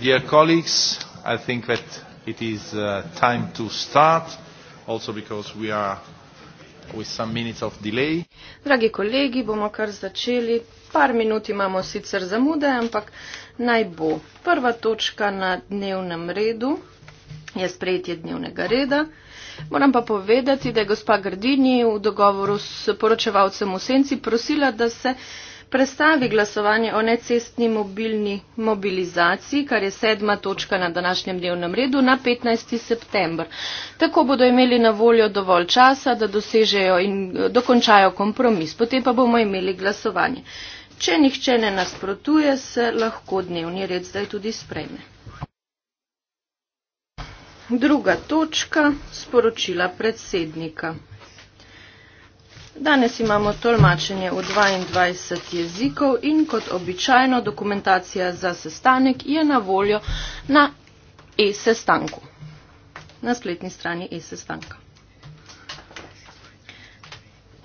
dear colleagues i think that it is uh, time to start also because we are with some minutes of delay dragi kolegi bomo kar začeli par minut imamo sicer zamude ampak naj bo prva točka na dnevnem redu je sprejetje dnevnega reda Moram pa povedati, da je gospa Grdini v dogovoru s poročevalcem v Senci prosila, da se prestavi glasovanje o necestni mobilni mobilizaciji, kar je sedma točka na današnjem dnevnem redu, na 15. september. Tako bodo imeli na voljo dovolj časa, da dosežejo in dokončajo kompromis, potem pa bomo imeli glasovanje. Če nihče ne nasprotuje, se lahko dnevni red zdaj tudi sprejme. Druga točka, sporočila predsednika. Danes imamo tolmačenje v 22 jezikov in kot običajno dokumentacija za sestanek je na voljo na e-sestanku, na spletni strani e-sestanka.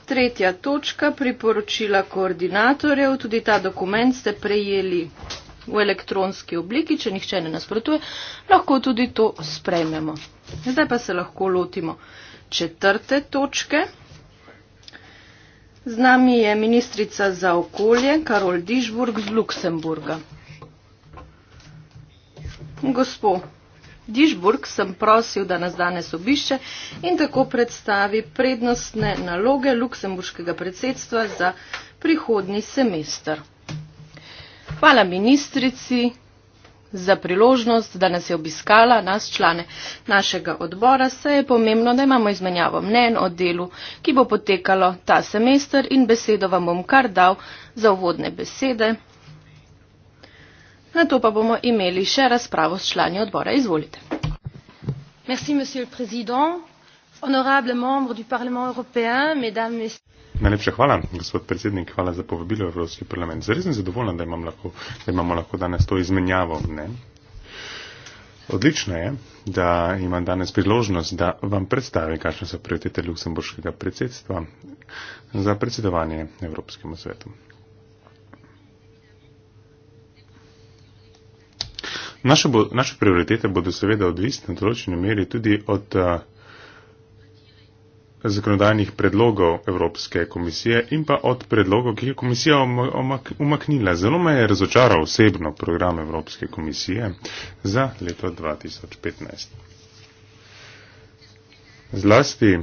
Tretja točka, priporočila koordinatorjev, tudi ta dokument ste prejeli v elektronski obliki, če nihče ne nasprotuje, lahko tudi to spremljamo. Zdaj pa se lahko lotimo četrte točke. Z nami je ministrica za okolje Karol Dižburg z Luksemburga. Gospod Dižburg sem prosil, da nas danes obišče in tako predstavi prednostne naloge luksemburškega predsedstva za prihodni semester. Hvala ministrici za priložnost, da nas je obiskala, nas člane našega odbora, saj je pomembno, da imamo izmenjavo mnen o delu, ki bo potekalo ta semester in besedo vam bom kar dal za uvodne besede. Na to pa bomo imeli še razpravo s člani odbora. Izvolite. Merci, monsieur le président. Najlepša hvala, gospod predsednik, hvala za povabilo v Evropski parlament. Zares sem zadovoljna, da, da imamo lahko danes to izmenjavo. Ne? Odlično je, da imam danes priložnost, da vam predstavim, kakšne so prioritete Luksemburškega predsedstva za predsedovanje Evropskemu svetu. Naše, bo, naše prioritete bodo seveda odvisne v določeni meri tudi od uh, zakonodajnih predlogov Evropske komisije in pa od predlogov, ki je komisija umaknila. Zelo me je razočaral osebno program Evropske komisije za leto 2015. Zlasti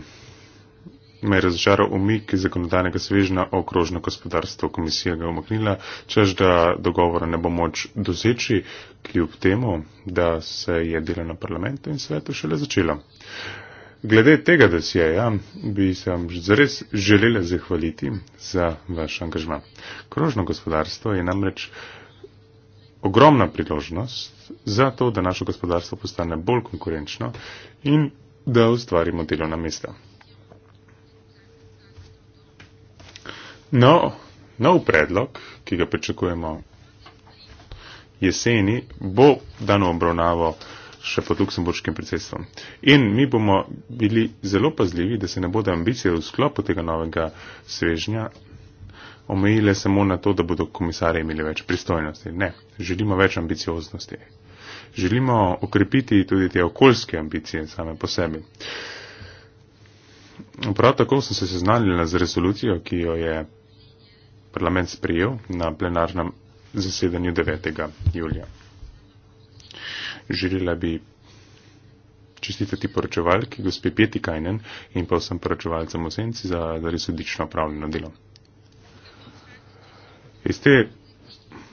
me je razočaral umik zakonodajnega svežna o krožno gospodarstvo. Komisija ga umaknila, čež da dogovora ne bo moč doseči, kljub temu, da se je delo na parlamentu in svetu šele začelo. Glede tega dosjeja bi se vam zares želela zahvaliti za vaš angažma. Krožno gospodarstvo je namreč ogromna priložnost za to, da naše gospodarstvo postane bolj konkurenčno in da ustvarimo delovna mesta. No, nov predlog, ki ga pričakujemo jeseni, bo dano obravnavo še pod luksemburškim predsedstvom. In mi bomo bili zelo pazljivi, da se ne bodo ambicije v sklopu tega novega svežnja omejile samo na to, da bodo komisarje imeli več pristojnosti. Ne, želimo več ambicioznosti. Želimo okrepiti tudi te okoljske ambicije same po sebi. Prav tako sem se seznanila z resolucijo, ki jo je parlament sprijel na plenarnem zasedanju 9. julija želila bi čestitati poročevalki, gospe Peti Kajnen in pa vsem poročevalcem Osenci za, za resodično opravljeno delo. Iz te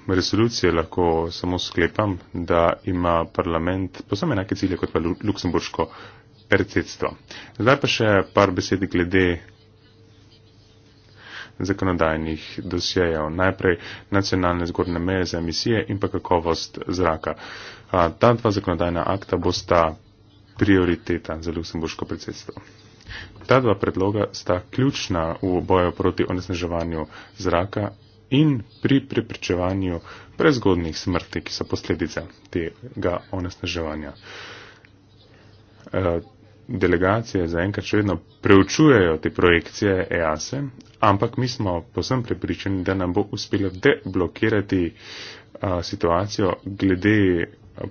resolucije lahko samo sklepam, da ima parlament posebne enake cilje kot pa luksemburško predsedstvo. Zdaj pa še par besed glede zakonodajnih dosjejev. Najprej nacionalne zgornje meje za emisije in pa kakovost zraka. Uh, Ta dva zakonodajna akta bosta prioriteta za Luksemburško predsedstvo. Ta dva predloga sta ključna v boju proti onesnaževanju zraka in pri preprečevanju prezgodnih smrti, ki so posledica tega onesnaževanja. E, delegacije zaenkrat še vedno preučujejo te projekcije EASE, ampak mi smo posem prepričani, da nam bo uspelo deblokirati situacijo glede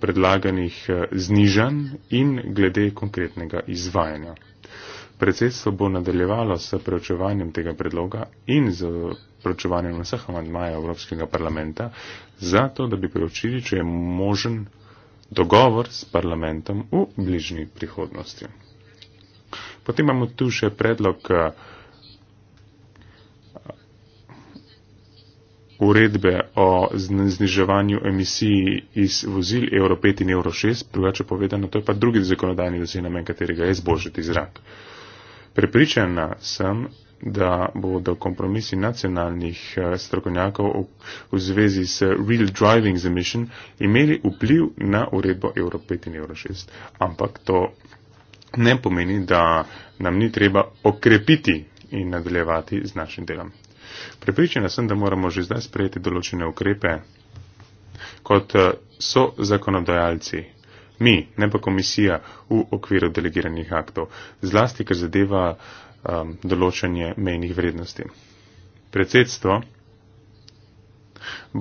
predlaganih eh, znižanj in glede konkretnega izvajanja. Predsedstvo bo nadaljevalo s preučevanjem tega predloga in z preučevanjem vseh amandmaja Evropskega parlamenta, zato da bi preučili, če je možen dogovor s parlamentom v bližnji prihodnosti. Potem imamo tu še predlog uh, uredbe o zniževanju emisij iz vozil Euro 5 in Euro 6, drugače povedano, to je pa drugi zakonodajni dosej namen, katerega je izboljšati zrak. Prepričana sem, da bodo kompromisi nacionalnih eh, strokovnjakov v zvezi s Real Driving Emission imeli vpliv na uredbo Euro 5 in Euro 6. Ampak to ne pomeni, da nam ni treba okrepiti in nadaljevati z našim delom. Pripričana sem, da moramo že zdaj sprejeti določene ukrepe, kot eh, so zakonodajalci. Mi, ne pa komisija, v okviru delegiranih aktov, zlasti, ker zadeva um, določanje mejnih vrednosti. Predsedstvo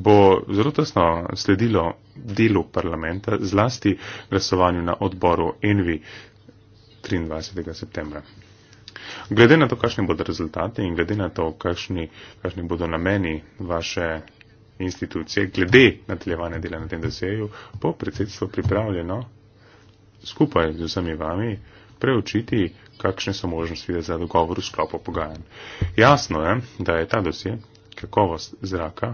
bo zelo tesno sledilo delu parlamenta, zlasti glasovanju na odboru Envi 23. septembra. Glede na to, kakšni bodo rezultati in glede na to, kakšni, kakšni bodo nameni vaše institucije, glede na teljevanje dela na tem doseju, bo predsedstvo pripravljeno skupaj z vsemi vami preučiti, kakšne so možnosti za dogovor v sklopu pogajanj. Jasno je, da je ta dosje, kakovost zraka,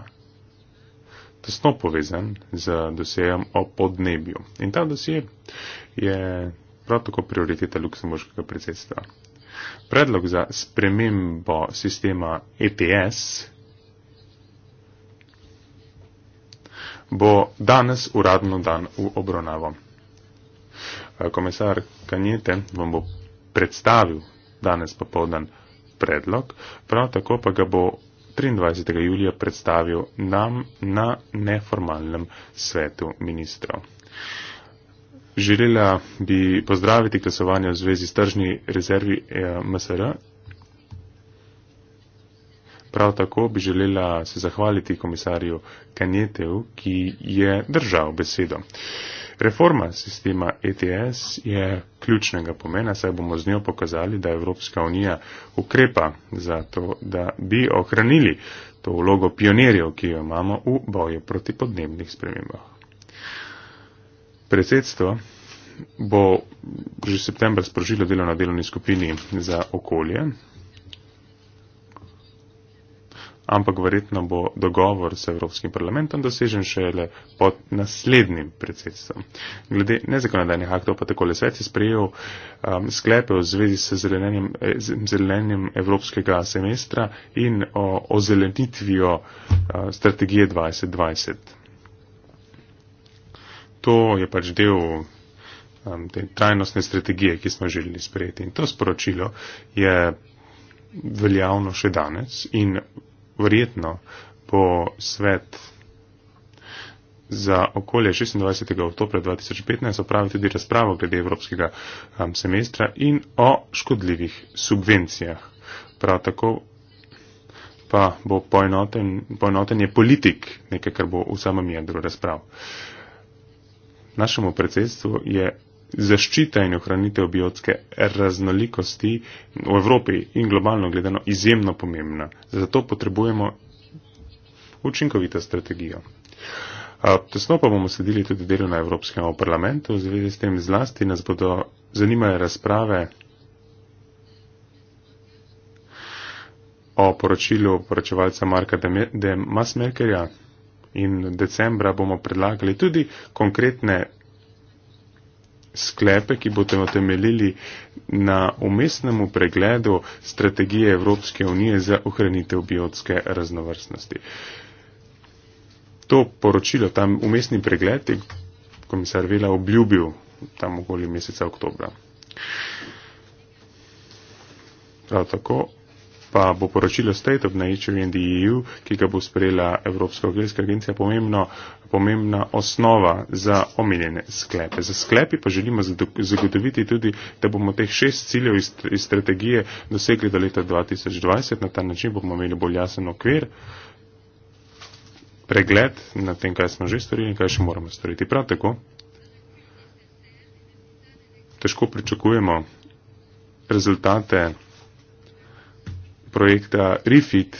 tesno povezan z dosejem o podnebju. In ta dosje je prav tako prioriteta luksemburškega predsedstva. Predlog za spremembo sistema EPS bo danes uradno dan v obravnavo. Eh, komisar Kanjete vam bo predstavil danes popoldan predlog, prav tako pa ga bo 23. julija predstavil nam na neformalnem svetu ministrov. Želela bi pozdraviti glasovanje v zvezi s tržni rezervi eh, MSR. Prav tako bi želela se zahvaliti komisarju Kanjeteju, ki je držal besedo. Reforma sistema ETS je ključnega pomena, saj bomo z njo pokazali, da Evropska unija ukrepa za to, da bi ohranili to vlogo pionirjev, ki jo imamo v boju proti podnebnih spremembah predsedstvo bo že v septembru sprožilo delo na delovni skupini za okolje, ampak verjetno bo dogovor s Evropskim parlamentom dosežen šele pod naslednjim predsedstvom. Glede nezakonodajnih aktov pa takole svet je sprejel um, sklepe v zvezi s zelenjem, zelenjem Evropskega semestra in o ozelenitvijo uh, strategije 2020 to je pač del um, te trajnostne strategije, ki smo želeli sprejeti. In to sporočilo je veljavno še danes in verjetno bo svet za okolje 26. oktobra 2015 opravi tudi razpravo glede evropskega um, semestra in o škodljivih subvencijah. Prav tako pa bo poenoten, poenoten je politik, nekaj, kar bo v samem jedru razprav našemu predsedstvu je zaščita in ohranitev biotske raznolikosti v Evropi in globalno gledano izjemno pomembna. Zato potrebujemo učinkovito strategijo. Tesno pa bomo sedeli tudi delu na Evropskem parlamentu, v zvezi s tem zlasti nas bodo zanimale razprave o poročilu poročevalca Marka de, de Masmerkerja in decembra bomo predlagali tudi konkretne sklepe, ki bodo temeljili na umestnem pregledu strategije Evropske unije za ohranitev biotske raznovrstnosti. To poročilo, tam umestni pregled je komisar Vela obljubil tam okoli meseca oktobra. Prav tako pa bo poročilo State of Nature in the EU, ki ga bo sprejela Evropska okoljska agencija, pomembno, pomembna osnova za omenjene sklepe. Za sklepi pa želimo zagotoviti tudi, da bomo teh šest ciljev iz, iz strategije dosegli do leta 2020. Na ta način bomo imeli bolj jasen okvir pregled na tem, kaj smo že storili in kaj še moramo storiti. Prav tako težko pričakujemo rezultate projekta REFIT,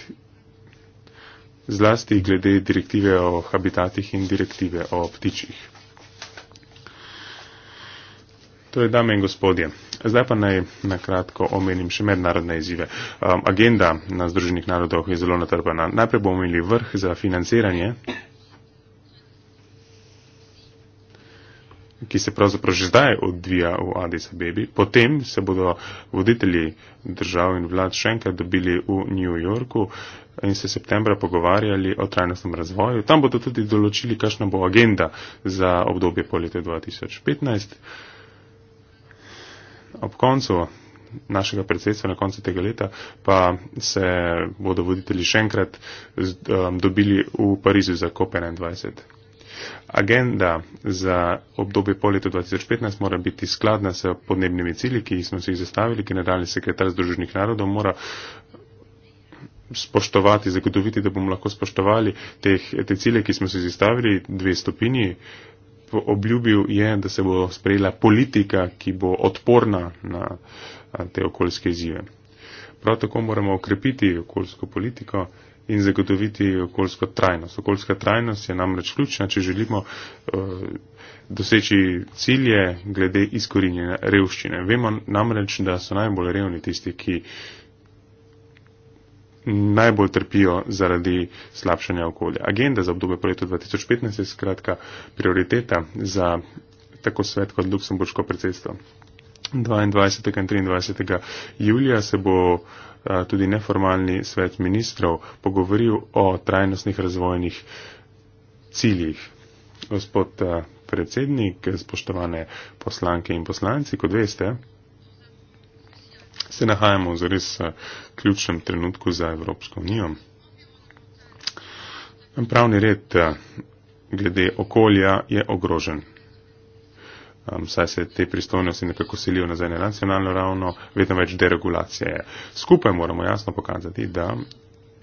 zlasti glede direktive o habitatih in direktive o ptičjih. To je dame in gospodje. Zdaj pa naj na kratko omenim še mednarodne izzive. Um, agenda na Združenih narodov je zelo natrpana. Najprej bomo imeli vrh za financiranje. ki se pravzaprav že zdaj odvija v Addis Abebi. Potem se bodo voditelji držav in vlad še enkrat dobili v New Yorku in se septembra pogovarjali o trajnostnem razvoju. Tam bodo tudi določili, kakšna bo agenda za obdobje polete 2015. Ob koncu našega predsedstva na koncu tega leta, pa se bodo voditelji še enkrat um, dobili v Parizu za COP21. Agenda za obdobje po letu 2015 mora biti skladna s podnebnimi cilji, ki smo si jih zastavili, ki nadaljni sekretar Združenih narodov mora spoštovati, zagotoviti, da bomo lahko spoštovali teh, te cilje, ki smo si zastavili, dve stopinji. Obljubil je, da se bo sprejela politika, ki bo odporna na te okoljske izzive. Prav tako moramo okrepiti okoljsko politiko in zagotoviti okoljsko trajnost. Okoljska trajnost je namreč ključna, če želimo uh, doseči cilje glede izkorinjene revščine. Vemo namreč, da so najbolj revni tisti, ki najbolj trpijo zaradi slabšanja okolja. Agenda za obdobje po letu 2015 je skratka prioriteta za tako svet kot luksemburško predsedstvo. 22. in 23. julija se bo tudi neformalni svet ministrov pogovoril o trajnostnih razvojnih ciljih. Gospod predsednik, spoštovane poslanke in poslanci, kot veste, se nahajamo v zares ključnem trenutku za Evropsko unijo. Pravni red glede okolja je ogrožen um, saj se te pristojnosti nekako silijo nazaj na nacionalno ravno, vedno več deregulacije je. Skupaj moramo jasno pokazati, da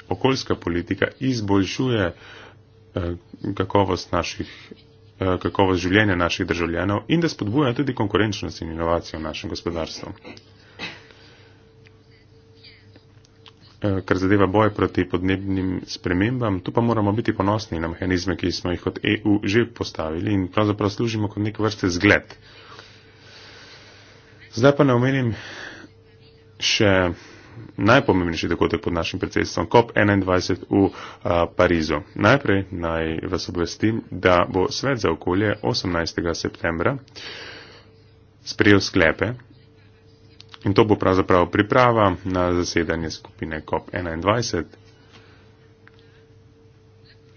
okoljska politika izboljšuje eh, kakovost, naših, eh, kakovost življenja naših državljanov in da spodbuja tudi konkurenčnost in inovacijo v našem gospodarstvu. Eh, kar zadeva boj proti podnebnim spremembam, tu pa moramo biti ponosni na mehanizme, ki smo jih kot EU že postavili in pravzaprav služimo kot nek vrste zgled. Zdaj pa ne omenim še najpomembnejši dogodek pod našim predsedstvom, COP21 v a, eh, Parizu. Najprej naj vas obvestim, da bo svet za okolje 18. septembra sprejel sklepe, In to bo pravzaprav priprava na zasedanje skupine COP21.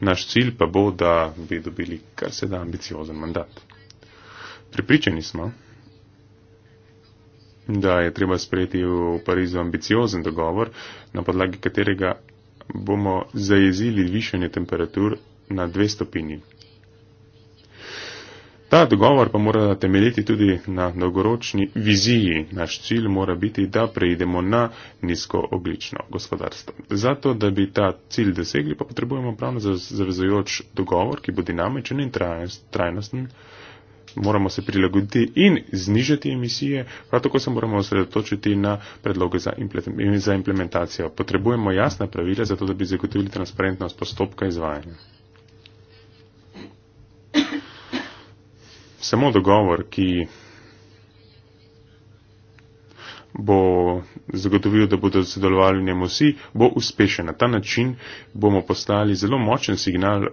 Naš cilj pa bo, da bi dobili kar se da ambiciozen mandat. Pripričani smo, da je treba sprejeti v Parizu ambiciozen dogovor, na podlagi katerega bomo zajezili višanje temperatur na dve stopini Ta dogovor pa mora temeljiti tudi na dolgoročni viziji. Naš cilj mora biti, da preidemo na nizkooglično gospodarstvo. Zato, da bi ta cilj dosegli, pa potrebujemo pravno zavezojoč dogovor, ki bo dinamičen in trajnosten. Moramo se prilagoditi in znižati emisije, prav tako se moramo osredotočiti na predloge za implementacijo. Potrebujemo jasna pravila, zato da bi zagotovili transparentnost postopka izvajanja. samo dogovor, ki bo zagotovil, da bodo sodelovali njemu vsi, bo uspešen. Na ta način bomo postali zelo močen signal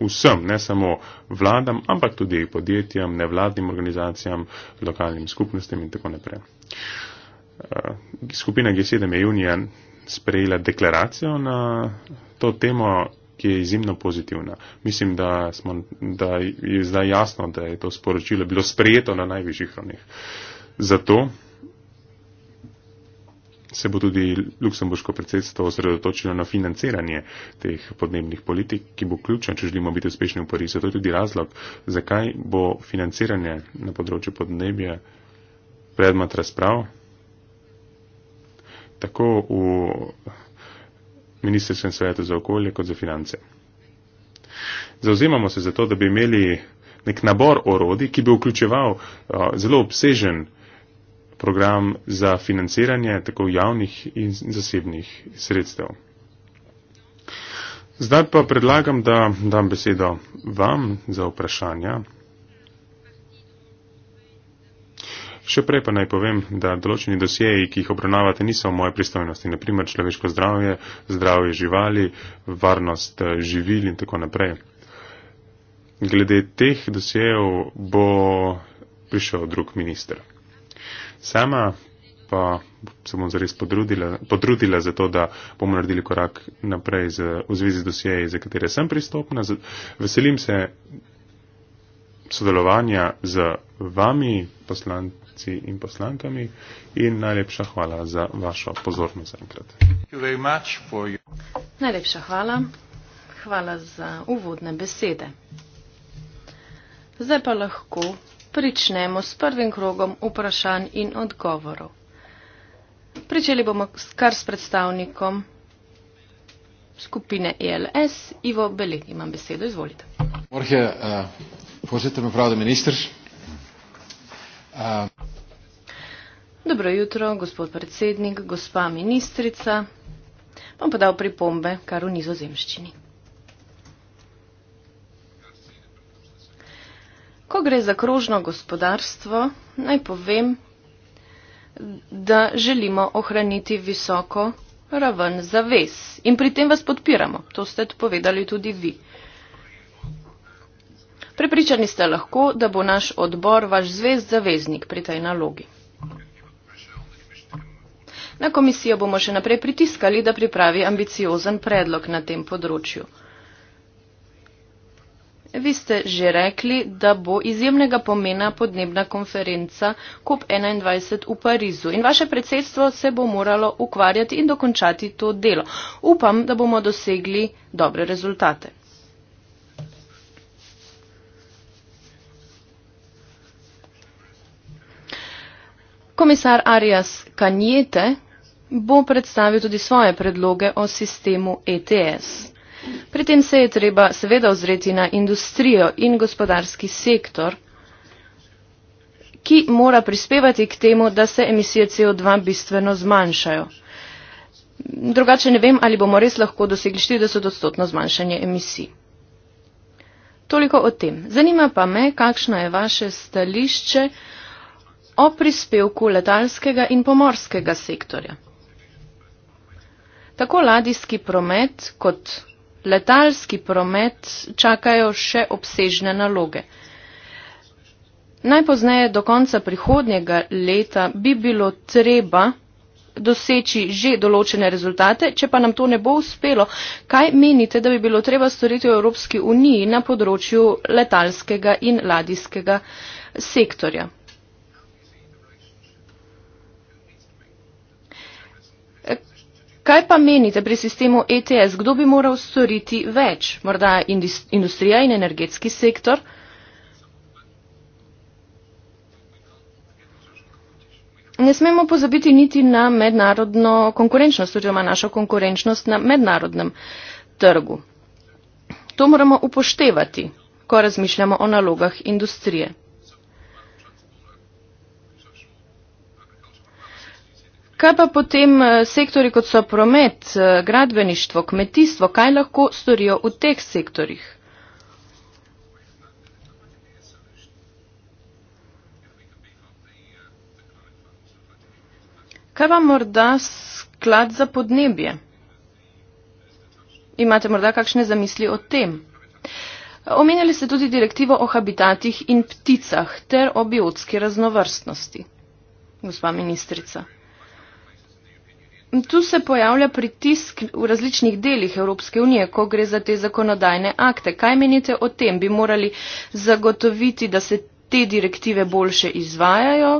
vsem, ne samo vladam, ampak tudi podjetjem, nevladnim organizacijam, lokalnim skupnostim in tako naprej. Eh, skupina G7 je junija sprejela deklaracijo na to temo ki je izjemno pozitivna. Mislim, da, smo, da je zdaj jasno, da je to sporočilo bilo sprejeto na najvišjih ravneh. Zato se bo tudi Luksemburško predsedstvo osredotočilo na financiranje teh podnebnih politik, ki bo ključno, če želimo biti uspešni v Parizu. To je tudi razlog, zakaj bo financiranje na področju podnebja predmet razprav. Tako v ministrstvem svetu za okolje kot za finance. Zauzemamo se za to, da bi imeli nek nabor orodij, ki bi vključeval uh, zelo obsežen program za financiranje tako javnih in zasebnih sredstev. Zdaj pa predlagam, da dam besedo vam za vprašanja. Še prej pa naj povem, da določeni dosjeji, ki jih obravnavate, niso v moje pristojnosti. Naprimer, človeško zdravje, zdravje živali, varnost eh, živil in tako naprej. Glede teh dosjejev bo prišel drug minister. Sama pa se bom zares podrudila, podrudila za to, da bomo naredili korak naprej z, v zvezi z dosjeji, za katere sem pristopna. Veselim se sodelovanja z vami, poslanci poslanci in poslankami in najlepša hvala za vašo pozornost zaenkrat. Najlepša hvala. Hvala za uvodne besede. Zdaj pa lahko pričnemo s prvim krogom vprašanj in odgovorov. Pričeli bomo kar s predstavnikom skupine ELS. Ivo Beli, imam besedo, izvolite. Morhe, uh, eh, posjetujem upravo minister. Uh, Dobro jutro, gospod predsednik, gospa ministrica. Bom podal pripombe kar v nizozemščini. Ko gre za krožno gospodarstvo, naj povem, da želimo ohraniti visoko raven zaves in pri tem vas podpiramo. To ste povedali tudi vi. Prepričani ste lahko, da bo naš odbor vaš zvez zaveznik pri tej nalogi. Na komisijo bomo še naprej pritiskali, da pripravi ambiciozen predlog na tem področju. Vi ste že rekli, da bo izjemnega pomena podnebna konferenca COP21 v Parizu in vaše predsedstvo se bo moralo ukvarjati in dokončati to delo. Upam, da bomo dosegli dobre rezultate. Komisar Arias Kanjete bo predstavil tudi svoje predloge o sistemu ETS. Pri tem se je treba seveda ozreti na industrijo in gospodarski sektor, ki mora prispevati k temu, da se emisije CO2 bistveno zmanjšajo. Drugače ne vem, ali bomo res lahko dosegli 40 odstotno zmanjšanje emisij. Toliko o tem. Zanima pa me, kakšno je vaše stališče o prispevku letalskega in pomorskega sektorja tako ladijski promet kot letalski promet čakajo še obsežne naloge. Najpozneje do konca prihodnjega leta bi bilo treba doseči že določene rezultate, če pa nam to ne bo uspelo, kaj menite, da bi bilo treba storiti v Evropski uniji na področju letalskega in ladijskega sektorja? Kaj pa menite pri sistemu ETS? Kdo bi moral storiti več? Morda industrija in energetski sektor? Ne smemo pozabiti niti na mednarodno konkurenčnost, oziroma našo konkurenčnost na mednarodnem trgu. To moramo upoštevati, ko razmišljamo o nalogah industrije. Kaj pa potem eh, sektori, kot so promet, eh, gradbeništvo, kmetijstvo, kaj lahko storijo v teh sektorjih? Kaj vam morda sklad za podnebje? Imate morda kakšne zamisli o tem? Omenjali ste tudi direktivo o habitatih in pticah ter o biotski raznovrstnosti, gospa ministrica. Tu se pojavlja pritisk v različnih delih Evropske unije, ko gre za te zakonodajne akte. Kaj menite o tem? Bi morali zagotoviti, da se te direktive boljše izvajajo?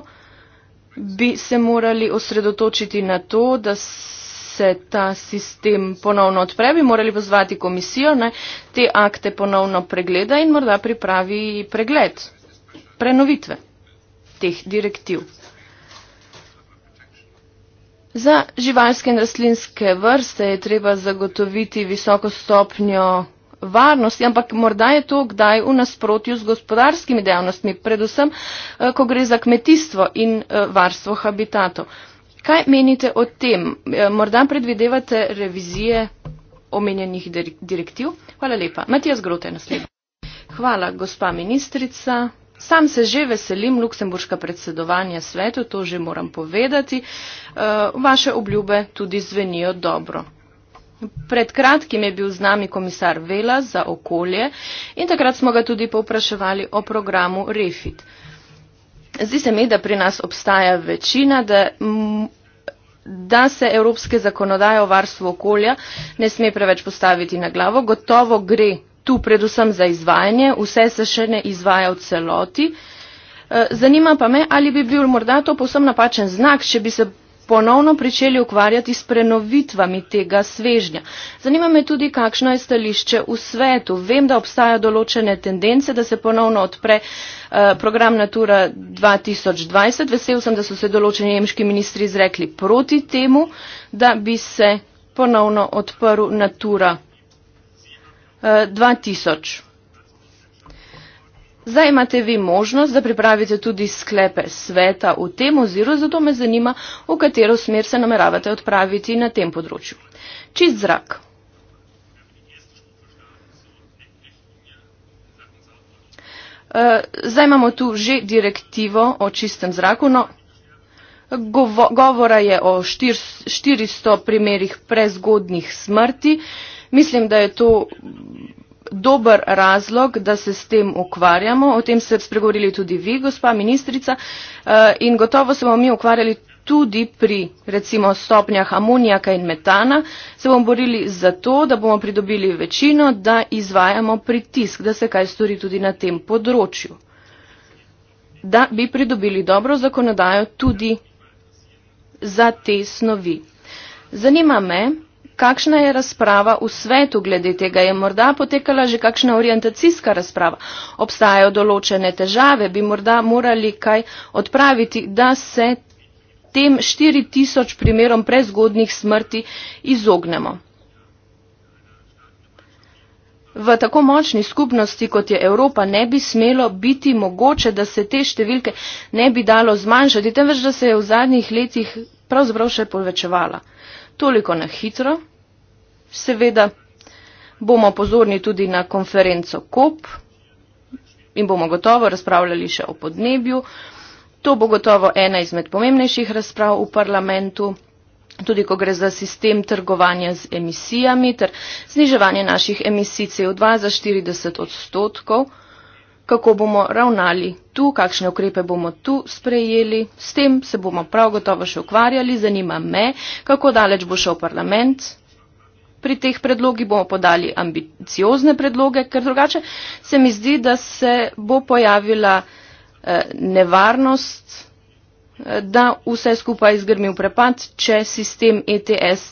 Bi se morali osredotočiti na to, da se ta sistem ponovno odpre? Bi morali pozvati komisijo, da te akte ponovno pregleda in morda pripravi pregled prenovitve teh direktiv? Za živalske in rastlinske vrste je treba zagotoviti visoko stopnjo varnosti, ampak morda je to kdaj v nasprotju z gospodarskimi dejavnostmi, predvsem, eh, ko gre za kmetijstvo in eh, varstvo habitatov. Kaj menite o tem? Eh, morda predvidevate revizije omenjenih direktiv? Hvala lepa. Matija Zgrote, naslednja. Hvala, gospa ministrica. Sam se že veselim luksemburška predsedovanja svetu, to že moram povedati. Eh, vaše obljube tudi zvenijo dobro. Pred kratkim je bil z nami komisar Vela za okolje in takrat smo ga tudi povpraševali o programu REFIT. Zdi se mi, da pri nas obstaja večina, da, da se evropske zakonodaje o varstvu okolja ne sme preveč postaviti na glavo. Gotovo gre tu predvsem za izvajanje vse se še ne izvaja v celoti. Eh, zanima pa me, ali bi bil morda to posem napačen znak, če bi se ponovno pričeli ukvarjati s prenovitvami tega svežnja. Zanima me tudi, kakšno je stališče v svetu. Vem, da obstajajo določene tendence, da se ponovno odpre eh, program Natura 2020. Vesel sem, da so se določeni nemški ministri izrekli proti temu, da bi se ponovno odprl Natura 2020. 2000. Eh, zdaj imate vi možnost, da pripravite tudi sklepe sveta v tem oziru, zato me zanima, v katero smer se nameravate odpraviti na tem področju. Čist zrak. Eh, zdaj imamo tu že direktivo o čistem zraku. No, govora je o 400 primerih prezgodnih smrti. Mislim, da je to dober razlog, da se s tem ukvarjamo. O tem ste spregovorili tudi vi, gospa ministrica. Eh, in gotovo se bomo mi ukvarjali tudi pri recimo stopnjah amonijaka in metana. Se bomo borili za to, da bomo pridobili večino, da izvajamo pritisk, da se kaj stori tudi na tem področju. Da bi pridobili dobro zakonodajo tudi za te snovi. Zanima me, kakšna je razprava v svetu glede tega? Je morda potekala že kakšna orientacijska razprava? Obstajajo določene težave, bi morda morali kaj odpraviti, da se tem 4000 primerom prezgodnih smrti izognemo. V tako močni skupnosti, kot je Evropa, ne bi smelo biti mogoče, da se te številke ne bi dalo zmanjšati, temveč da se je v zadnjih letih pravzaprav še povečevala toliko na hitro. Seveda bomo pozorni tudi na konferenco COP in bomo gotovo razpravljali še o podnebju. To bo gotovo ena izmed pomembnejših razprav v parlamentu, tudi ko gre za sistem trgovanja z emisijami ter zniževanje naših emisij CO2 za 40 odstotkov kako bomo ravnali tu, kakšne ukrepe bomo tu sprejeli. S tem se bomo prav gotovo še ukvarjali. Zanima me, kako daleč bo šel parlament. Pri teh predlogih bomo podali ambiciozne predloge, ker drugače se mi zdi, da se bo pojavila eh, nevarnost, eh, da vse skupaj izgrmi v prepad, če sistem ETS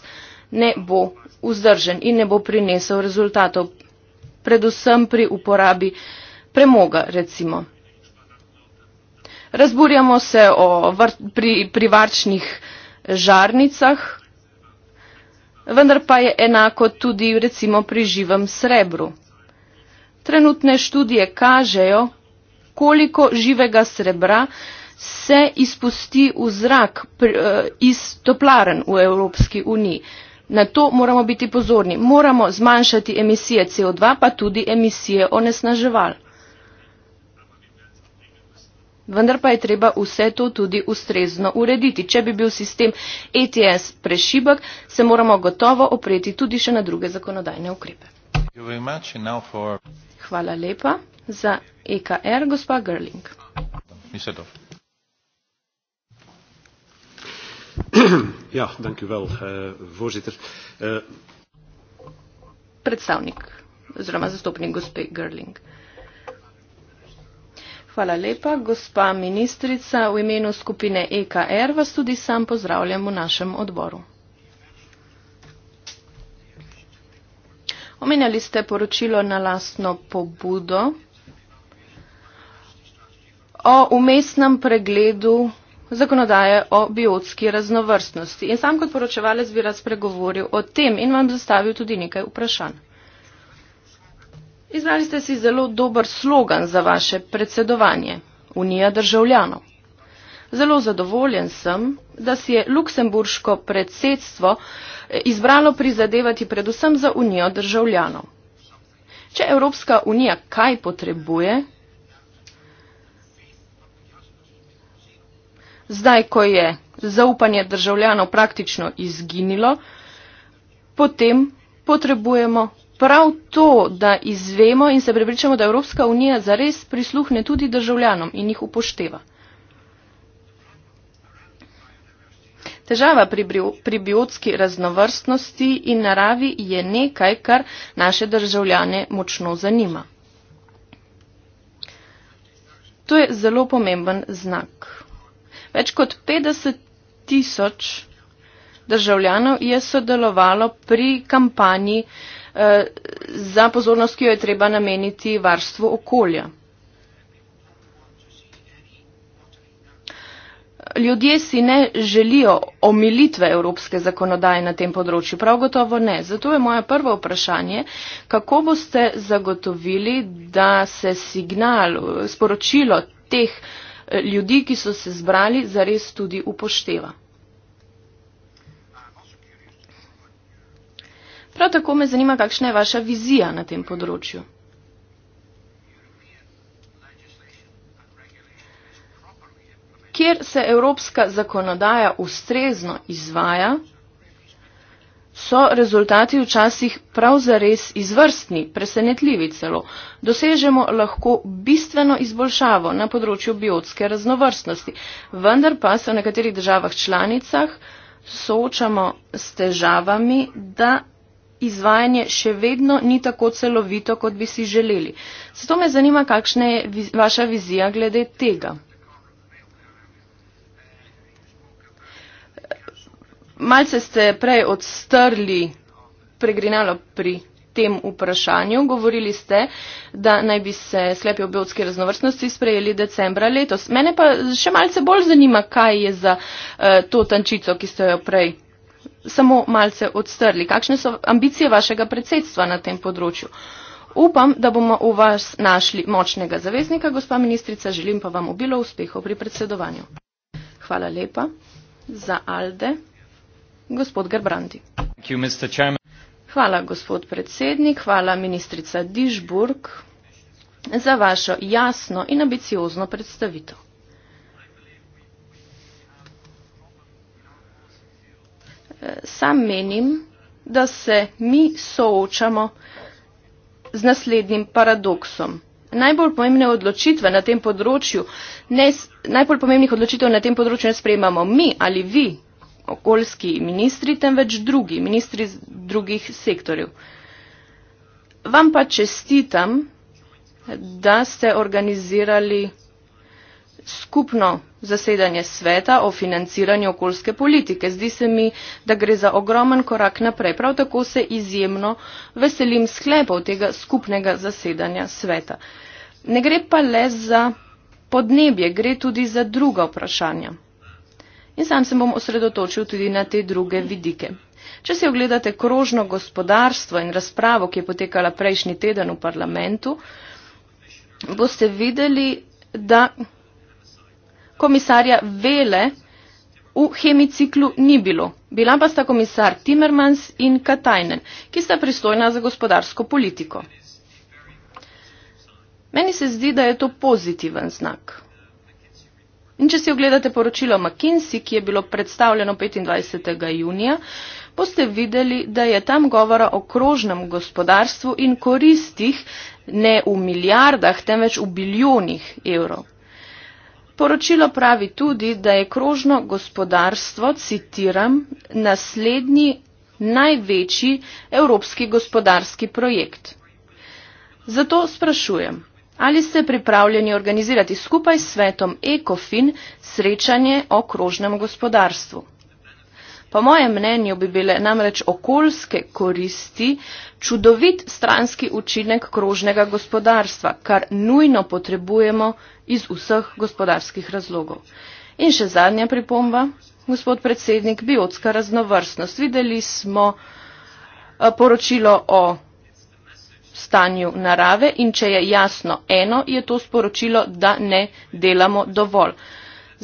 ne bo vzdržen in ne bo prinesel rezultatov, predvsem pri uporabi premoga, recimo. Razburjamo se o var, pri, privarčnih žarnicah, vendar pa je enako tudi recimo pri živem srebru. Trenutne študije kažejo, koliko živega srebra se izpusti v zrak pri, eh, iz toplaren v Evropski uniji. Na to moramo biti pozorni. Moramo zmanjšati emisije CO2, pa tudi emisije onesnaževal. Vendar pa je treba vse to tudi ustrezno urediti. Če bi bil sistem ETS prešibek, se moramo gotovo opreti tudi še na druge zakonodajne ukrepe. Hvala lepa za EKR, gospa Gerling. Ja, dankjewel, eh, voorzitter. Eh, Predstavnik, oziroma zastopnik gospe Gerling. Hvala lepa, gospa ministrica. V imenu skupine EKR vas tudi sam pozdravljam v našem odboru. Omenjali ste poročilo na lastno pobudo o umestnem pregledu zakonodaje o biotski raznovrstnosti. In sam kot poročevalec bi rad spregovoril o tem in vam zastavil tudi nekaj vprašanj. Izbrali ste si zelo dober slogan za vaše predsedovanje – Unija državljanov. Zelo zadovoljen sem, da si je luksemburško predsedstvo eh, izbralo prizadevati predvsem za Unijo državljanov. Če Evropska unija kaj potrebuje, zdaj, ko je zaupanje državljanov praktično izginilo, potem potrebujemo prav to, da izvemo in se prepričamo, da Evropska unija zares prisluhne tudi državljanom in jih upošteva. Težava pri, pri biotski raznovrstnosti in naravi je nekaj, kar naše državljane močno zanima. To je zelo pomemben znak. Več kot 50 tisoč državljanov je sodelovalo pri kampanji uh, za pozornost, ki jo je treba nameniti varstvu okolja. Ljudje si ne želijo omilitve evropske zakonodaje na tem področju, prav gotovo ne. Zato je moje prvo vprašanje, kako boste zagotovili, da se signal, sporočilo teh ljudi, ki so se zbrali, zares tudi upošteva. Prav tako me zanima, kakšna je vaša vizija na tem področju. Kjer se evropska zakonodaja ustrezno izvaja, so rezultati včasih prav zares izvrstni, presenetljivi celo. Dosežemo lahko bistveno izboljšavo na področju biotske raznovrstnosti, vendar pa se v nekaterih državah članicah soočamo s težavami, da izvajanje še vedno ni tako celovito, kot bi si želeli. Zato me zanima, kakšna je vaša vizija glede tega. Malce ste prej odstrli pregrinalo pri tem vprašanju. Govorili ste, da naj bi se slepi obevtske raznovrstnosti sprejeli decembra letos. Mene pa še malce bolj zanima, kaj je za uh, to tančico, ki ste jo prej samo malce odstrli. Kakšne so ambicije vašega predsedstva na tem področju? Upam, da bomo v vas našli močnega zaveznika, gospa ministrica, želim pa vam obilo uspehov pri predsedovanju. Hvala lepa. Za Alde, gospod Gerbrandi. Hvala, gospod predsednik, hvala, ministrica Dižburg, za vašo jasno in ambiciozno predstavitev. sam menim, da se mi soočamo z naslednjim paradoksom. Najbolj pomembne odločitve na tem področju, ne, najbolj pomembnih odločitev na tem področju ne sprejemamo mi ali vi, okoljski ministri, temveč drugi, ministri drugih sektorjev. Vam pa čestitam, da ste organizirali skupno zasedanje sveta o financiranju okoljske politike. zdi se mi da gre za ogromen korak naprej prav tako se izjemno veselim sklepov tega skupnega zasedanja sveta. ne gre pa le za podnebje gre tudi za druga vprašanja. In sam se bom osredotočil tudi na te druge vidike. Če si ogledate krožno gospodarstvo in razpravo, ki je potekala prejšnji teden v parlamentu, boste videli, da komisarja Vele v hemiciklu ni bilo. Bila pa sta komisar Timmermans in Katajnen, ki sta pristojna za gospodarsko politiko. Meni se zdi, da je to pozitiven znak. In če si ogledate poročilo McKinsey, ki je bilo predstavljeno 25. junija, boste videli, da je tam govora o krožnem gospodarstvu in koristih ne v milijardah, temveč v biljonih evrov. Poročilo pravi tudi, da je krožno gospodarstvo, citiram, naslednji največji evropski gospodarski projekt. Zato sprašujem, ali ste pripravljeni organizirati skupaj s svetom ECOFIN srečanje o krožnem gospodarstvu? Po mojem mnenju bi bile namreč okoljske koristi čudovit stranski učinek krožnega gospodarstva, kar nujno potrebujemo iz vseh gospodarskih razlogov. In še zadnja pripomba, gospod predsednik, biotska raznovrstnost. Videli smo eh, poročilo o stanju narave in če je jasno eno, je to sporočilo, da ne delamo dovolj.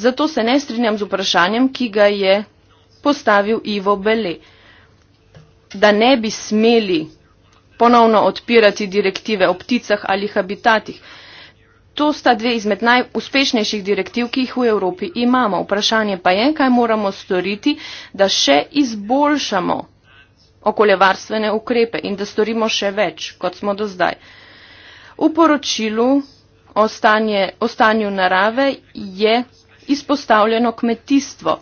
Zato se ne strinjam z vprašanjem, ki ga je postavil Ivo Bele. Da ne bi smeli ponovno odpirati direktive o pticah ali habitatih. To sta dve izmed najuspešnejših direktiv, ki jih v Evropi imamo. Vprašanje pa je, kaj moramo storiti, da še izboljšamo okoljevarstvene ukrepe in da storimo še več, kot smo do zdaj. V poročilu o, stanje, o stanju narave je izpostavljeno kmetijstvo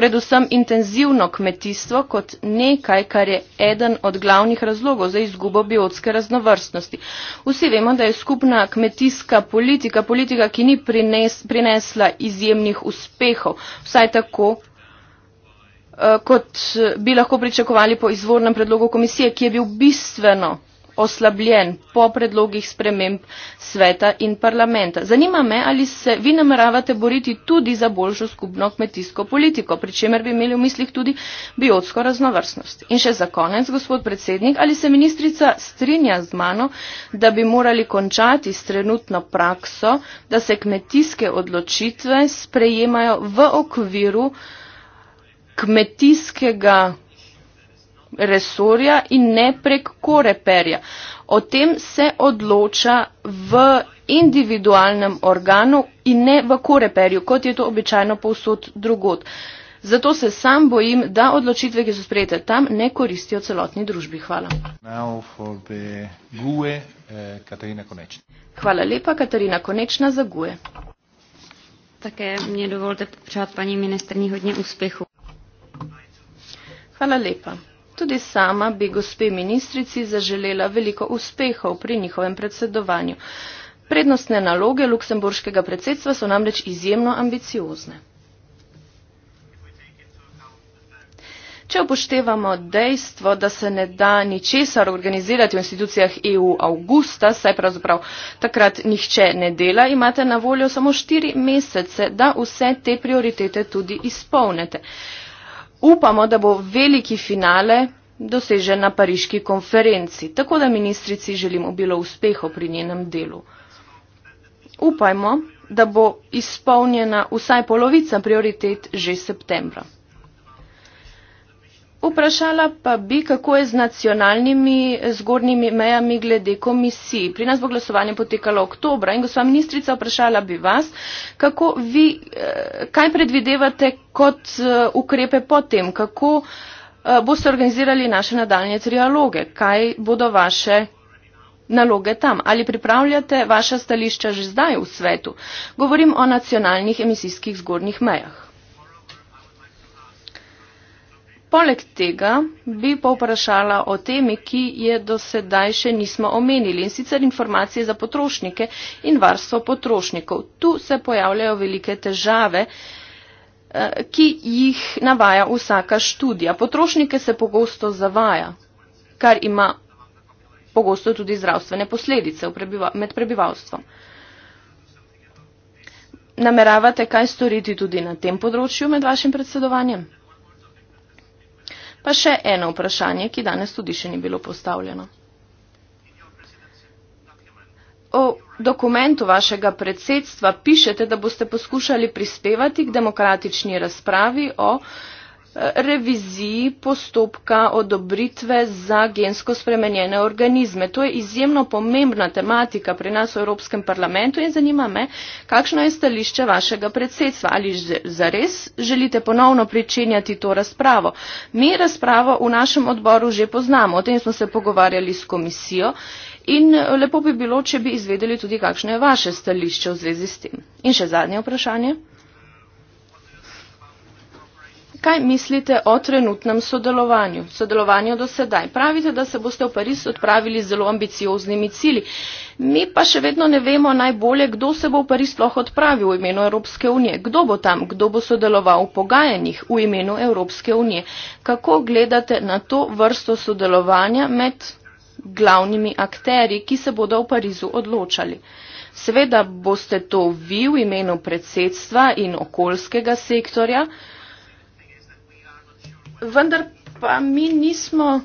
predvsem intenzivno kmetijstvo kot nekaj, kar je eden od glavnih razlogov za izgubo biotske raznovrstnosti. Vsi vemo, da je skupna kmetijska politika politika, ki ni prines, prinesla izjemnih uspehov, vsaj tako eh, kot bi lahko pričakovali po izvornem predlogu komisije, ki je bil bistveno oslabljen po predlogih sprememb sveta in parlamenta. Zanima me, ali se vi nameravate boriti tudi za boljšo skupno kmetijsko politiko, pri čemer bi imeli v mislih tudi biotsko raznovrstnost. In še za konec, gospod predsednik, ali se ministrica strinja z mano, da bi morali končati s trenutno prakso, da se kmetijske odločitve sprejemajo v okviru kmetijskega resorja in ne prek koreperja. O tem se odloča v individualnem organu in ne v koreperju, kot je to običajno povsod drugot. Zato se sam bojim, da odločitve, ki so sprejete tam, ne koristijo celotni družbi. Hvala. GUE, eh, Hvala lepa, Katarina Konečna za GUE. Také mě dovolte popřát paní ministrní hodně úspěchu. Hvala lepa. Tudi sama bi gospe ministrici zaželela veliko uspehov pri njihovem predsedovanju. Prednostne naloge luksemburškega predsedstva so namreč izjemno ambiciozne. Če upoštevamo dejstvo, da se ne da ničesar organizirati v institucijah EU avgusta, saj pravzaprav takrat nihče ne dela, imate na voljo samo štiri mesece, da vse te prioritete tudi izpolnete upamo, da bo veliki finale dosežen na pariški konferenci, tako da ministrici želimo bilo uspeho pri njenem delu. Upajmo, da bo izpolnjena vsaj polovica prioritet že septembra. Vprašala pa bi, kako je z nacionalnimi zgornjimi mejami glede komisij. Pri nas bo glasovanje potekalo oktobra in gospa ministrica vprašala bi vas, kako vi, eh, kaj predvidevate kot eh, ukrepe potem, kako eh, boste organizirali naše nadaljne trialoge, kaj bodo vaše naloge tam. Ali pripravljate vaša stališča že zdaj v svetu? Govorim o nacionalnih emisijskih zgornjih mejah. Poleg tega bi povprašala o temi, ki je do sedaj še nismo omenili, in sicer informacije za potrošnike in varstvo potrošnikov. Tu se pojavljajo velike težave, eh, ki jih navaja vsaka študija. Potrošnike se pogosto zavaja, kar ima pogosto tudi zdravstvene posledice prebiva med prebivalstvom. Nameravate kaj storiti tudi na tem področju med vašim predsedovanjem? Pa še eno vprašanje, ki danes tudi še ni bilo postavljeno. O dokumentu vašega predsedstva pišete, da boste poskušali prispevati k demokratični razpravi o reviziji postopka odobritve za gensko spremenjene organizme. To je izjemno pomembna tematika pri nas v Evropskem parlamentu in zanima me, kakšno je stališče vašega predsedstva. Ali zares želite ponovno pričenjati to razpravo? Mi razpravo v našem odboru že poznamo, o tem smo se pogovarjali s komisijo in lepo bi bilo, če bi izvedeli tudi, kakšno je vaše stališče v zvezi s tem. In še zadnje vprašanje. Kaj mislite o trenutnem sodelovanju, sodelovanju do sedaj? Pravite, da se boste v Pariz odpravili z zelo ambicioznimi cili. Mi pa še vedno ne vemo najbolje, kdo se bo v Pariz sploh odpravil v imenu Evropske unije. Kdo bo tam, kdo bo sodeloval v pogajanjih v imenu Evropske unije? Kako gledate na to vrsto sodelovanja med glavnimi akteri, ki se bodo v Parizu odločali? Seveda boste to vi v imenu predsedstva in okoljskega sektorja vendar pa mi nismo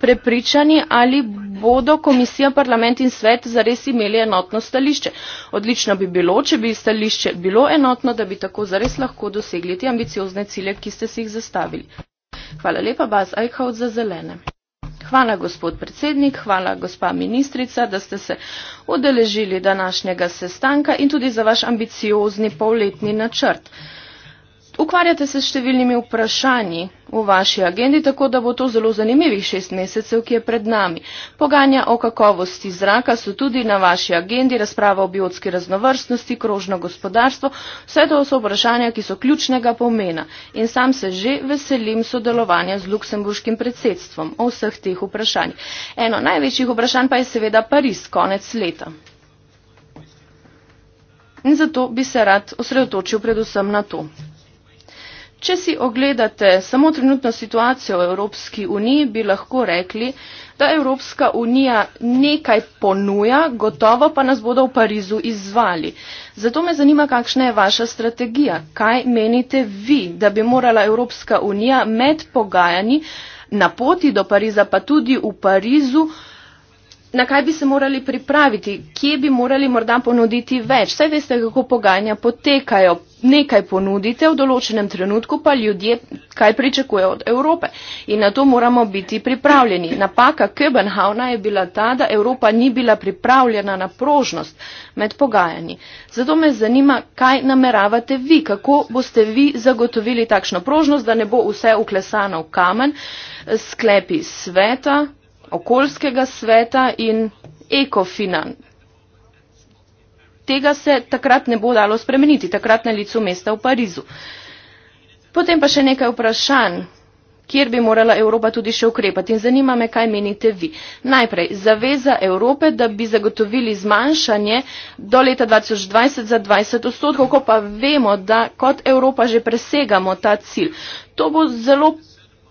prepričani, ali bodo komisija, parlament in svet zares imeli enotno stališče. Odlično bi bilo, če bi stališče bilo enotno, da bi tako zares lahko dosegli te ambiciozne cilje, ki ste si jih zastavili. Hvala lepa, Baz Eichhout za zelene. Hvala, gospod predsednik, hvala, gospa ministrica, da ste se udeležili današnjega sestanka in tudi za vaš ambiciozni polletni načrt. Ukvarjate se s številnimi vprašanji, v vaši agendi, tako da bo to zelo zanimivih šest mesecev, ki je pred nami. Poganja o kakovosti zraka so tudi na vaši agendi, razprava o biotski raznovrstnosti, krožno gospodarstvo, vse to so vprašanja, ki so ključnega pomena. In sam se že veselim sodelovanja z luksemburškim predsedstvom o vseh teh vprašanjih. Eno največjih vprašanj pa je seveda Pariz, konec leta. In zato bi se rad osredotočil predvsem na to. Če si ogledate samo trenutno situacijo v Evropski uniji, bi lahko rekli, da Evropska unija nekaj ponuja, gotovo pa nas bodo v Parizu izzvali. Zato me zanima, kakšna je vaša strategija. Kaj menite vi, da bi morala Evropska unija med pogajanji na poti do Pariza, pa tudi v Parizu, na kaj bi se morali pripraviti, kje bi morali morda ponuditi več. Saj veste, kako pogajanja potekajo. Nekaj ponudite v določenem trenutku, pa ljudje kaj pričakujejo od Evrope. In na to moramo biti pripravljeni. Napaka Köbenhavna je bila ta, da Evropa ni bila pripravljena na prožnost med pogajanji. Zato me zanima, kaj nameravate vi, kako boste vi zagotovili takšno prožnost, da ne bo vse uklesano v kamen, sklepi sveta, okoljskega sveta in ekofinan. Tega se takrat ne bo dalo spremeniti, takrat na licu mesta v Parizu. Potem pa še nekaj vprašanj, kjer bi morala Evropa tudi še ukrepati. In zanima me, kaj menite vi. Najprej, zaveza Evrope, da bi zagotovili zmanjšanje do leta 2020 za 20 odstotkov, ko pa vemo, da kot Evropa že presegamo ta cilj. To bo zelo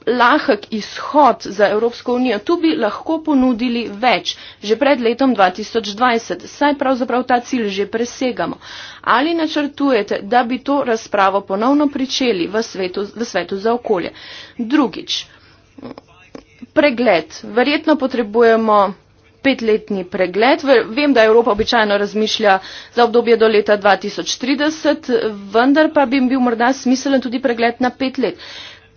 lahek izhod za Evropsko unijo. Tu bi lahko ponudili več že pred letom 2020, saj pravzaprav ta cilj že presegamo. Ali načrtujete, da bi to razpravo ponovno pričeli v svetu, v svetu za okolje? Drugič, pregled. Verjetno potrebujemo petletni pregled. Vem, da Evropa običajno razmišlja za obdobje do leta 2030, vendar pa bi bil morda smiselen tudi pregled na pet let.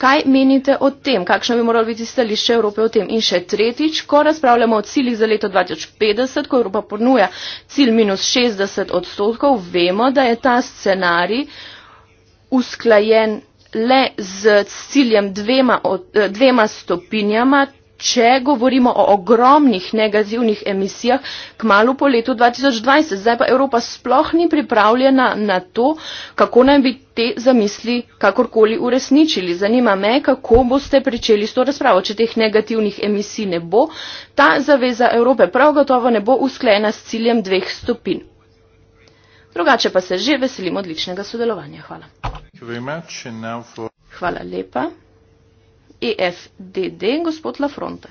Kaj menite o tem? Kakšno bi moralo biti stališče Evrope o tem? In še tretjič, ko razpravljamo o ciljih za leto 2050, ko Evropa ponuja cilj minus 60 odstotkov, vemo, da je ta scenarij usklajen le z ciljem dvema, eh, dvema stopinjama, če govorimo o ogromnih negativnih emisijah kmalo po letu 2020. Zdaj pa Evropa sploh ni pripravljena na to, kako naj bi te zamisli kakorkoli uresničili. Zanima me, kako boste pričeli s to razpravo. Če teh negativnih emisij ne bo, ta zaveza Evrope prav gotovo ne bo usklajena s ciljem dveh stopin. Drugače pa se že veselim odličnega sodelovanja. Hvala. Hvala lepa. EFDD, gospod Lafronte.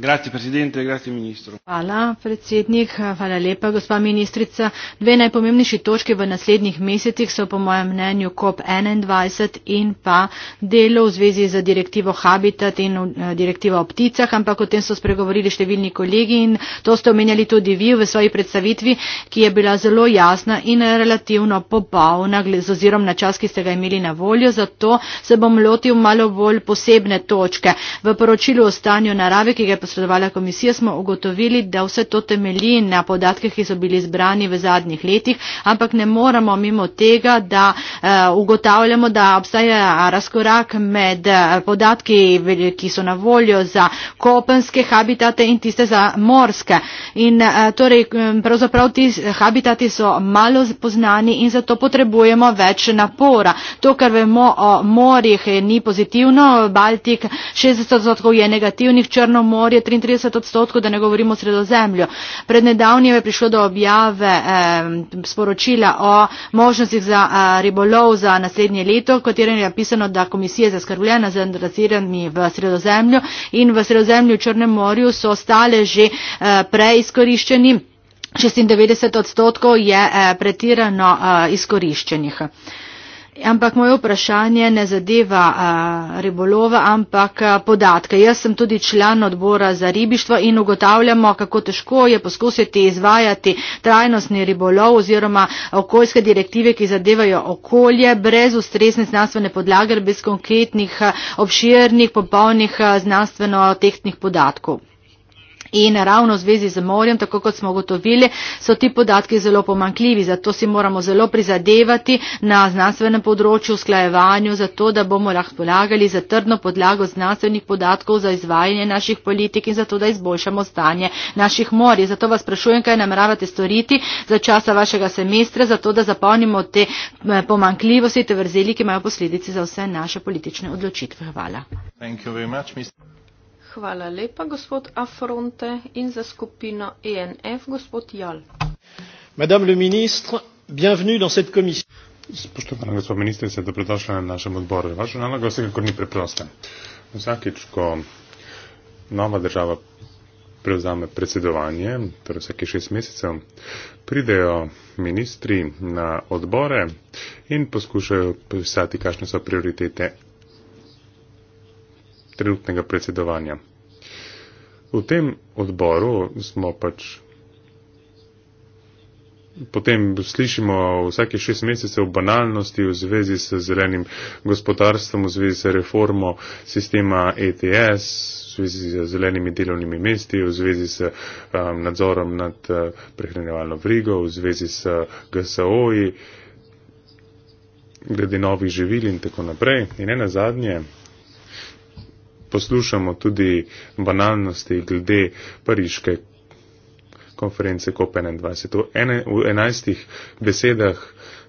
Grazie presidente, grazie ministro. Hvala predsednik, hvala lepa gospa ministrica. Dve najpomembnejši točke v naslednjih mesecih so po mojem mnenju COP21 in pa delo v zvezi z direktivo Habitat in uh, direktivo o pticah, ampak o tem so spregovorili številni kolegi in to ste omenjali tudi vi v svoji predstavitvi, ki je bila zelo jasna in relativno popolna z ozirom na čas, ki ste ga imeli na voljo. Zato se bom lotil malo bolj posebne točke. V poročilu o stanju narave, ki ga je posredovala komisija, smo ugotovili, da vse to temelji na podatkih, ki so bili zbrani v zadnjih letih, ampak ne moramo mimo tega, da eh, ugotavljamo, da obstaja razkorak med eh, podatki, ki so na voljo za kopenske habitate in tiste za morske. In eh, torej, pravzaprav ti habitati so malo poznani in zato potrebujemo več napora. To, kar vemo o morjih, ni pozitivno. Baltik 60% je negativnih, Črno morje je triintrideset odstotkov da ne govorimo o sredozemlju pred nedavnim je prišlo do objave eh, sporočila o možnostih za eh, ribolov za naslednje leto v katerem je napisano da komisija je zaskrbljena z razirami v sredozemlju in v sredozemlju v črnem morju so ostale že eh, preizkoriščeni 96 odstotkov je eh, pretirano eh, izkoriščenih. Ampak moje vprašanje ne zadeva a, ribolova, ampak a, podatke. Jaz sem tudi član odbora za ribištvo in ugotavljamo, kako težko je poskusiti izvajati trajnostni ribolov oziroma okoljske direktive, ki zadevajo okolje, brez ustrezne znanstvene podlage, brez konkretnih, obširnih, popolnih znanstveno-tehnih podatkov. In ravno v zvezi z morjem, tako kot smo ugotovili, so ti podatki zelo pomankljivi, zato si moramo zelo prizadevati na znanstvenem področju, usklajevanju, zato da bomo lahko polagali za trdno podlago znanstvenih podatkov za izvajanje naših politik in zato da izboljšamo stanje naših morij. Zato vas sprašujem, kaj nameravate storiti za časa vašega semestra, zato da zapolnimo te eh, pomankljivosti, te vrzeli, ki imajo posledice za vse naše politične odločitve. Hvala. Hvala lepa, gospod Afronte in za skupino ENF, gospod Jal. Madame le ministre, bienvenue dans cette commission. Spoštovana gospod ministr, se dobrodošla na našem odboru. Vaša naloga vsekakor ni preprosta. Vsakič, ko nova država prevzame predsedovanje, torej vsake šest mesecev, pridejo ministri na odbore in poskušajo pisati, kakšne so prioritete trenutnega predsedovanja. V tem odboru smo pač. Potem slišimo vsake šest mesecev banalnosti v zvezi s zelenim gospodarstvom, v zvezi s reformo sistema ETS, v zvezi s zelenimi delovnimi mesti, v zvezi s um, nadzorom nad uh, prehranjevalno vrigo, v zvezi s uh, GSO-ji, glede novih živil in tako naprej. In ena zadnje, poslušamo tudi banalnosti glede pariške konference COP21. V, v enajstih besedah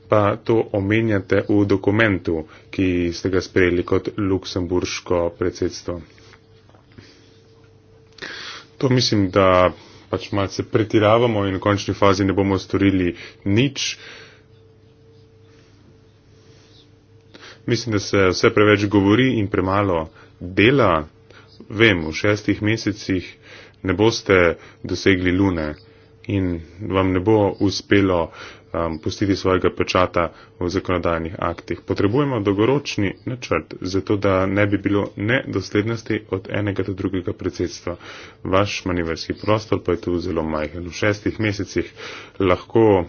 pa to omenjate v dokumentu, ki ste ga sprejeli kot luksemburško predsedstvo. To mislim, da pač malce pretiravamo in v končni fazi ne bomo storili nič. Mislim, da se vse preveč govori in premalo dela, vem, v šestih mesecih ne boste dosegli lune in vam ne bo uspelo um, pustiti svojega pečata v zakonodajnih aktih. Potrebujemo dolgoročni načrt, zato da ne bi bilo nedoslednosti od enega do drugega predsedstva. Vaš manjverski prostor pa je tu zelo majhen. V šestih mesecih lahko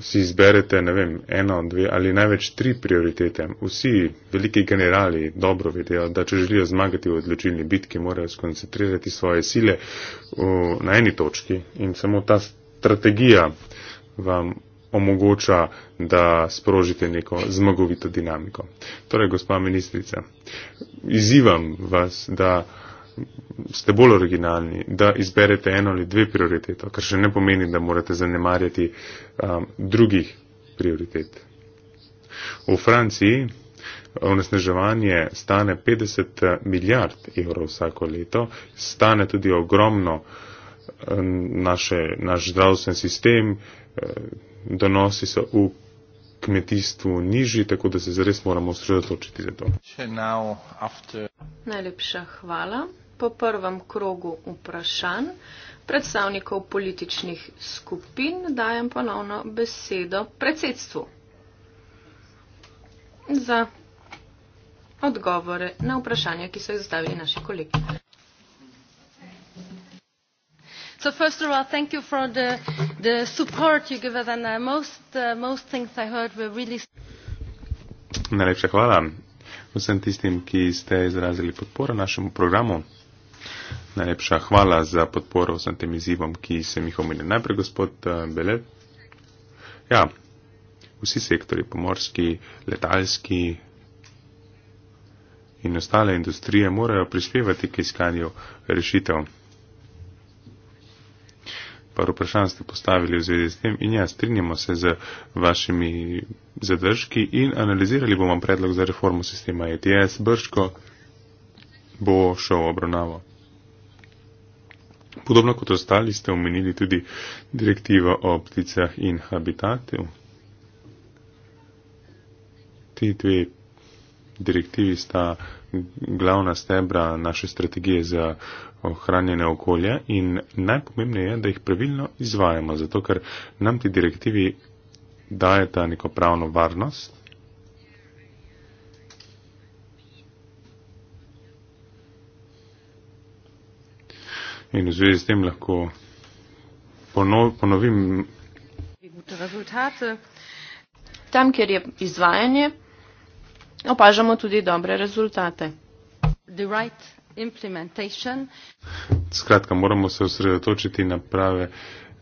si izberete, ne vem, eno, dve ali največ tri prioritete. Vsi veliki generali dobro vedejo, da če želijo zmagati v odločilni bitki, morajo skoncentrirati svoje sile v, na eni točki in samo ta strategija vam omogoča, da sprožite neko zmagovito dinamiko. Torej, gospa ministrica, izzivam vas, da ste bolj originalni, da izberete eno ali dve prioriteto, kar še ne pomeni, da morate zanemarjati um, drugih prioritet. V Franciji onesnaževanje stane 50 eh, milijard evrov vsako leto, stane tudi ogromno eh, naše, naš zdravstven sistem, eh, donosi so v kmetijstvu nižji, tako da se zares moramo osredotočiti za to. Najlepša hvala po prvem krogu vprašanj predstavnikov političnih skupin dajem ponovno besedo predsedstvu za odgovore na vprašanja, ki so jih zastavili naši kolegi. So first of all, thank you for the, the support you give us and uh, most, uh, most things I heard were really... Najlepša hvala vsem tistim, ki ste izrazili podporo našemu programu najlepša hvala za podporo vsem tem izzivom, ki sem jih omenil. Najprej gospod eh, Bele. Ja, vsi sektori, pomorski, letalski in ostale industrije morajo prispevati k iskanju rešitev. Par vprašanj ste postavili v zvezi s tem in ja, strinjamo se z vašimi zadržki in analizirali bomo predlog za reformo sistema ETS Brško bo šel obravnavo. Podobno kot ostali ste omenili tudi direktivo o pticah in habitatu. Ti dve direktivi sta glavna stebra naše strategije za ohranjene okolje in najpomembneje je, da jih pravilno izvajamo, zato ker nam ti direktivi dajeta neko pravno varnost in v zvezi s tem lahko ponovim. Tam, kjer je izvajanje, opažamo tudi dobre rezultate. Right Skratka, moramo se osredotočiti na, prave,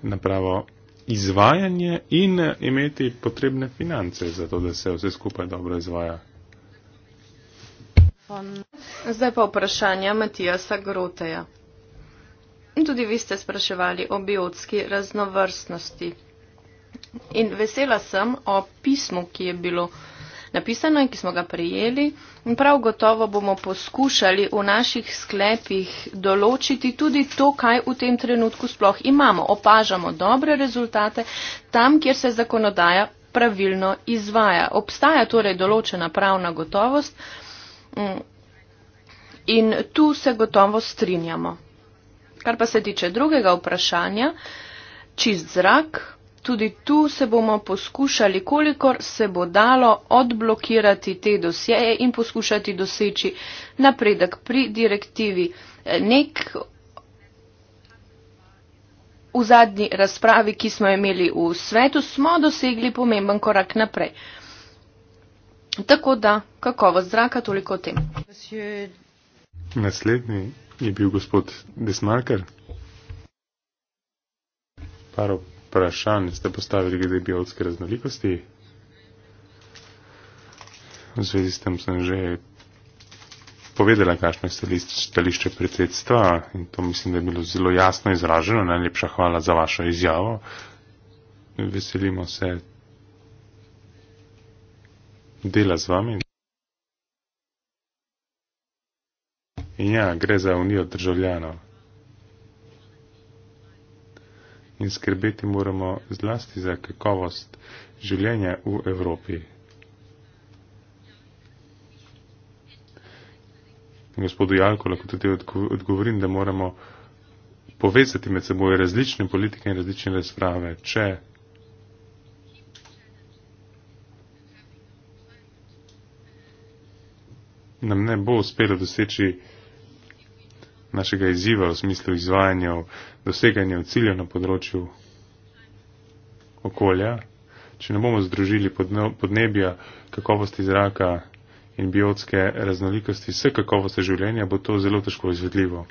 na pravo izvajanje in eh, imeti potrebne finance za to, da se vse skupaj dobro izvaja. Zdaj pa vprašanja Matijasa Groteja. In tudi vi ste spraševali o biotski raznovrstnosti. In vesela sem o pismu, ki je bilo napisano in ki smo ga prijeli. In prav gotovo bomo poskušali v naših sklepih določiti tudi to, kaj v tem trenutku sploh imamo. Opažamo dobre rezultate tam, kjer se zakonodaja pravilno izvaja. Obstaja torej določena pravna gotovost mm, in tu se gotovo strinjamo. Kar pa se tiče drugega vprašanja, čist zrak, tudi tu se bomo poskušali, kolikor se bo dalo, odblokirati te dosjeje in poskušati doseči napredek pri direktivi. Nek v zadnji razpravi, ki smo imeli v svetu, smo dosegli pomemben korak naprej. Tako da, kakovost zraka, toliko o tem. Naslednji je bil gospod Desmarker. Par vprašanj ste postavili glede biotske raznolikosti. V zvezi s tem sem že povedala, kakšno je stališče predsedstva in to mislim, da je bilo zelo jasno izraženo. Najlepša hvala za vašo izjavo. Veselimo se dela z vami. In ja, gre za unijo državljanov. In skrbeti moramo zlasti za kakovost življenja v Evropi. In gospodu Jalko lahko tudi odgovorim, da moramo povezati med seboj različne politike in različne razprave. Če nam ne bo uspelo doseči našega izziva v smislu izvajanja, doseganja ciljev na področju okolja, če ne bomo združili podnebja, kakovosti zraka in biotske raznolikosti s kakovosti življenja, bo to zelo težko izvedljivo.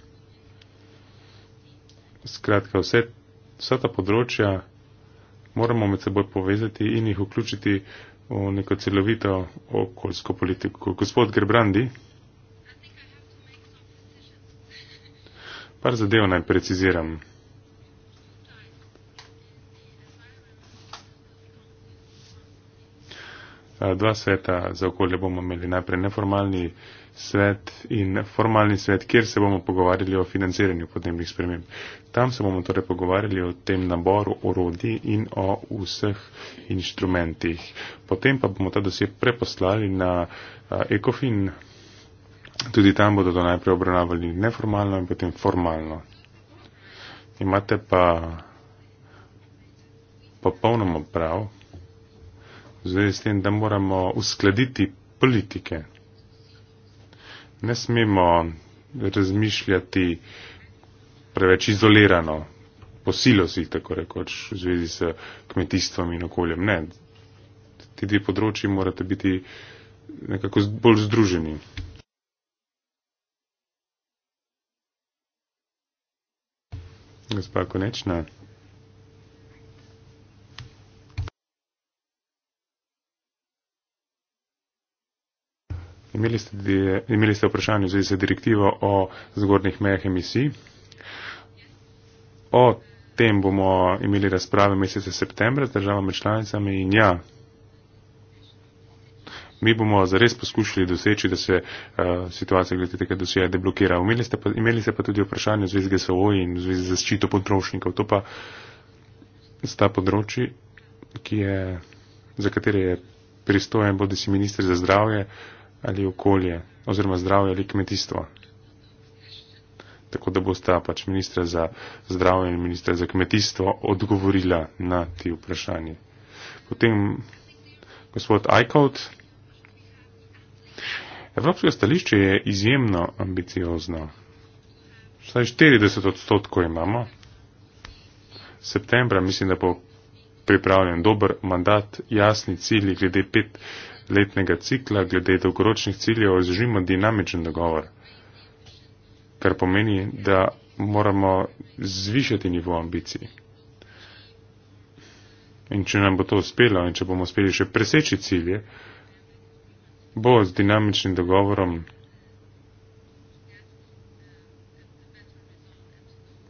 Skratka, vse, vsa ta področja moramo med seboj povezati in jih vključiti v neko celovito okoljsko politiko. Gospod Grebrandi. Par zadev naj preciziram. Dva sveta za okolje bomo imeli. Najprej neformalni svet in formalni svet, kjer se bomo pogovarjali o financiranju podnebnih sprememb. Tam se bomo torej pogovarjali o tem naboru orodij in o vseh inštrumentih. Potem pa bomo ta dosje preposlali na ECOFIN. Uh, Tudi tam bodo to najprej obravnavali neformalno in potem formalno. Imate pa popolnoma prav v zvezi s tem, da moramo uskladiti politike. Ne smemo razmišljati preveč izolirano, posilo si tako rekoč v zvezi s kmetijstvom in okoljem. Ne, ti dve področji morate biti nekako bolj združeni. gospa Konečna. Imeli ste, imeli ste vprašanje za direktivo o zgornjih mejah emisij. O tem bomo imeli razprave meseca septembra z državami članicami in ja, Mi bomo zares poskušali doseči, da se uh, situacija glede tega dosija deblokira. Imeli ste, pa, imeli ste pa tudi vprašanje v zvezi z GSO in v zvezi z zaščito potrošnikov. To pa sta področji, za katere je pristojen bodi si ministr za zdravje ali okolje oziroma zdravje ali kmetijstvo. Tako da bosta pač ministra za zdravje in ministra za kmetijstvo odgovorila na ti vprašanje. Potem gospod Eichhout. Evropsko stališče je izjemno ambiciozno. Vsaj 40 odstotkov imamo. Septembra mislim, da bo pripravljen dober mandat, jasni cilji glede petletnega cikla, glede dolgoročnih ciljev, izžimo dinamičen dogovor. Kar pomeni, da moramo zvišati nivo ambicij. In če nam bo to uspelo in če bomo uspeli še preseči cilje, eh, bo z dinamičnim dogovorom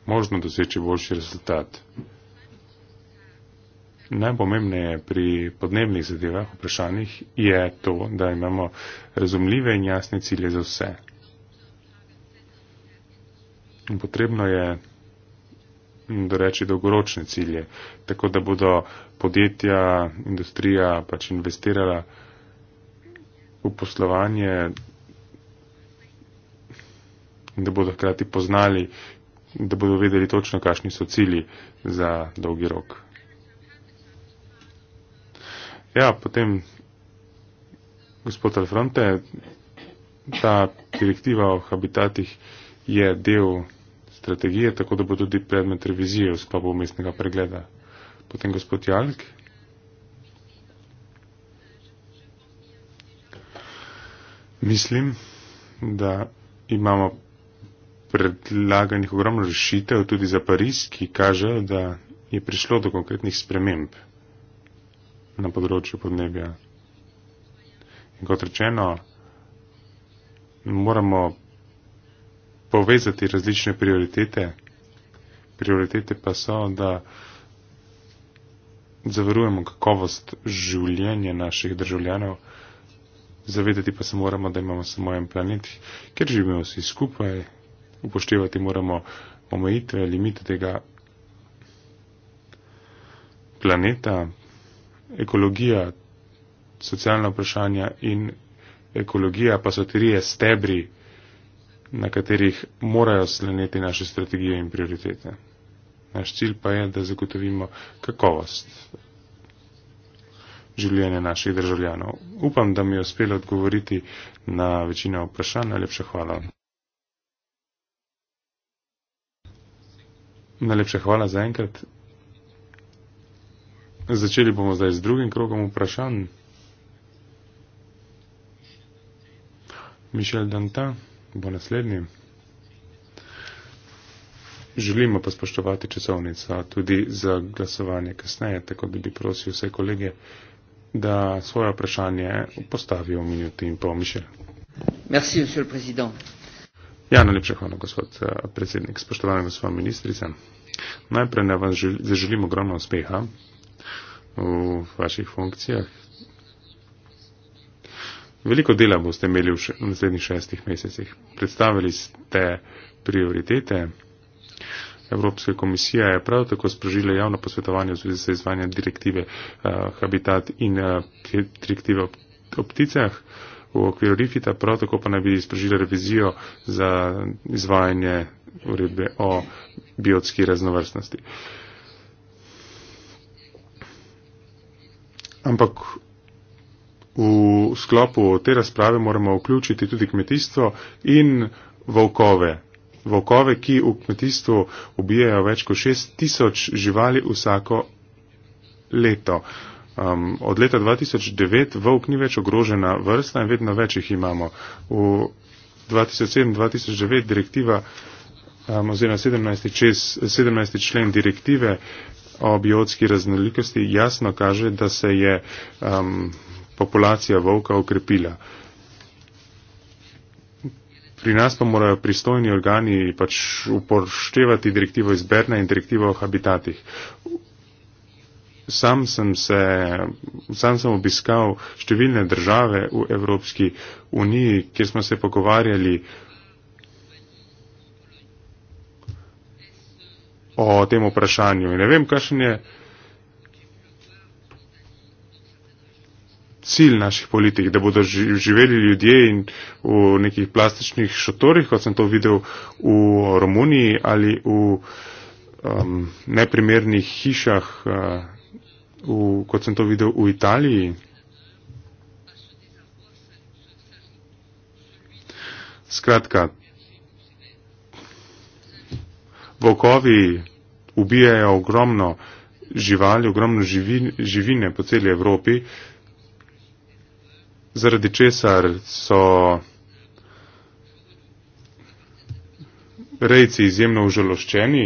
možno doseči boljši rezultat. Najpomembnejše pri podnebnih zadevah, vprašanjih, je to, da imamo razumljive in jasne cilje za vse. In potrebno je doreči dolgoročne cilje, tako da bodo podjetja, industrija pač investirala uposlovanje, da bodo hkrati poznali, da bodo vedeli točno, kakšni so cili za dolgi rok. Ja, potem, gospod Alfronte, ta direktiva o habitatih je del strategije, tako da bo tudi predmet revizije v sklopu mestnega pregleda. Potem gospod Jalk. Mislim, da imamo predlaganih ogromno rešitev tudi za Pariz, ki kažejo, da je prišlo do konkretnih sprememb na področju podnebja. In kot rečeno, moramo povezati različne prioritete. Prioritete pa so, da zavarujemo kakovost življenja naših državljanov zavedati pa se moramo, da imamo samo en planet, ker živimo vsi skupaj, upoštevati moramo omejitve, limite tega planeta, ekologija, socialna vprašanja in ekologija pa so trije stebri, na katerih morajo sleneti naše strategije in prioritete. Naš cilj pa je, da zagotovimo kakovost življenje naših državljanov. Upam, da mi je uspelo odgovoriti na večino vprašanj. Najlepša hvala. Najlepša hvala za enkrat. Začeli bomo zdaj z drugim krogom vprašanj. Mišel Danta bo naslednji. Želimo pa spoštovati časovnico tudi za glasovanje kasneje, tako da bi prosil vse kolege, da svoje vprašanje postavi v minuti in pol Mišel. Merci, monsieur le président. Ja, najlepša hvala, gospod eh, predsednik. Spoštovani gospod ministrica, najprej naj vam zaželim ogromno uspeha v vaših funkcijah. Veliko dela boste imeli v naslednjih šestih mesecih. Predstavili ste prioritete Evropske komisije je prav tako sprožila javno posvetovanje v zvezi z izvanjem direktive uh, Habitat in uh, direktive o, o pticah v okviru RIFIT-a, prav tako pa naj bi sprožila revizijo za izvajanje uredbe o biotski raznovrstnosti. Ampak v sklopu te razprave moramo vključiti tudi kmetijstvo in volkove volkove, ki v kmetijstvu ubijajo več kot 6000 živali vsako leto. Um, od leta 2009 volk ni več ogrožena vrsta in vedno več jih imamo. V 2007-2009 direktiva um, oziroma 17. Čez, 17. člen direktive o biotski raznolikosti jasno kaže, da se je um, populacija volka okrepila. Pri nas pa morajo pristojni organi pač uporštevati direktivo iz Berna in direktivo o habitatih. Sam sem, se, sam sem obiskal številne države v Evropski uniji, kjer smo se pogovarjali o tem vprašanju. In ne vem, kakšen je cilj naših politik, da bodo živeli ljudje in v nekih plastičnih šotorih, kot sem to videl v Romuniji ali v um, neprimernih hišah, uh, v, kot sem to videl v Italiji. Skratka, volkovi ubijajo ogromno živali, ogromno živine po celi Evropi. Uh, zaradi česar so rejci izjemno užaloščeni.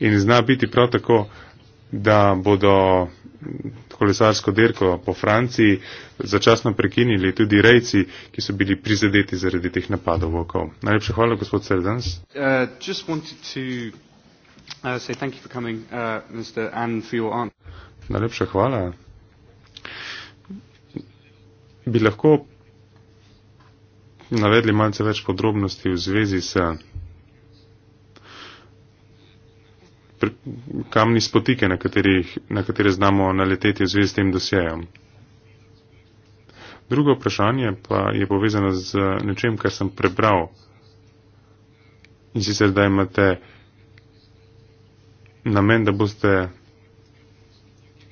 In zna biti prav tako, da bodo kolesarsko dirko po Franciji začasno prekinili tudi rejci, ki so bili prizadeti zaradi teh napadov v okol. Najlepša hvala, gospod Serdans. Uh, Uh, Najlepša hvala. Bi lahko navedli malce več podrobnosti v zvezi s kamni spotike, na, katerih, na katere znamo naleteti v zvezi s tem dosjejem. Drugo vprašanje pa je povezano z nečem, kar sem prebral. In sicer, da imate uh, namen, da boste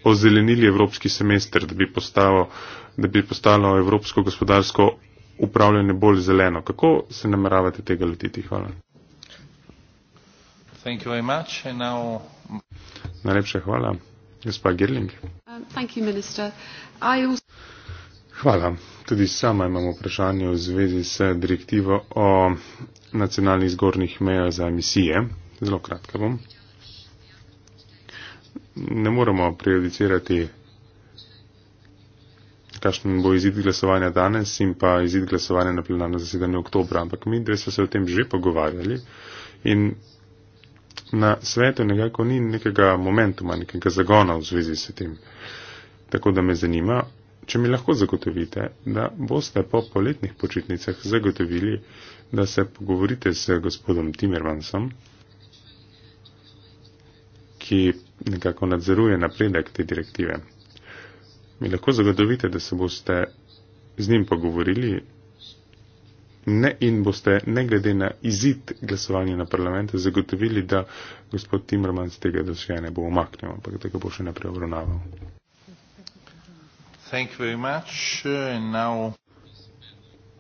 ozelenili evropski semester, da bi, postalo, da bi postalo evropsko gospodarsko upravljanje bolj zeleno. Kako se nameravate tega lotiti? Hvala. Thank you very much. And now... Najlepša hvala. Gospa Gerling. Um, thank you, minister. I also... Hvala. Tudi sama imam vprašanje v zvezi s direktivo o nacionalnih zgornjih mejah za emisije. Zelo kratka bom ne moremo prejudicirati, kakšen bo izid glasovanja danes in pa izid glasovanja na plenarno zasedanje oktober, ampak mi dve smo se o tem že pogovarjali in na svetu nekako ni nekega momentuma, nekega zagona v zvezi s tem. Tako da me zanima, če mi lahko zagotovite, da boste po poletnih počitnicah zagotovili, da se pogovorite z gospodom Timmermansom, ki nekako nadzoruje napredek te direktive. Mi lahko zagotovite, da se boste z njim pogovorili ne, in boste ne glede na izid glasovanja na parlamentu zagotovili, da gospod Timmermans tega dosje ne bo omaknil, ampak da ga bo še naprej obravnaval.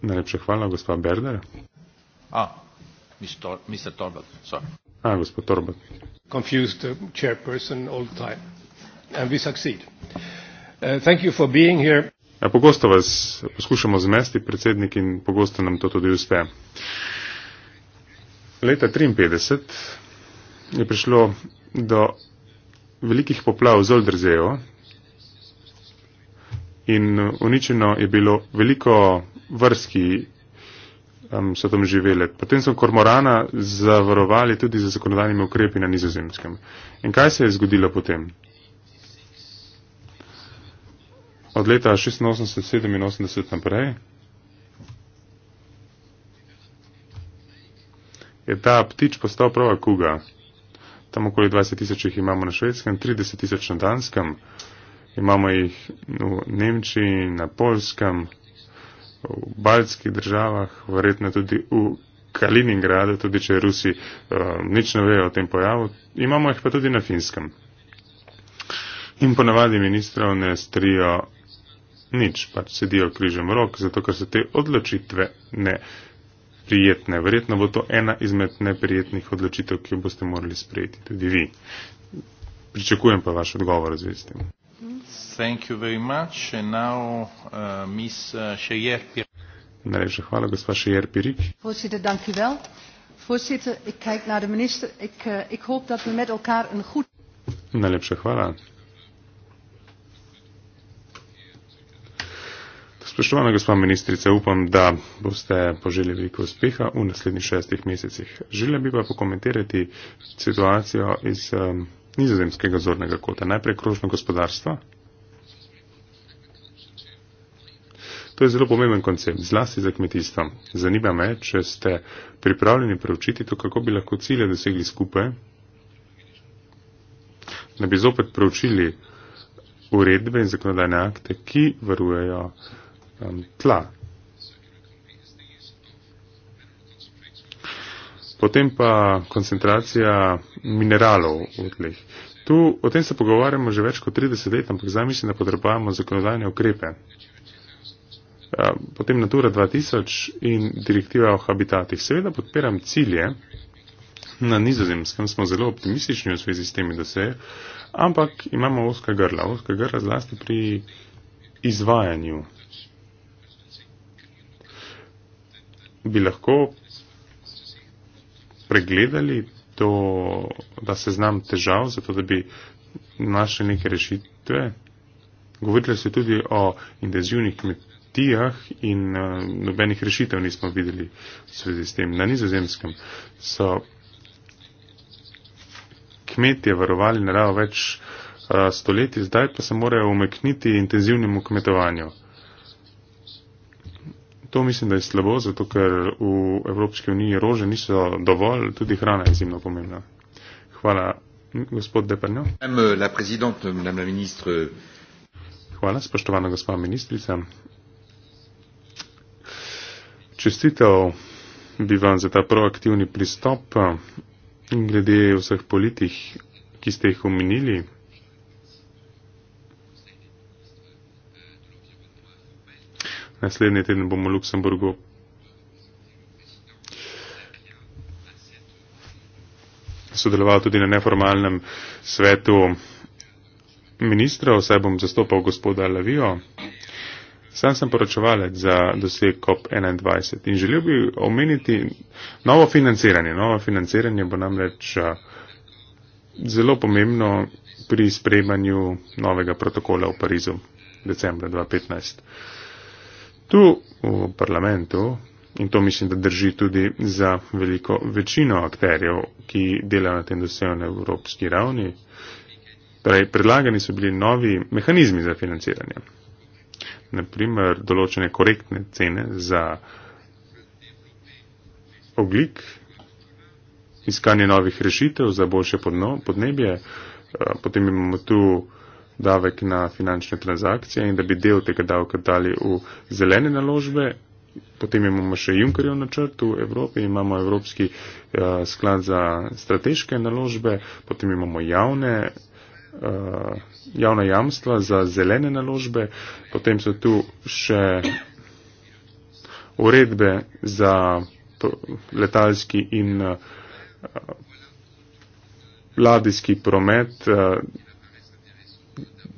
Najlepša hvala, gospa Berder. A, ah, mister Torbat, sorry. A, ah, gospod Torbat confuse the chairperson all the time. And we succeed. Uh, thank you for being here. Ja, pogosto vas poskušamo zmesti, predsednik, in pogosto nam to tudi uspe. Leta 1953 je prišlo do velikih poplav v Zoldrzeju in uničeno je bilo veliko vrst, ki um, so tam živele. Potem so kormorana zavarovali tudi za zakonodajnimi ukrepi na nizozemskem. In kaj se je zgodilo potem? Od leta 1687-87 naprej je ta ptič postal prava kuga. Tam okoli 20 tisoč jih imamo na švedskem, 30 tisoč na danskem, imamo jih no, v Nemčiji, na polskem, v baljskih državah, verjetno tudi v Kaliningradu, tudi če Rusi uh, nič ne vejo o tem pojavu, imamo jih pa tudi na finskem. In ponavadi ministrov ne strijo nič, pač sedijo križem rok, zato ker so te odločitve neprijetne. Verjetno bo to ena izmed neprijetnih odločitev, ki jo boste morali sprejeti tudi vi. Pričakujem pa vaš odgovor z istim. Uh, uh, Najlepša hvala, gospa Šejer Pirik. Eh, Najlepša hvala. Spoštovana gospa ministrica, upam, da boste poželi veliko uspeha v naslednjih šestih mesecih. Želim bi pa pokomentirati situacijo iz um, nizozemskega zornega kota. Najprej krožno gospodarstvo, To je zelo pomemben koncept, zlasti za kmetijstvo. Zanima me, če ste pripravljeni preučiti to, kako bi lahko cilje dosegli skupaj, da bi zopet preučili uredbe in zakonodajne akte, ki varujejo um, tla. Potem pa koncentracija mineralov v tleh. Tu, o tem se pogovarjamo že več kot 30 let, ampak zamislim, da potrebujemo zakonodajne ukrepe. Eh, potem Natura 2000 in direktiva o habitatih. Seveda podpiram cilje, na nizozemskem smo zelo optimistični v zvezi s temi, da se je, ampak imamo oska grla, oska grla zlasti pri izvajanju. Bi lahko pregledali to, da se znam težav, zato da bi našli neke rešitve. Govorili ste tudi o intenzivnih kmetijah medijah in uh, nobenih rešitev nismo videli v svezi s tem. Na nizozemskem so kmetje varovali naravo več uh, stoletij, zdaj pa se morajo umekniti intenzivnemu kmetovanju. To mislim, da je slabo, zato ker v Evropski uniji rože niso dovolj, tudi hrana je izjemno pomembna. Hvala, gospod Depernjo. Hvala, spoštovana gospa ministrica čestitev bi vam za ta proaktivni pristop in eh, glede vseh politik, ki ste jih omenili. Naslednji teden bomo v Luksemburgu. Sodeloval tudi na neformalnem svetu ministrov, saj bom zastopal gospoda Lavijo, Sam sem poročevalec za doseg COP21 in želel bi omeniti novo financiranje. Novo financiranje bo namreč eh, zelo pomembno pri sprejemanju novega protokola v Parizu decembra 2015. Tu v parlamentu in to mislim, da drži tudi za veliko večino akterjev, ki delajo na tem dosegu na evropski ravni. Torej, predlagani so bili novi mehanizmi za financiranje naprimer določene korektne cene za oglik, iskanje novih rešitev za boljše podnebje, eh, potem imamo tu davek na finančne transakcije in da bi del tega davka dali v zelene naložbe. Potem imamo še Junkerjev načrt v Evropi, imamo Evropski uh, sklad za strateške naložbe, potem imamo javne uh, Eh, javna jamstva za zelene naložbe, potem so tu še uredbe za letalski in eh, ladijski promet eh,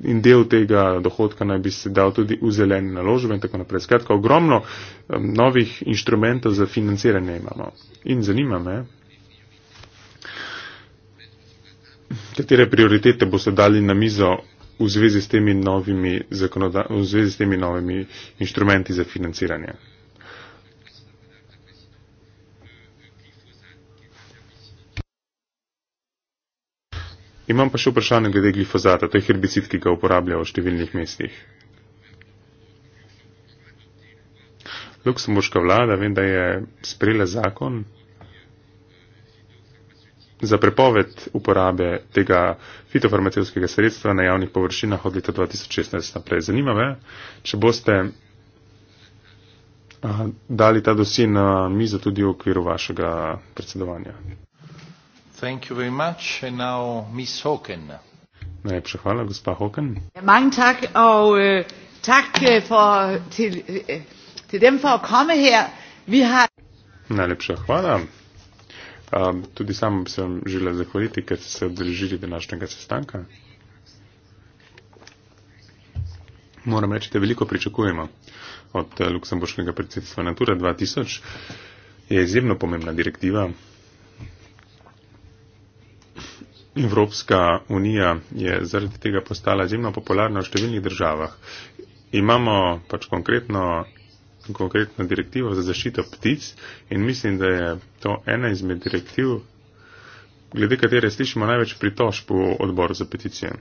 in del tega dohodka naj bi se dal tudi v zelene naložbe in tako naprej. Skratka, ogromno novih inštrumentov za financiranje imamo. In zanima me, katere prioritete boste dali na mizo v zvezi s temi novimi, v zvezi s temi novimi inštrumenti za financiranje? Imam pa še vprašanje glede glifozata, to je herbicid, ki ga uporabljajo v številnih mestih. Luksemburška vlada vem, da je sprejela zakon, za prepoved uporabe tega fitofarmacijskega sredstva na javnih površinah od leta 2016 naprej. Zanima me, če boste a, dali ta dosi na mizo tudi v okviru vašega predsedovanja. Thank you very much. And now Miss Hawken. Najlepša hvala, gospa Hawken. Ja, mange tak og uh, tak øh, for, til, uh, til dem for at komme her. Vi har... Najlepša hvala. Um, tudi sam sem želel zahvaliti, ker ste se odrežili današnjega sestanka. Moram reči, da veliko pričakujemo od eh, Luksemburškega predsedstva Natura 2000. Je izjemno pomembna direktiva. Evropska unija je zaradi tega postala izjemno popularna v številnih državah. Imamo pač konkretno konkretno direktivo za zaščito ptic in mislim, da je to ena izmed direktiv, glede katere slišimo največ pritožb v odboru za peticije.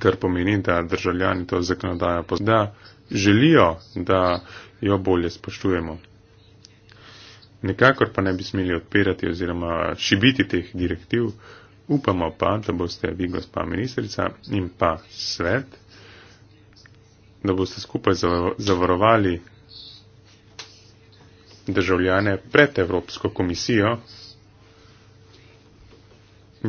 Kar pomeni, da državljani to zakonodajo pozna, želijo, da jo bolje spoštujemo. Nekakor pa ne bi smeli odpirati oziroma šibiti teh direktiv. Upamo pa, da boste vi, gospa ministrica, in pa svet da boste skupaj zavarovali državljane pred Evropsko komisijo,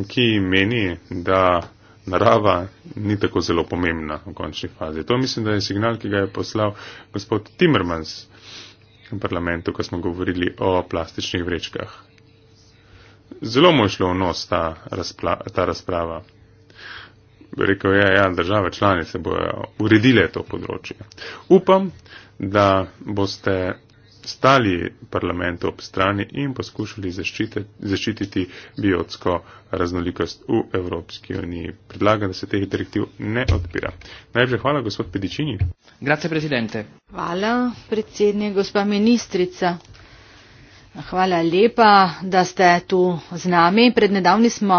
ki meni, da narava ni tako zelo pomembna v končni fazi. To mislim, da je signal, ki ga je poslal gospod Timmermans v parlamentu, ko smo govorili o plastičnih vrečkah. Zelo mu je šlo v nos ta, ta razprava rekel, ja, ja, države članice bojo uredile to področje. Upam, da boste stali parlamentu ob strani in poskušali zaščititi, zaščititi biotsko raznolikost v Evropski uniji. Predlagam, da se teh direktiv ne odpira. Najprej hvala, gospod Pedičini. Grazie, predsedente. Hvala, predsednik, gospa ministrica. Hvala lepa, da ste tu z nami. Prednedavni smo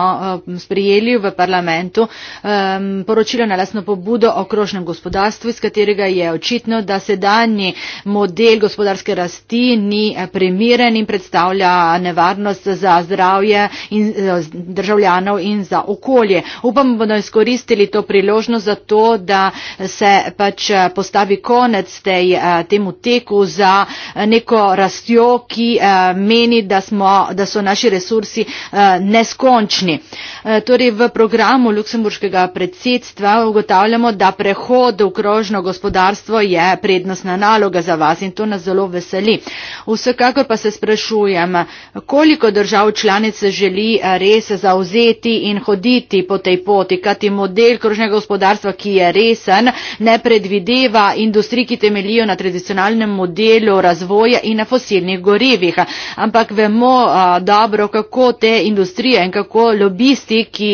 eh, sprijeli v parlamentu ehm, poročilo na lasno pobudo o krožnem gospodarstvu, iz katerega je očitno, da sedanji model gospodarske rasti ni eh, primiren in predstavlja nevarnost za zdravje in eh, državljanov in za okolje. Upam, da bodo izkoristili to priložnost za to, da se pač postavi konec tej, temu teku za neko rastjo, ki meni da, smo, da so naši resursi eh, neskončni. Eh, torej v programu luksemburškega predsedstva ugotavljamo, da prehod v krožno gospodarstvo je prednostna naloga za vas in to nas zelo veseli. Vsekakor pa se sprašujem, koliko držav članic želi eh, res zauzeti in hoditi po tej poti, kajti model krožnega gospodarstva, ki je resen, ne predvideva industrij, ki temelijo na tradicionalnem modelu razvoja in na fosilnih gorivih ampak vemo a, dobro, kako te industrije in kako lobisti, ki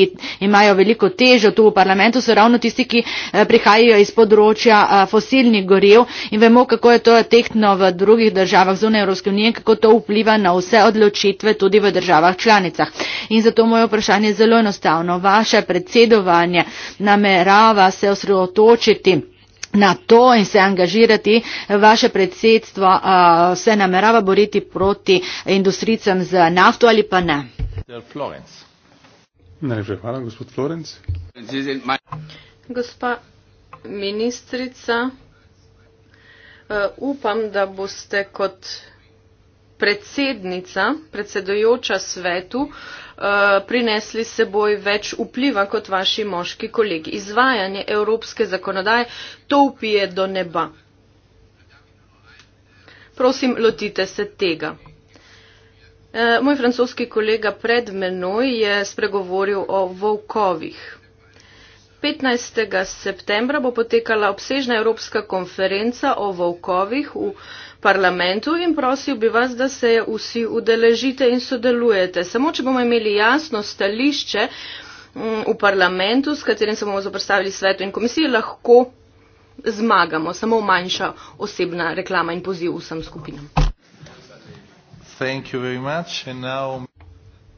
imajo veliko težo tu v parlamentu, so ravno tisti, ki a, prihajajo iz področja a, fosilnih goriv in vemo, kako je to tehtno v drugih državah zunaj Evropske unije in kako to vpliva na vse odločitve tudi v državah članicah. In zato moje vprašanje je zelo enostavno. Vaše predsedovanje namerava se osredotočiti na to in se angažirati. Vaše predsedstvo uh, se namerava boriti proti industricam z nafto ali pa ne? Najlepša hvala, gospod Florenc. Gospa ministrica, uh, upam, da boste kot predsednica, predsedojoča svetu, uh, Eh, prinesli seboj več vpliva kot vaši moški kolegi. Izvajanje evropske zakonodaje to upije do neba. Prosim, lotite se tega. Eh, moj francoski kolega pred menoj je spregovoril o volkovih. 15. septembra bo potekala obsežna evropska konferenca o volkovih v parlamentu in prosil bi vas, da se vsi udeležite in sodelujete. Samo, če bomo imeli jasno stališče mm, v parlamentu, s katerim se bomo zoprstavili svetu in komisiji, lahko zmagamo. Samo manjša osebna reklama in poziv vsem skupinam. Thank you very much. And now...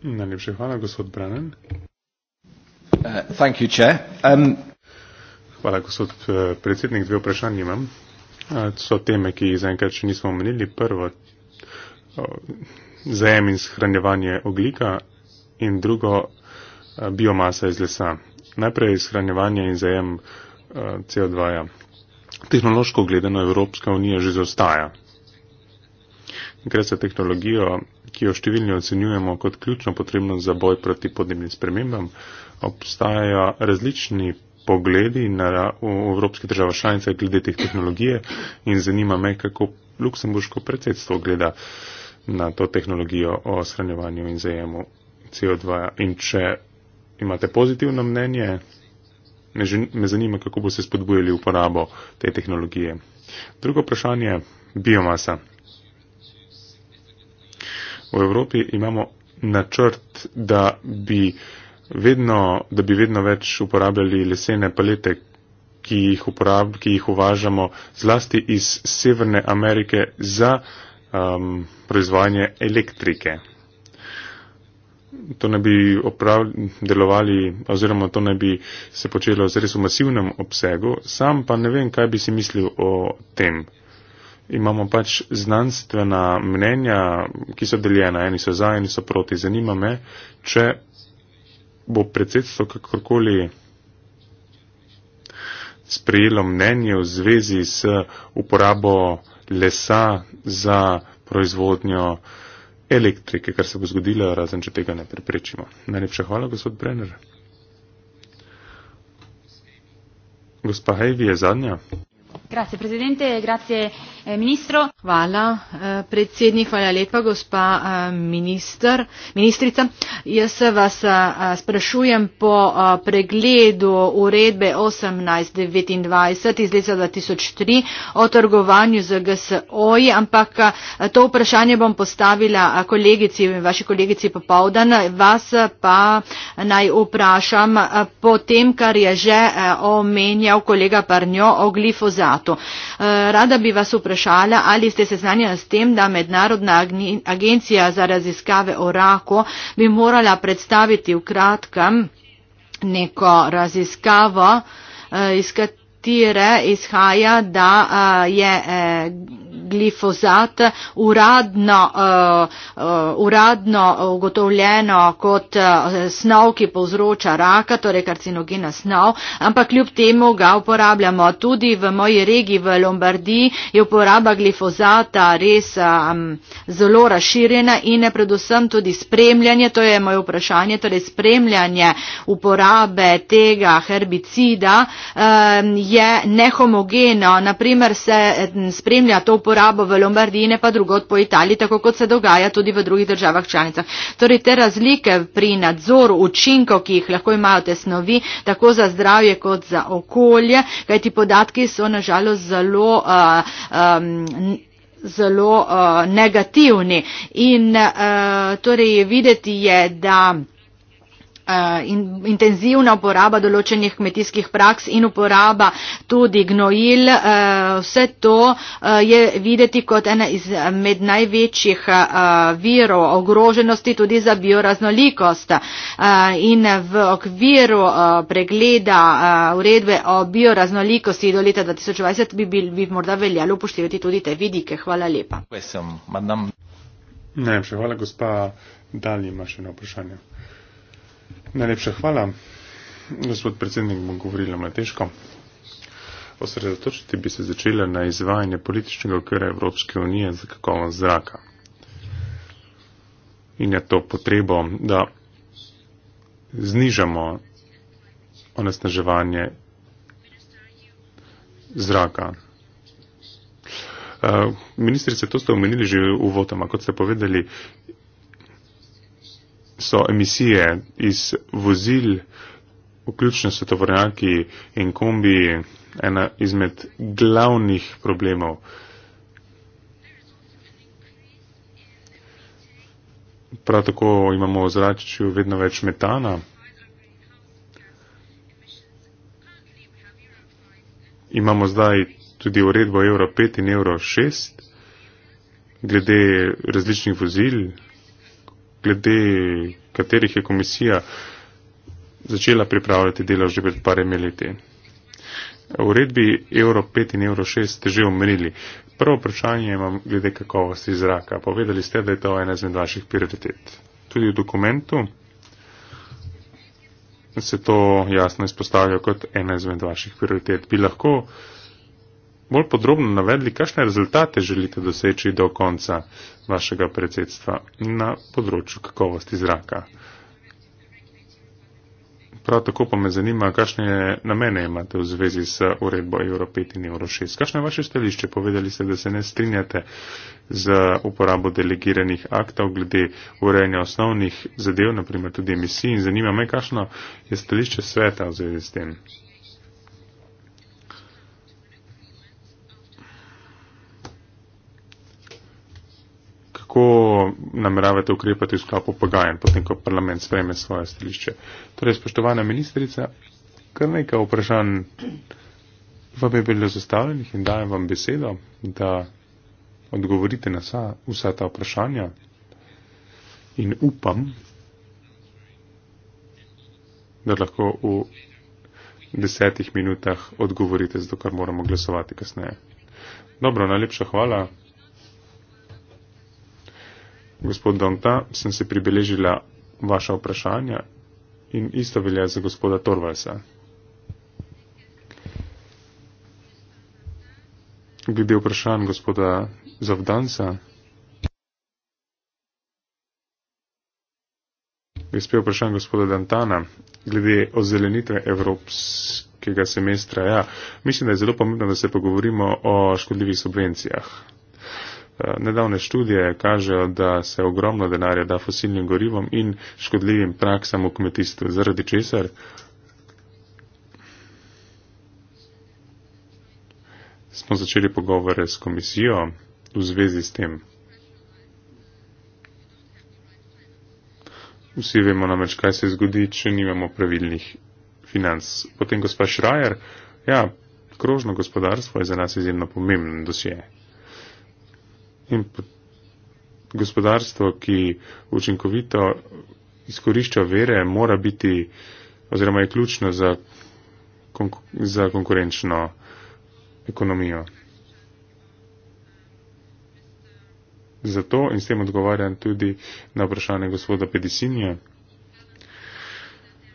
Najlepša hvala, gospod Brennan. Uh, thank you, chair. Um... Hvala, gospod eh, predsednik. Dve vprašanje imam so teme, ki jih zaenkrat še nismo omenili. Prvo, zajem in shranjevanje oglika in drugo, biomasa iz lesa. Najprej shranjevanje in zajem CO2. -ja. Tehnološko gledano Evropska unija že zaostaja. Gre za tehnologijo, ki jo številni ocenjujemo kot ključno potrebno za boj proti podnebnim spremembam. Obstajajo različni pogledi na evropske države članice glede teh tehnologije in zanima me, kako luksemburško predsedstvo gleda na to tehnologijo o shranjevanju in zajemu CO2 in če imate pozitivno mnenje, me zanima, kako boste spodbujali uporabo te tehnologije. Drugo vprašanje, biomasa. V Evropi imamo načrt, da bi vedno, da bi vedno več uporabljali lesene palete, ki jih, uporab, ki jih uvažamo zlasti iz Severne Amerike za um, proizvajanje elektrike. To naj bi oprav, delovali oziroma to naj bi se počelo z res v masivnem obsegu, sam pa ne vem, kaj bi si mislil o tem. Imamo pač znanstvena mnenja, ki so deljena, eni so za, eni so proti. Zanima me, če bo predsedstvo kakorkoli sprejelo mnenje v zvezi s uporabo lesa za proizvodnjo elektrike, kar se bo zgodilo, razen če tega ne preprečimo. Najlepša hvala, gospod Brenner. Gospa Hejvi je zadnja. Grazie, presidente. Grazie. Eh, ministru. Hvala, eh, predsednik, hvala lepa, gospa eh, minister, ministrica. Jaz vas sprašujem po pregledu uredbe 1829 iz leta 2003 o trgovanju z GSO-ji, ampak to vprašanje bom postavila kolegici, vaši kolegici popovdan, vas pa naj vprašam po tem, kar je že omenjal kolega Parnjo o glifozatu. Rada bi vas vprašala, vprašala, ali ste seznanjena s tem, da Mednarodna agencija za raziskave o raku bi morala predstaviti v kratkem neko raziskavo, eh, iz katere izhaja, da eh, je. Eh, glifozat uradno, uh, uh, uradno ugotovljeno kot uh, snov, ki povzroča raka, torej karcinogena snov, ampak ljub temu ga uporabljamo. Tudi v moji regiji v Lombardiji je uporaba glifozata res um, zelo razširjena in predvsem tudi spremljanje, to je moje vprašanje, torej spremljanje uporabe tega herbicida um, je nehomogeno. Naprimer se spremlja to uporabo uporabo v Lombardiji, ne pa drugot po Italiji, tako kot se dogaja tudi v drugih državah članicah. Torej, te razlike pri nadzoru učinkov, ki jih lahko imajo te snovi, tako za zdravje kot za okolje, kajti podatki so nažalost zelo. Uh, um, zelo uh, negativni in uh, torej videti je, da Eh, in intenzivna uporaba določenih kmetijskih praks in uporaba tudi gnojil, eh, vse to eh, je videti kot ena med največjih virov ogroženosti tudi za bioraznolikost. In v okviru pregleda uredbe o bioraznolikosti do leta 2020 bi, bil, bi morda veljalo upoštevati tudi te vidike. Hvala lepa. Najlepša hvala, gospa Dali ima še eno vprašanje. Najlepša hvala. Gospod predsednik, bom govorila Matejško. Osredotočiti bi se začela na izvajanje političnega okvira Evropske unije za kakovost zraka. In je to potrebo, da znižamo onesnaževanje zraka. Eh, ministrice, to ste omenili že uvodoma, kot ste povedali, so emisije iz vozil, vključno svetovrnjaki in kombi, ena izmed glavnih problemov. Prav tako imamo v zračju vedno več metana. Imamo zdaj tudi uredbo Euro 5 in Euro 6 glede različnih vozil, glede katerih je komisija začela pripravljati delo že pred parem leti. V redbi Euro 5 in Euro 6 ste že omenili. Prvo vprašanje imam glede kakovosti zraka. Povedali ste, da je to ena izmed vaših prioritet. Tudi v dokumentu se to jasno izpostavlja kot ena izmed vaših prioritet. Bi lahko uh, bolj podrobno navedli, kakšne rezultate želite doseči do konca vašega predsedstva na področju kakovosti zraka. Prav tako pa me zanima, kakšne namene imate v zvezi s uredbo Euro 5 in Euro 6. Kakšno je vaše stališče? Povedali ste, da se ne strinjate z uporabo delegiranih aktov glede urejanja osnovnih zadev, naprimer tudi emisij. In zanima me, kakšno je stališče sveta v zvezi s tem. lahko nameravate ukrepati v sklopu pogajen, potem, ko parlament sprejme svoje stališče. Torej, spoštovana ministrica, kar nekaj vprašanj vam je bilo zastavljenih in dajem vam besedo, da odgovorite na vsa, vsa ta vprašanja. In upam, da lahko v desetih minutah odgovorite, zato kar moramo glasovati kasneje. Dobro, najlepša hvala gospod Donta, sem si pribeležila vaša vprašanja in isto velja za gospoda Torvalsa. Glede vprašanj gospoda Zavdanca. Jaz pa vprašanj gospoda Dantana glede ozelenitve evropskega semestra. Ja, mislim, da je zelo pomembno, da se pogovorimo o škodljivih subvencijah. Eh, nedavne študije kažejo, da se ogromno denarja da fosilnim gorivom in škodljivim praksam v kmetijstvu. Zaradi česar? Smo začeli pogovore s komisijo v zvezi s tem. Vsi vemo namreč, kaj se zgodi, če nimamo pravilnih financ. Potem gospa Šrajer, ja, krožno gospodarstvo je za nas izjemno pomembno dosje in gospodarstvo, ki učinkovito izkorišča vere, mora biti oziroma je ključno za, konku, za konkurenčno ekonomijo. Zato in s tem odgovarjam tudi na vprašanje gospoda Pedisinija.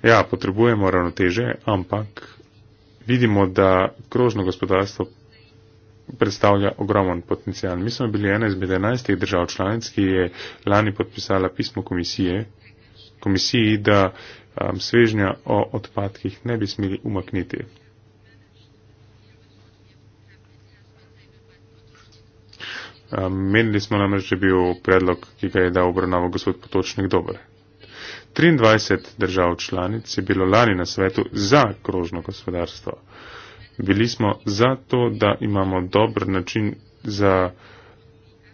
Ja, potrebujemo ravnoteže, ampak vidimo, da krožno gospodarstvo predstavlja ogromen potencial. Mi smo bili ena izmed 11 držav članic, ki je lani podpisala pismo komisije, komisiji, da um, svežnja o odpadkih ne bi smeli umakniti. Um, menili smo namreč, da je bil predlog, ki ga je dal obravnavo gospod Potočnik, dober. 23 držav članic je bilo lani na svetu za krožno gospodarstvo. Bili smo za to, da imamo dober način za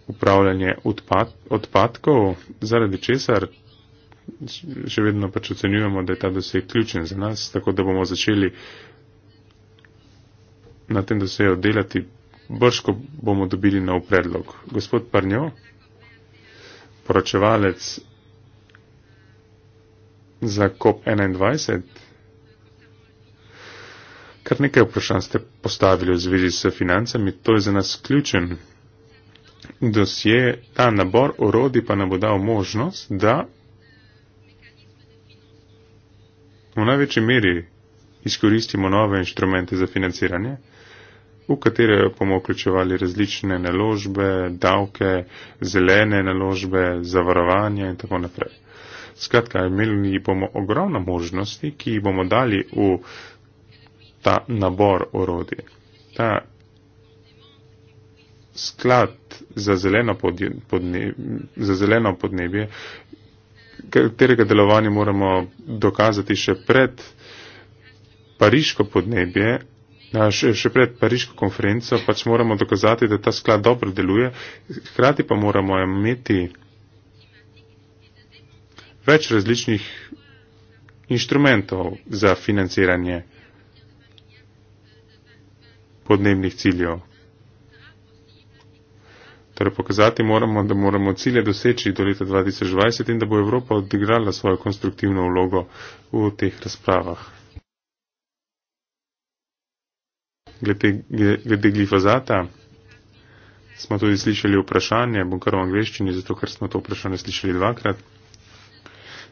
upravljanje odpad, odpadkov, zaradi česar še vedno pač ocenjujemo, da je ta doseg ključen za nas, tako da bomo začeli na tem dosegu delati, brško bomo dobili nov predlog. Gospod Parnjo, poročevalec za COP21 kar nekaj vprašanj ste postavili v zvezi s financami, to je za nas ključen dosje. Ta nabor orodi pa nam bo dal možnost, da v največji meri izkoristimo nove inštrumente za financiranje, v katere bomo vključevali različne naložbe, davke, zelene naložbe, zavarovanje in tako naprej. Skratka, imeli bomo ogromno možnosti, ki jih bomo dali v ta nabor orodij, ta sklad za zeleno, podne, za zeleno podnebje, katerega delovanje moramo dokazati še pred pariško podnebje, še pred pariško konferenco, pač moramo dokazati, da ta sklad dobro deluje, hkrati pa moramo imeti več različnih inštrumentov za financiranje podnebnih ciljev. Torej pokazati moramo, da moramo cilje doseči do leta 2020 in da bo Evropa odigrala svojo konstruktivno vlogo v teh razpravah. Glede, glede glifozata smo tudi slišali vprašanje, bom kar v angleščini, zato ker smo to vprašanje slišali dvakrat.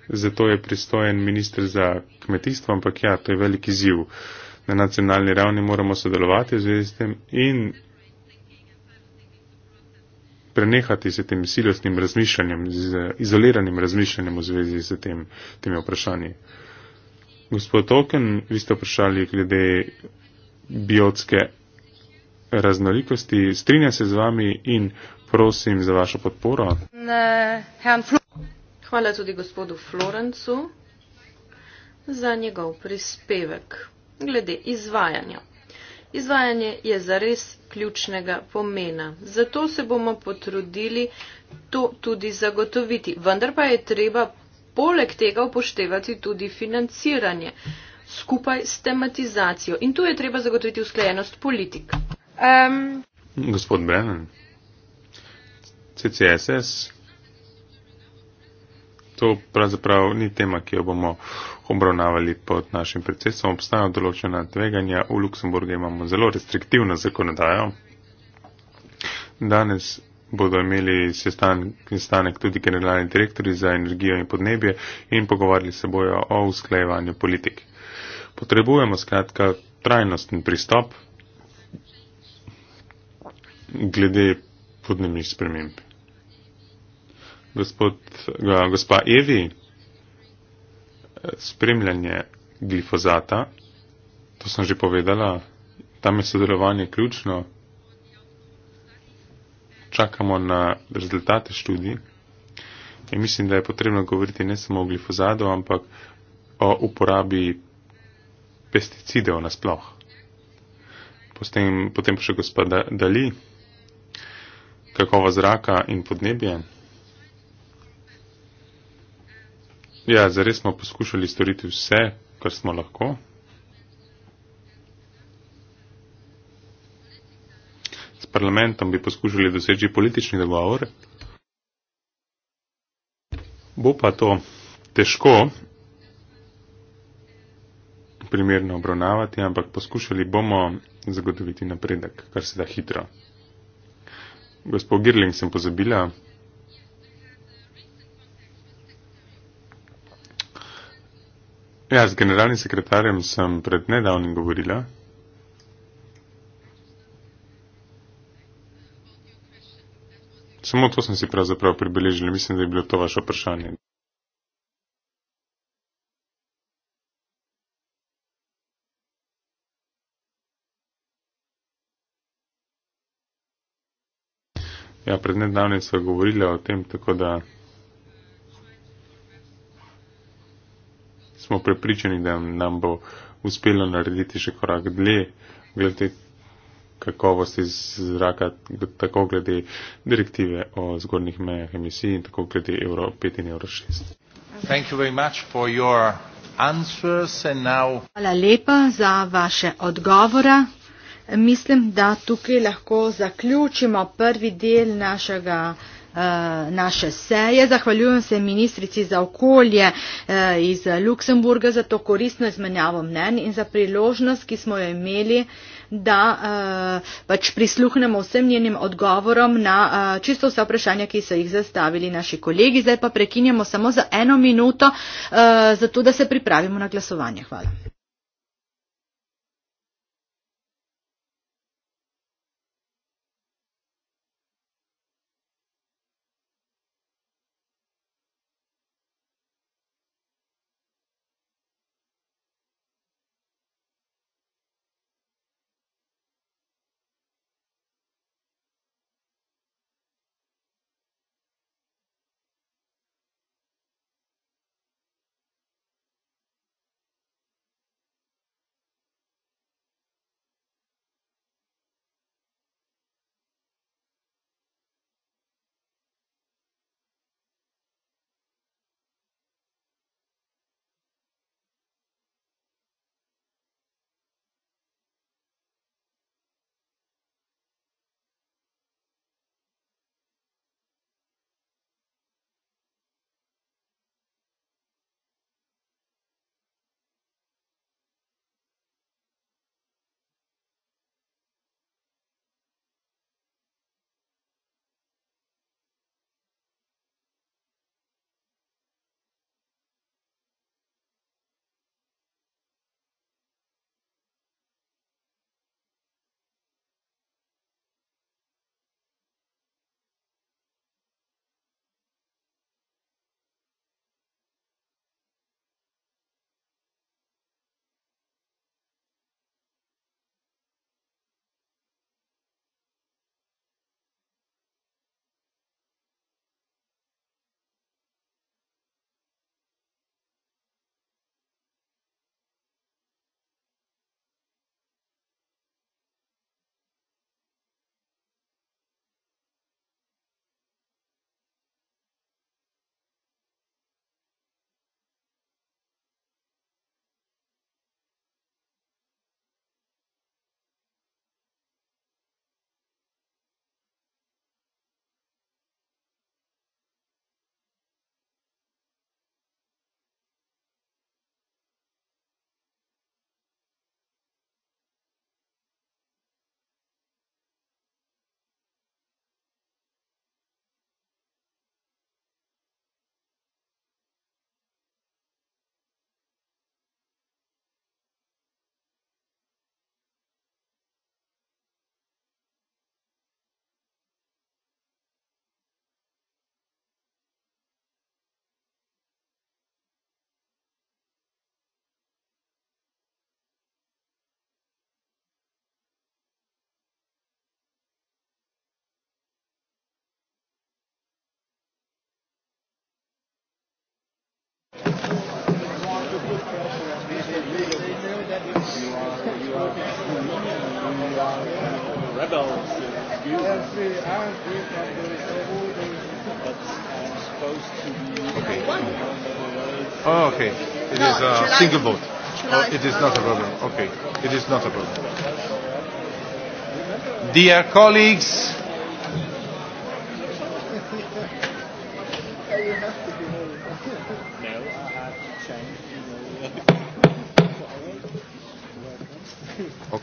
Zato je pristojen ministr za kmetijstvo, ampak ja, to je veliki ziv. Uh, na nacionalni ravni moramo sodelovati z tem in prenehati se tem silostnim razmišljanjem, z izoliranim razmišljanjem v zvezi z tem, temi vprašanji. Gospod Token, vi ste vprašali glede biotske raznolikosti. Strinja se z vami in prosim za vašo podporo. Hvala tudi gospodu Florencu za njegov prispevek glede izvajanja. Izvajanje je zares ključnega pomena, zato se bomo potrudili to tudi zagotoviti. Vendar pa je treba poleg tega upoštevati tudi financiranje skupaj s tematizacijo. In tu je treba zagotoviti usklajenost politik. Um, Gospod Brennan, CCSS to pravzaprav ni tema, ki jo bomo obravnavali pod našim predsedstvom. Obstajajo določena tveganja, v Luksemburgu imamo zelo restriktivno zakonodajo. Danes bodo imeli sestanek tudi generalni direktori za energijo in podnebje in pogovarjali se bojo o usklajevanju politik. Potrebujemo skratka trajnostni pristop glede podnebnih sprememb gospod, gospa Evi, spremljanje glifozata, to sem že povedala, tam je sodelovanje ključno. Čakamo na rezultate študij in mislim, da je potrebno govoriti ne samo o glifozadu, ampak o uporabi pesticidev nasploh. Potem, potem še gospod Dali, kakova zraka in podnebje. Ja, zares smo poskušali storiti vse, kar smo lahko. S parlamentom bi poskušali doseči politični dogovor. Bo pa to težko primerno obravnavati, ampak poskušali bomo zagotoviti napredek, kar se da hitro. Gospod Girling sem pozabila. Ja, z generalnim sekretarjem sem pred nedavnim govorila. Samo to sem si pravzaprav pribeležila. Mislim, da je bilo to vaše vprašanje. Ja, pred nedavnim sva govorila o tem, tako da. smo prepričani, da nam bo uspelo narediti še korak dlje, glede kakovosti zraka, tako glede direktive o zgornjih mejah emisij in tako glede Euro 5 in Euro 6. Hvala lepa za vaše odgovore. Mislim, da tukaj lahko zaključimo prvi del našega. Eh, naše seje. Zahvaljujem se ministrici za okolje eh, iz Luksemburga za to koristno izmenjavo mnen in za priložnost, ki smo jo imeli, da eh, pač prisluhnemo vsem njenim odgovorom na čisto vsa vprašanja, ki so jih zastavili naši kolegi. Zdaj pa prekinjamo samo za eno minuto, zato da se pripravimo na glasovanje. Hvala. rebels. Oh, okay. It no, is a no, July. single vote. Oh, it is not a problem. Okay. It is not a problem. Dear colleagues,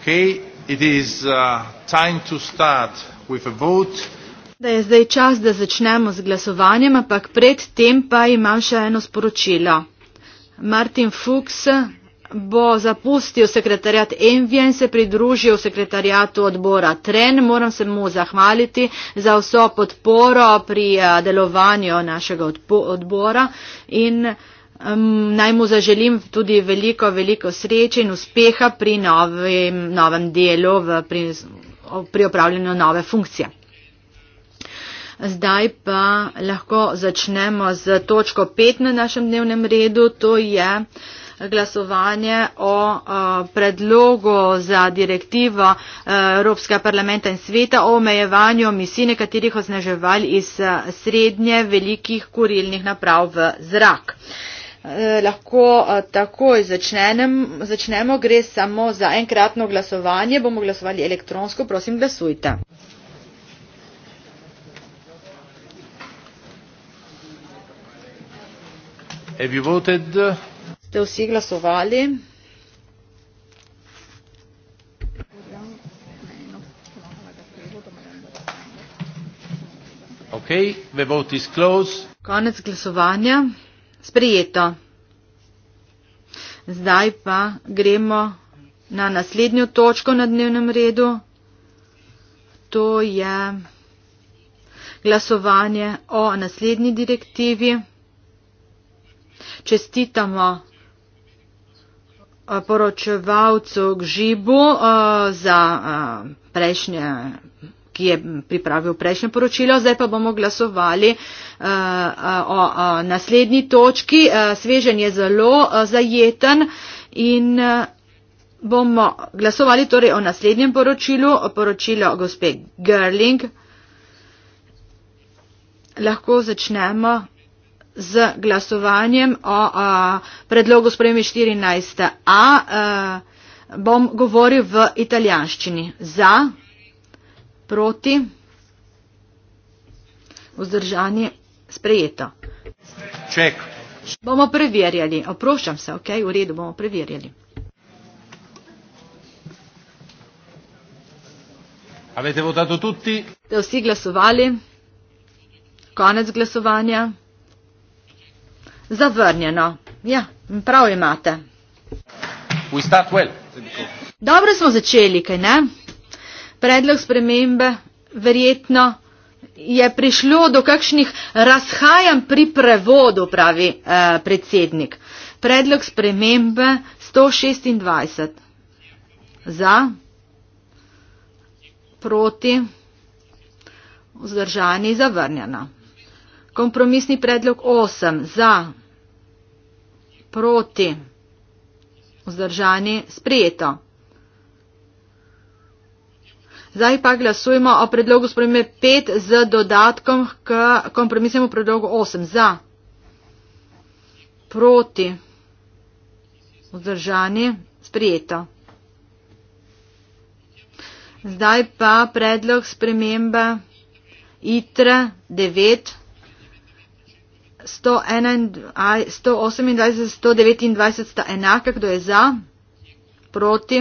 Okay, it is uh, time to start with a vote. Da je zdaj čas, da začnemo z glasovanjem, ampak predtem pa imam še eno sporočilo. Martin Fuchs bo zapustil sekretarjat Envije in se pridružil sekretarjatu odbora Tren. Moram se mu zahvaliti za vso podporo pri uh, delovanju našega odbora. In, uh, Naj mu zaželim tudi veliko, veliko sreče in uspeha pri novim, novem delu, v, pri, pri opravljanju nove funkcije. Zdaj pa lahko začnemo z točko 5 na našem dnevnem redu. To je glasovanje o, o eh, predlogu za direktivo eh, Evropskega parlamenta in sveta o omejevanju misij nekaterih osneževal iz eh, srednje velikih kurilnih naprav v zrak. E, Eh, lahko eh, takoj začnem, začnemo. Gre samo za enkratno glasovanje. Bomo glasovali elektronsko. Prosim, glasujte. Ste vsi glasovali? Okay, the vote is closed. Konec glasovanja. Sprejeto. Zdaj pa gremo na naslednjo točko na dnevnem redu. To je glasovanje o naslednji direktivi. Čestitamo eh, poročevalcu Gžibu eh, za eh, prejšnje ki je pripravil prejšnje poročilo. Zdaj pa bomo glasovali uh, o, o eh, naslednji točki. Uh, svežen je zelo uh, zajeten in uh, bomo glasovali torej o naslednjem poročilu, o poročilo gospe Gerling. Lahko začnemo z glasovanjem o a, predlogu spremi 14a. A, a, bom govoril v italijanščini. Za proti, vzdržanje sprejeto. Ček. Bomo preverjali, oproščam se, ok, v redu bomo preverjali. Avete votato tutti? Ste vsi glasovali? Konec glasovanja? Zavrnjeno. Ja, prav imate. Well. Dobro smo začeli, kaj ne? predlog spremembe verjetno je prišlo do kakšnih razhajanj pri prevodu, pravi eh, predsednik. Predlog spremembe 126 za, proti, vzdržani, zavrnjena. Kompromisni predlog 8 za, proti, vzdržani, sprijeto. Zdaj pa glasujemo o predlogu spremembe 5 z dodatkom k kompromisnemu predlogu 8. Za. Proti. Vzdržani. Sprijeto. Zdaj pa predlog spremembe ITR 9. 128, 129 sta enaka, kdo je za, proti,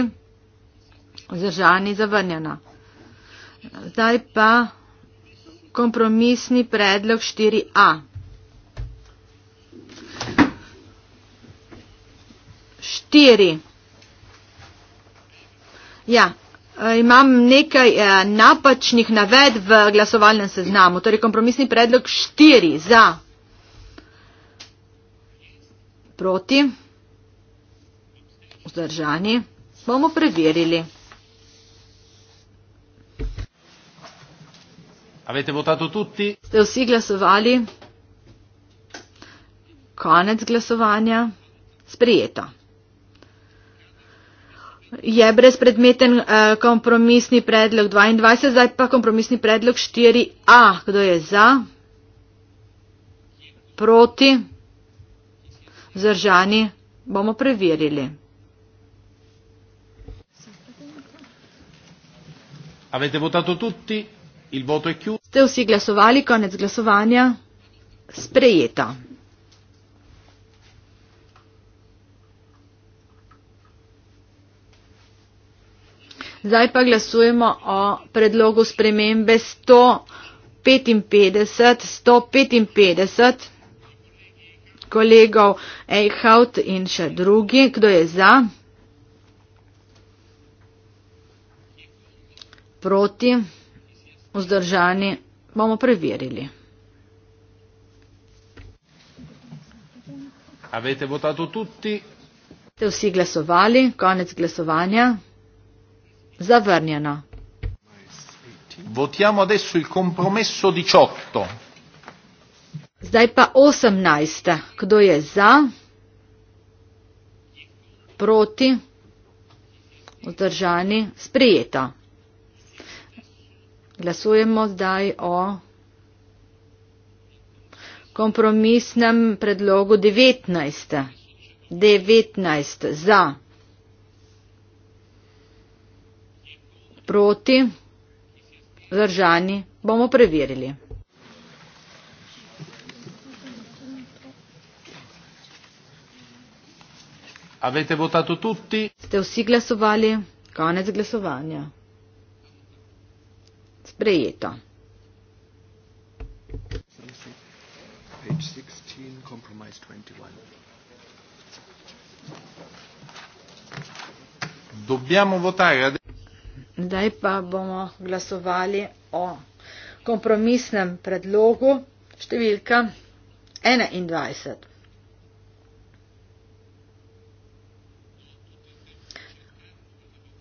vzdržani, zavrnjena. Zdaj pa kompromisni predlog 4a. 4. Ja, eh, imam nekaj eh, napačnih naved v glasovalnem seznamu. Torej, kompromisni predlog 4 za. Proti. Vzdržani. Bomo preverili. Avete votato tutti? Ste vsi glasovali? Konec glasovanja. Sprijeto. Je brezpredmeten uh, kompromisni predlog 22, zdaj pa kompromisni predlog 4a. Kdo je za? Proti? Zdržani? Bomo preverili. Avete votato tutti? Il voto è chiuso. Ste vsi glasovali, konec glasovanja? Sprejeto. Zdaj pa glasujemo o predlogu spremembe 155, 155 kolegov Eichhout in še drugi. Kdo je za? Proti vzdržani, bomo preverili. Avete votato tutti? Ste vsi glasovali? Konec glasovanja? Zavrnjeno. Votiamo adesso il compromesso 18. Zdaj pa 18. Kdo je za? Proti? Vzdržani? Sprijeto. Glasujemo zdaj o kompromisnem predlogu 19. 19 za. Proti. Zdržani. Bomo preverili. Avete votato tutti? Ste vsi glasovali? Konec glasovanja sprejeto. Zdaj pa bomo glasovali o kompromisnem predlogu številka 21.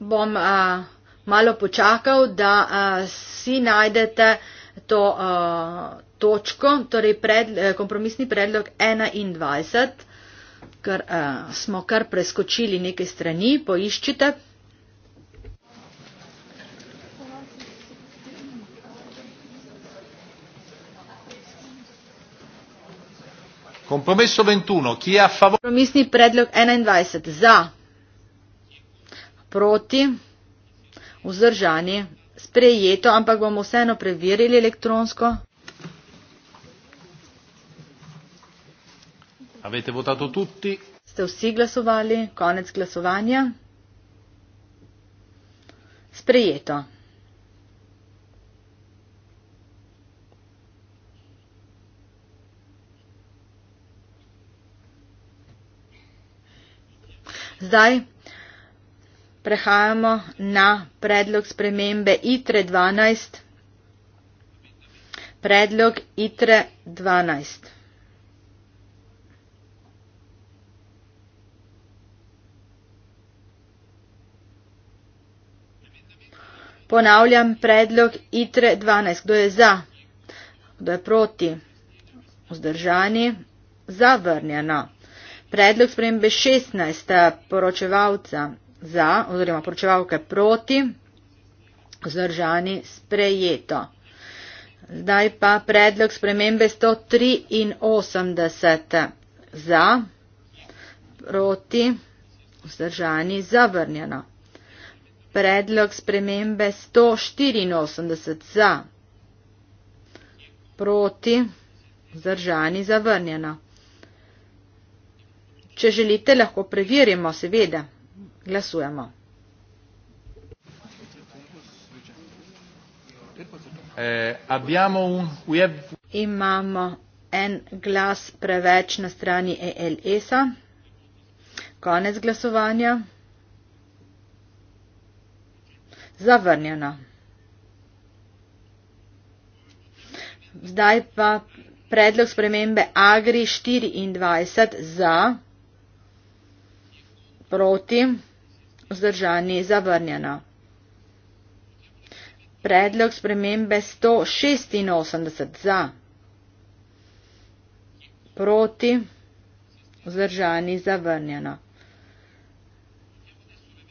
Bom a, malo počakal, da uh, si najdete to uh, točko, torej pred, eh, kompromisni predlog 21, ker uh, smo kar preskočili nekaj strani, poiščite. Kompromiso 21, ki je a favor. Kompromisni predlog 21, za, proti vzdržani, sprejeto, ampak bomo vseeno preverili elektronsko. Avete votato tutti? Ste vsi glasovali? Konec glasovanja? Sprejeto. Zdaj prehajamo na predlog spremembe ITRE 12. Predlog ITRE 12. Ponavljam predlog ITRE 12. Kdo je za? Kdo je proti? Vzdržani? Zavrnjena. Predlog spremembe 16. poročevalca za oziroma poročevalke proti, zdržani sprejeto. Zdaj pa predlog spremembe 183 za, proti, vzdržani, zavrnjeno. Predlog spremembe 184 za, proti, vzdržani, zavrnjeno. Če želite, lahko preverimo, seveda. Glasujemo. Eh, Imamo en glas preveč na strani ELS-a. E Konec glasovanja. Zavrnjeno. Zdaj pa predlog spremembe Agri 24 za proti vzdržani zavrnjeno. Predlog spremembe 186 za, proti, vzdržani zavrnjeno.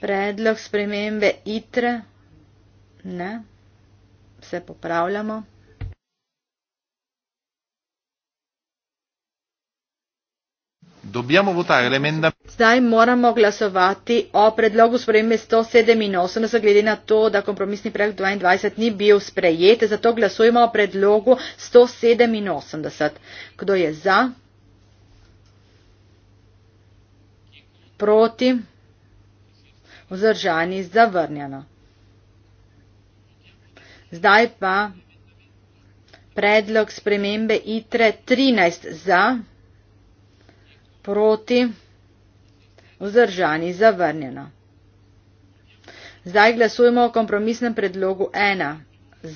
Predlog spremembe ITRE, ne, se popravljamo. Dobbiamo votare l'emendamento. Zdaj moramo glasovati o predlogu spremembe 187, glede na to, da kompromisni projekt 22 ni bil sprejet, zato glasujemo o predlogu 187. Kdo je za? Proti? Vzdržani? Zavrnjeno. Zdaj pa predlog spremembe ITRE 13 za proti, vzdržani, zavrnjeno. Zdaj glasujemo o kompromisnem predlogu 1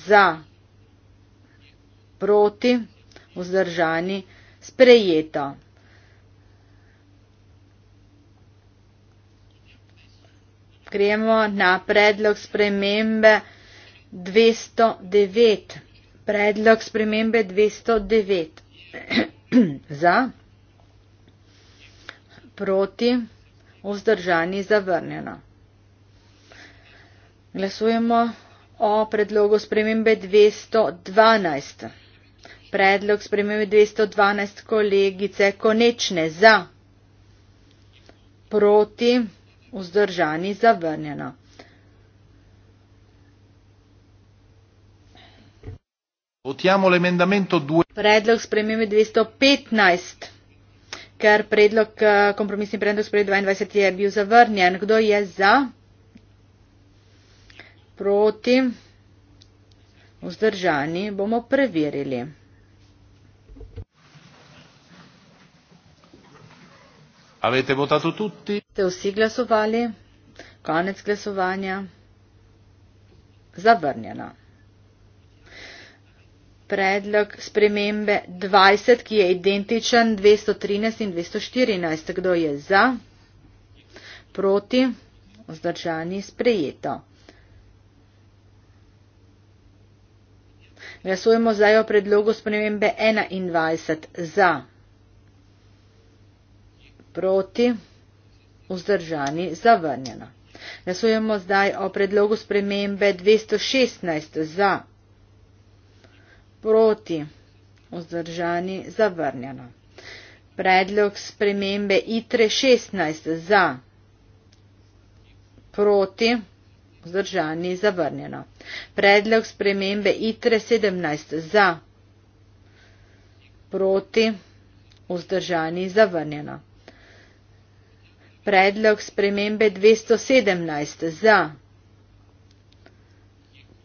za, proti, vzdržani, sprejeto. Gremo na predlog spremembe 209. Predlog spremembe 209. za proti, vzdržani, zavrnjeno. Glasujemo o predlogu spremembe 212. Predlog spremembe 212 kolegice konečne za, proti, vzdržani, zavrnjeno. Votiamo l'emendamento 2. Predlog spremembe 215 ker predlog, eh, kompromisni predlog sprej 22 je bil zavrnjen. Kdo je za? Proti? Vzdržani bomo preverili. Avete votato tutti? Ste vsi glasovali? Konec glasovanja? Zavrnjena predlog spremembe 20, ki je identičen 213 in 214. Kdo je za? Proti? Vzdržani sprejeto. Glasujemo zdaj o predlogu spremembe 21. Za? Proti? Vzdržani zavrnjeno. Glasujemo zdaj o predlogu spremembe 216. Za? proti, vzdržani, zavrnjeno. Predlog spremembe ITRE 16 za, proti, vzdržani, zavrnjeno. Predlog spremembe ITRE 17 za, proti, vzdržani, zavrnjeno. Predlog spremembe 217 za,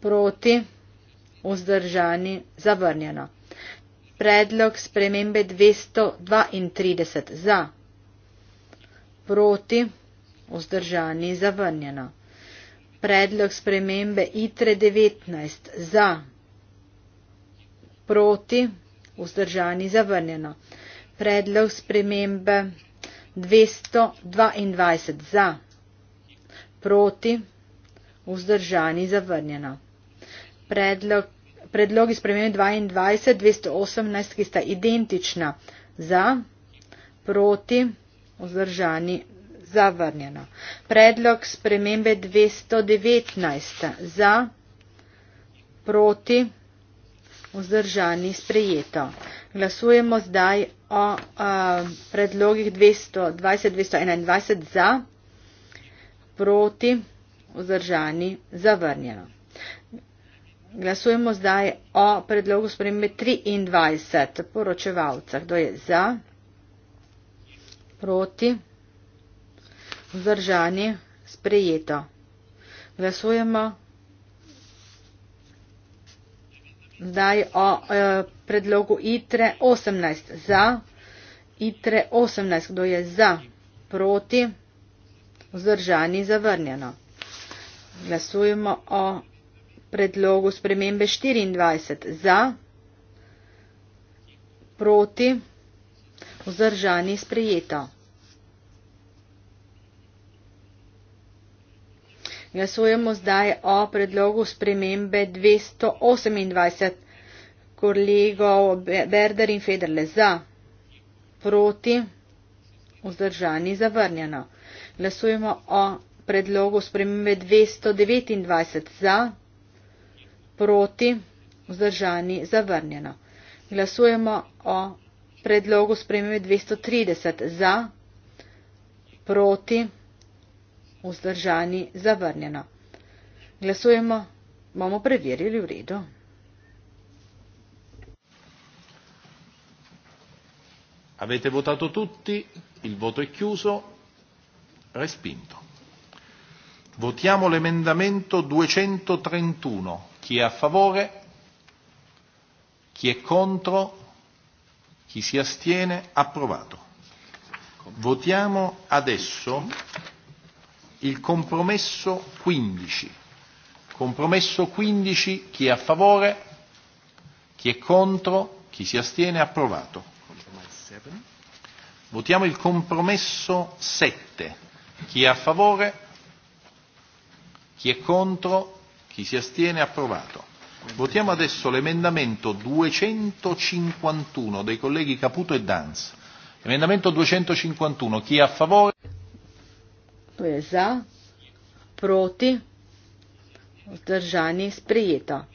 proti, vzdržani, zavrnjeno vzdržani zavrnjeno. Predlog spremembe 232 za. Proti vzdržani zavrnjeno. Predlog spremembe ITRE 19 za. Proti vzdržani zavrnjeno. Predlog spremembe 222 za. Proti vzdržani zavrnjeno. Predlog predlogi spremenj 22, 218, ki sta identična za, proti, vzdržani, zavrnjeno. Predlog spremembe 219 za, proti, vzdržani, sprejeto. Glasujemo zdaj o a, predlogih 220, 221 za, proti, vzdržani, zavrnjeno. Glasujemo zdaj o predlogu spremembe 23. Poročevalca. Kdo je za? Proti? Vzdržani? Sprejeto. Glasujemo zdaj o eh, predlogu ITRE 18. Za? ITRE 18. Kdo je za? Proti? Vzdržani? Zavrnjeno. Glasujemo o predlogu spremembe 24 za, proti, vzdržani sprejeto. Glasujemo zdaj o predlogu spremembe 228 kolegov Berder in Federle za, proti, vzdržani zavrnjeno. Glasujemo o predlogu spremembe 229 za proti, vzdržani, zavrnjeno. Glasujemo o predlogu spremembe 230 za, proti, vzdržani, zavrnjeno. Glasujemo, bomo preverili v redu. Avete votato tutti, il voto è chiuso, respinto. Votiamo l'emendamento 231 chi è a favore, chi è contro, chi si astiene, approvato. Votiamo adesso il compromesso 15. Compromesso 15, chi è a favore, chi è contro, chi si astiene, approvato. Votiamo il compromesso 7. Chi è a favore, chi è contro, Chi si astiene? Approvato. Votiamo adesso l'emendamento 251 dei colleghi Caputo e Danz. Emendamento 251, chi è a favore? Pesa, proti, uzdržani, sprijeto.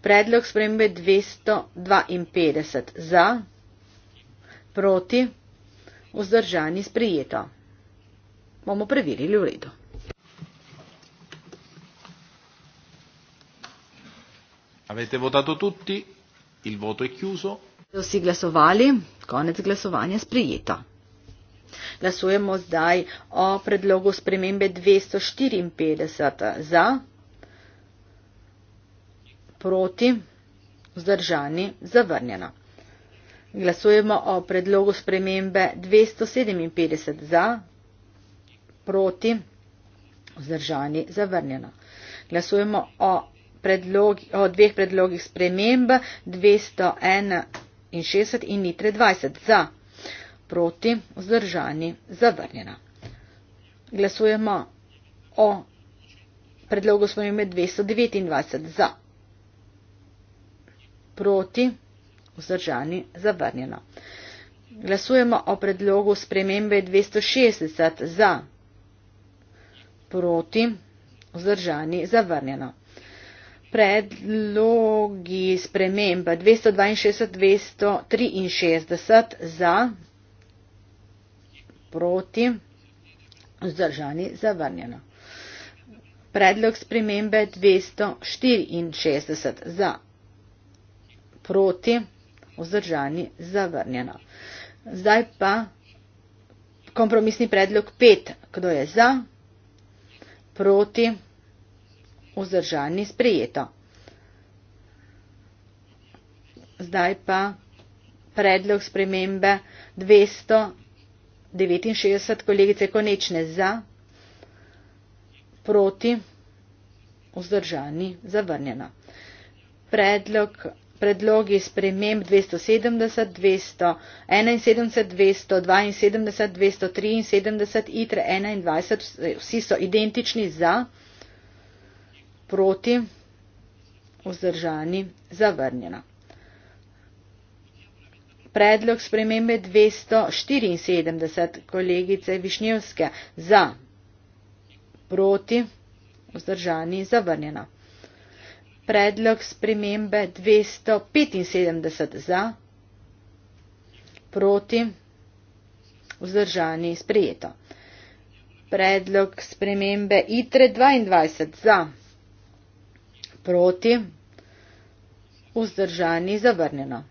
Predlog spremembe 252 za, proti, uzdržani, sprijeto. Bomo preverili v redu. Avete votato tutti? Il voto è chiuso. Vsi glasovali, konec glasovanja sprijeto. Glasujemo zdaj o predlogu spremembe 254 za, proti, vzdržani, zavrnjeno. Glasujemo o predlogu spremembe 257 za, proti, vzdržani, zavrnjeno. Glasujemo o predlogi, o dveh predlogih sprememb 261 in litre 20 za, proti, vzdržani, zavrnjena. Glasujemo o predlogu spremembe 229 za, proti, vzdržani, zavrnjena. Glasujemo o predlogu spremembe 260 za, proti, vzdržani, zavrnjena predlogi sprememb 262, 263 za, proti, vzdržani, zavrnjeno. Predlog spremembe 264 za, proti, vzdržani, zavrnjeno. Zdaj pa kompromisni predlog 5. Kdo je za? Proti vzdržani sprejeto. Zdaj pa predlog spremembe 269 kolegice konečne za, proti, vzdržani, zavrnjeno. Predlog, predlogi sprememb 270, 271, 272, 273, ITRE 21, vsi so identični za proti, vzdržani, zavrnjeno. Predlog spremembe 274 kolegice Višnjevske za, proti, vzdržani, zavrnjeno. Predlog spremembe 275 za, proti, vzdržani, sprejeto. Predlog spremembe ITRE 22 za proti, vzdržani zavrnjeno.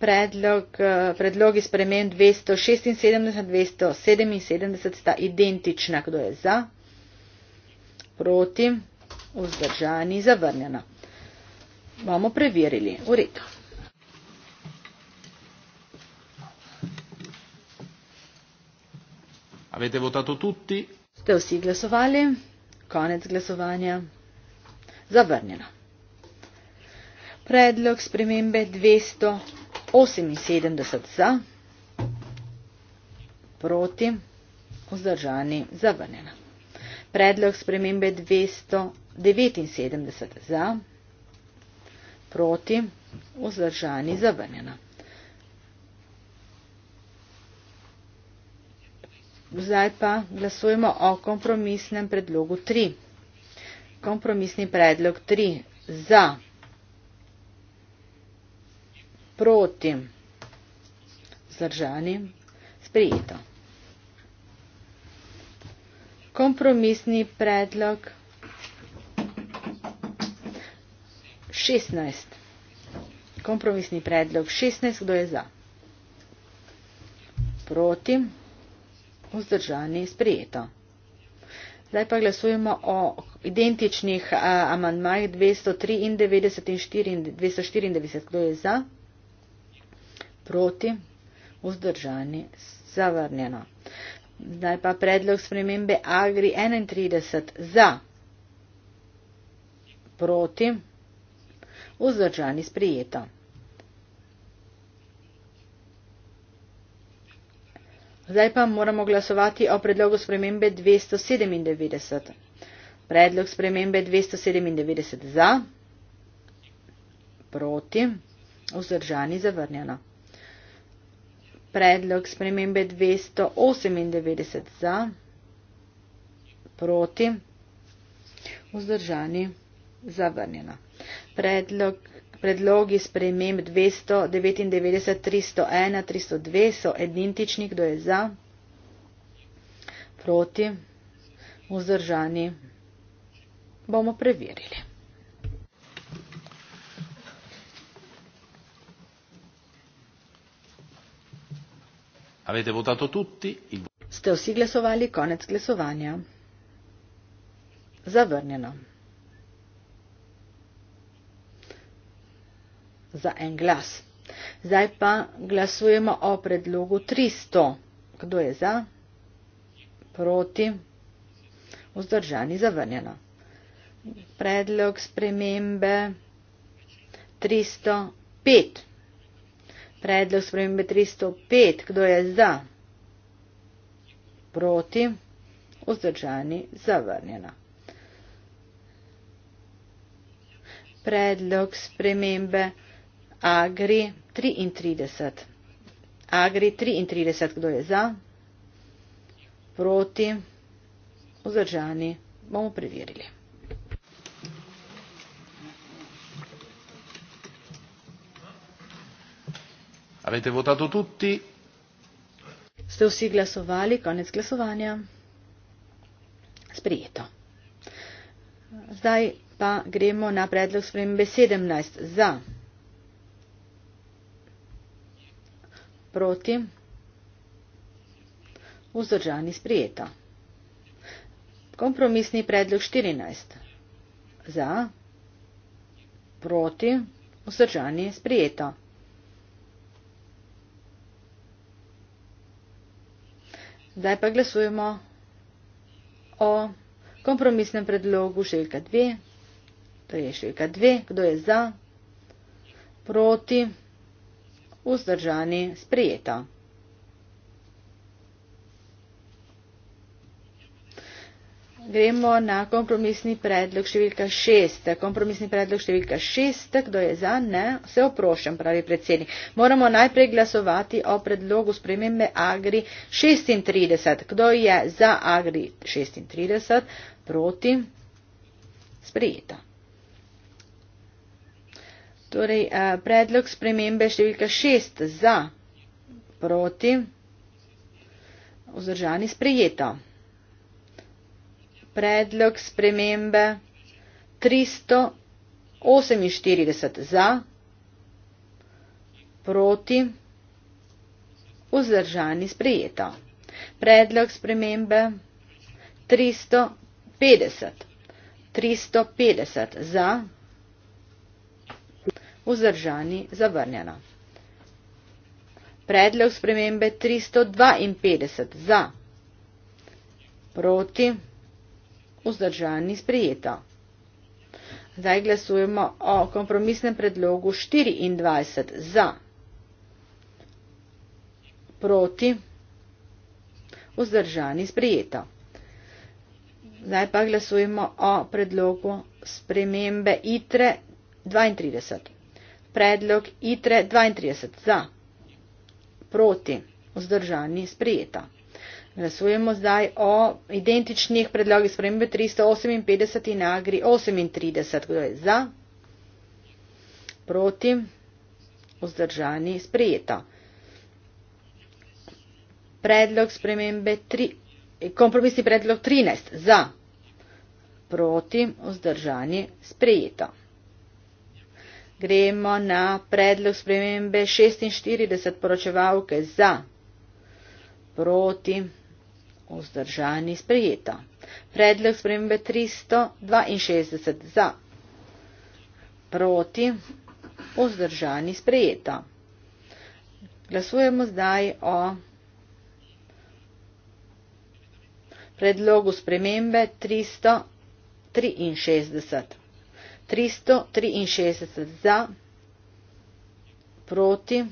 Predlog, eh, predlogi spremen 276-277 sta identična, kdo je za, proti, vzdržani zavrnjeno. Bomo preverili. V redu. Avete votato tutti? Ste vsi glasovali? Konec glasovanja zavrnjeno. Predlog spremembe 278 za, proti, vzdržani, zavrnjeno. Predlog spremembe 279 za, proti, vzdržani, zavrnjeno. Zdaj pa glasujemo o kompromisnem predlogu 3 kompromisni predlog 3 za proti zdržanim sprijeto. Kompromisni predlog 16. Kompromisni predlog 16. Kdo je za? Proti. Vzdržani sprijeto. Zdaj pa glasujemo o identičnih uh, amandmajih 293 in 294. Kdo je za? Proti? Vzdržani? Zavrnjeno. Zdaj pa predlog spremembe Agri 31. Za? Proti? Vzdržani? Sprijeto. Zdaj pa moramo glasovati o predlogu spremembe 297. Predlog spremembe 297 za, proti, vzdržani, zavrnjeno. Predlog spremembe 298 za, proti, vzdržani, zavrnjeno. Predlog predlogi sprememb dvesto devetindevetdeset tristo ena tristo dve so identični kdo je za proti vzdržani bomo preverili Avete votato tutti? Il... Ste vsi glasovali? Konec glasovanja. Zavrnjeno. za en glas. Zdaj pa glasujemo o predlogu 300. Kdo je za? Proti? Vzdržani? Zavrnjeno. Predlog spremembe 305. Predlog spremembe 305. Kdo je za? Proti? Vzdržani? Zavrnjeno. Predlog spremembe 305. Agri 33. Agri 33, kdo je za? Proti? Vzdržani? Bomo preverili. Avete votato tutti? Ste vsi glasovali, konec glasovanja. Sprijeto. Zdaj pa gremo na predlog sprem 17 za. proti, vzdržani sprijeto. Kompromisni predlog 14. Za, proti, vzdržani sprijeto. Zdaj pa glasujemo o kompromisnem predlogu številka 2. To je številka 2. Kdo je za? Proti vzdržani, sprijeta. Gremo na kompromisni predlog številka šest. Kompromisni predlog številka šest, kdo je za, ne, se oprošam, pravi predsednik. Moramo najprej glasovati o predlogu spremembe Agri 36. Kdo je za Agri 36? Proti? Sprijeta. Torej, eh, predlog spremembe številka šest za, proti, vzdržani sprejeto. Predlog spremembe 348 za, proti, vzdržani sprejeto. Predlog spremembe 350, 350 za vzdržani zavrnjena. Predlog spremembe 352 za proti vzdržani sprijeta. Zdaj glasujemo o kompromisnem predlogu 24 za proti vzdržani sprijeta. Zdaj pa glasujemo o predlogu spremembe ITRE 32 predlog ITRE 32 za, proti, vzdržani, sprijeta. Glasujemo zdaj o identičnih predlogih spremembe 358 in agri 38. Kdo je za? Proti, vzdržani, sprijeta. Predlog spremembe 3, kompromisni predlog 13 za, proti, vzdržani, sprijeta. Gremo na predlog spremembe 46 poročevalke za, proti, vzdržani, sprejeta. Predlog spremembe 362 za, proti, vzdržani, sprejeta. Glasujemo zdaj o predlogu spremembe 363. 363 za, proti,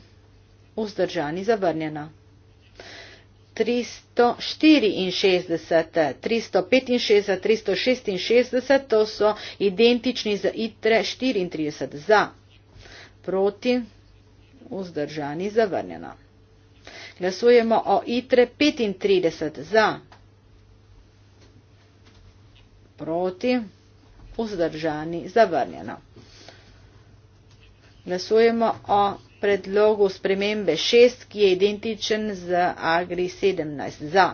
vzdržani zavrnjena. 364, 365, 366, to so identični za ITRE 34 za, proti, vzdržani zavrnjena. Glasujemo o ITRE 35 za, proti, vzdržani zavrnjena vzdržani, zavrnjeno. Glasujemo o predlogu spremembe 6, ki je identičen z Agri 17. Za,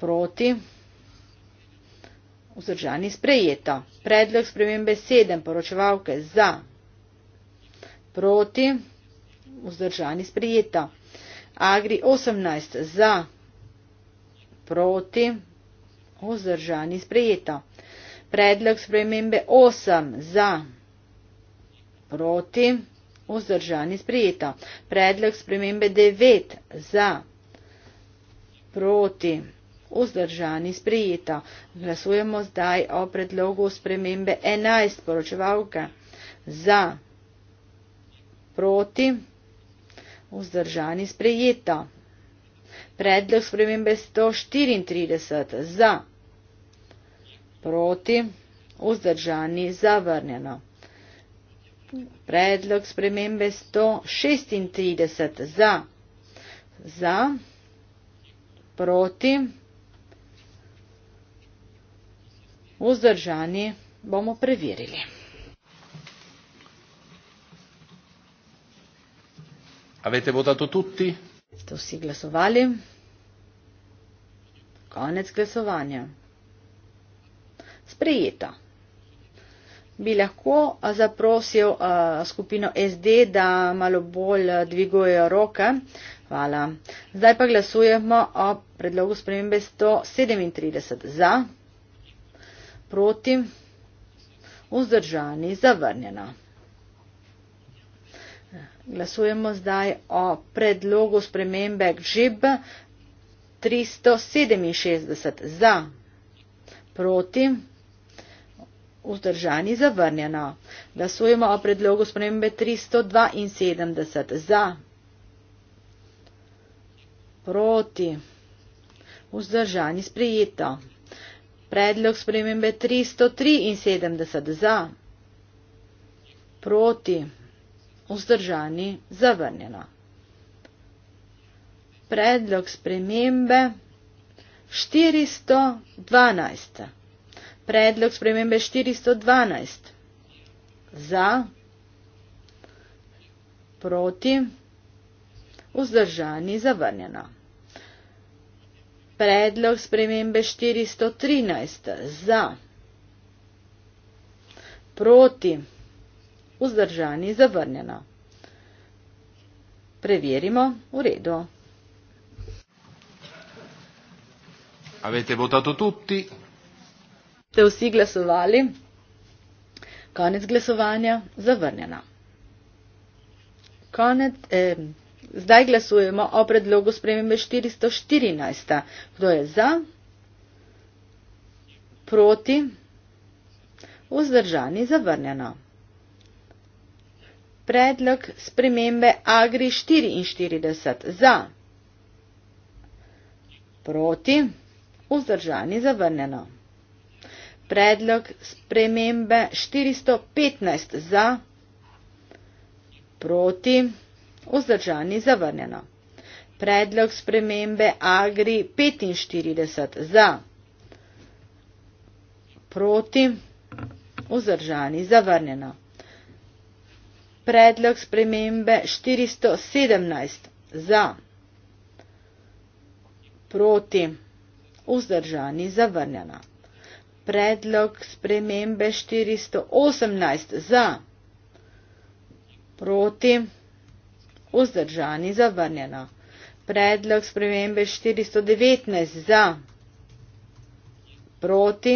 proti, vzdržani, sprejeto. Predlog spremembe 7, poročevalke za, proti, vzdržani, sprejeto. Agri 18 za, proti, vzdržani sprejeto. Predlog spremembe 8 za proti vzdržani sprejeto. Predlog spremembe 9 za proti vzdržani sprejeto. Glasujemo zdaj o predlogu spremembe 11 poročevalke za proti vzdržani sprejeto. Predlog spremembe 134 za proti proti, vzdržani, zavrnjeno. Predlog spremembe 136 za, za, proti, vzdržani bomo preverili. Avete votato tutti? Ste vsi glasovali? Konec glasovanja sprejeta. Bi lahko zaprosil skupino SD, da malo bolj dvigujejo roke. Hvala. Zdaj pa glasujemo o predlogu spremembe 137 za, proti, vzdržani, zavrnjena. Glasujemo zdaj o predlogu spremembe GIB 367 za, proti, vzdržani, zavrnjena vzdržani zavrnjeno. Glasujemo o predlogu spremembe 372 za, proti, vzdržani sprejeto. Predlog spremembe 373 za, proti, vzdržani zavrnjeno. Predlog spremembe 412 predlog spremembe 412. Za, proti, vzdržani, zavrnjeno. Predlog spremembe 413. Za, proti, vzdržani, zavrnjeno. Preverimo v redu. Avete votato tutti? ste vsi glasovali? Konec glasovanja, zavrnjena. Konec, eh, zdaj glasujemo o predlogu spremembe 414. Kdo je za? Proti? Vzdržani, zavrnjeno. Predlog spremembe Agri 44 za. Proti, vzdržani, zavrnjeno predlog spremembe 415 za, proti, vzdržani zavrnjeno. Predlog spremembe Agri 45 za, proti, vzdržani zavrnjeno. Predlog spremembe 417 za, proti, vzdržani zavrnjeno predlog spremembe 418 za, proti, vzdržani, zavrnjeno. Predlog spremembe 419 za, proti,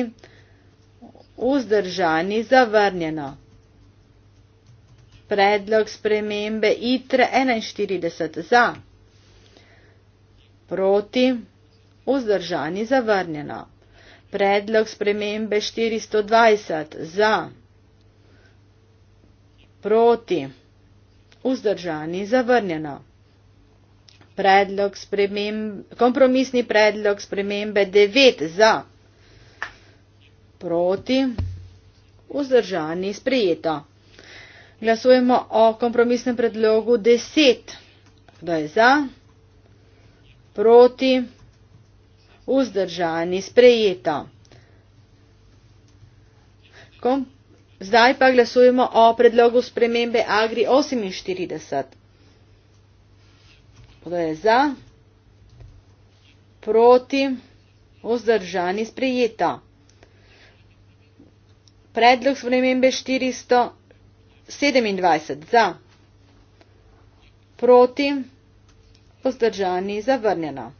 vzdržani, zavrnjeno. Predlog spremembe ITRE 41 za, proti, vzdržani, zavrnjeno. Predlog spremembe 420 za, proti, vzdržani, zavrnjeno. Predlog sprememb, kompromisni predlog spremembe 9 za, proti, vzdržani, sprejeto. Glasujemo o kompromisnem predlogu 10. Kdo je za? Proti vzdržani, sprejeto. Kom? Zdaj pa glasujemo o predlogu spremembe Agri 48. Kdo je za? Proti? Vzdržani, sprejeto. Predlog spremembe 427. Za? Proti? Vzdržani, zavrnjeno.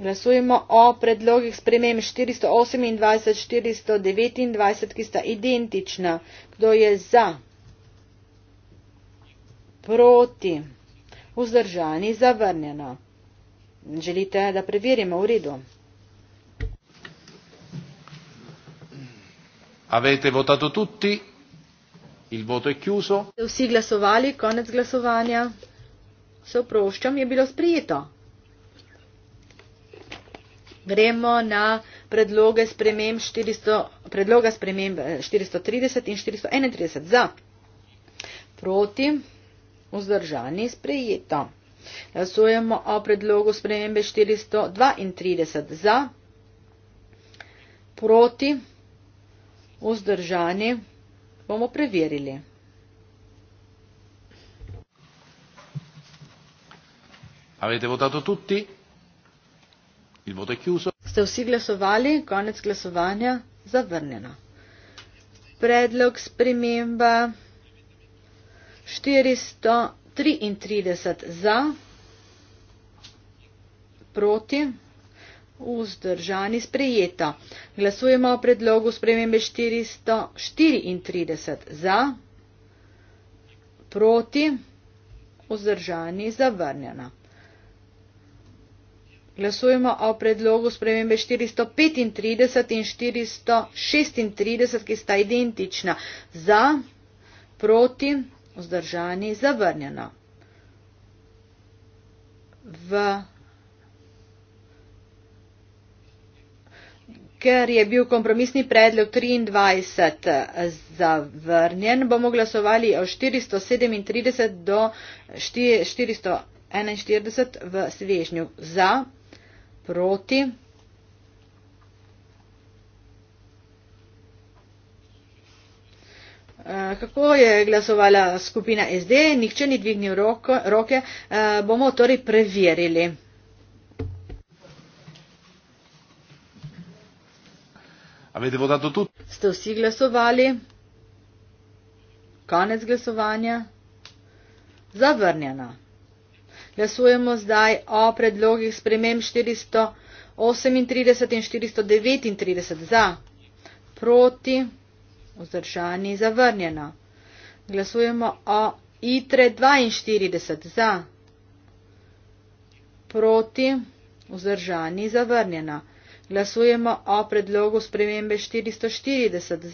Glasujemo o predlogih spremem 428, 429, ki sta identična. Kdo je za? Proti. Vzdržani, zavrnjeno. Želite, da preverimo v redu? Avete votato tutti? Il voto è chiuso. Vsi glasovali, konec glasovanja. Soproščam, je bilo sprijeto. Gremo na predloge sprememb 400, predloga sprememb 430 eh, in 431 za. Proti, vzdržani, sprejeto. Glasujemo o predlogu spremembe 432 za. Proti, vzdržani, bomo preverili. Avete votato tutti? Ste vsi glasovali? Konec glasovanja. Zavrnjeno. Predlog sprememba 433 za, proti, vzdržani sprejeto. Glasujemo o predlogu spremembe 434 za, proti, vzdržani zavrnjeno. Glasujemo o predlogu spremembe 435 in 436, ki sta identična. Za, proti, vzdržani, zavrnjeno. V Ker je bil kompromisni predlog 23 zavrnjen, bomo glasovali o 437 do 441 v svežnju. Za, proti. Eh, kako je glasovala skupina SD? Nihče ni dvignil roke. Eh, bomo torej preverili. Avete votato tutti? Ste vsi glasovali? Konec glasovanja? Zavrnjena glasujemo zdaj o predlogih spremem 438 in 439 za, proti, vzdržani, zavrnjeno. Glasujemo o ITRE 42 za, proti, vzdržani, zavrnjeno. Glasujemo o predlogu spremembe 440 za, proti,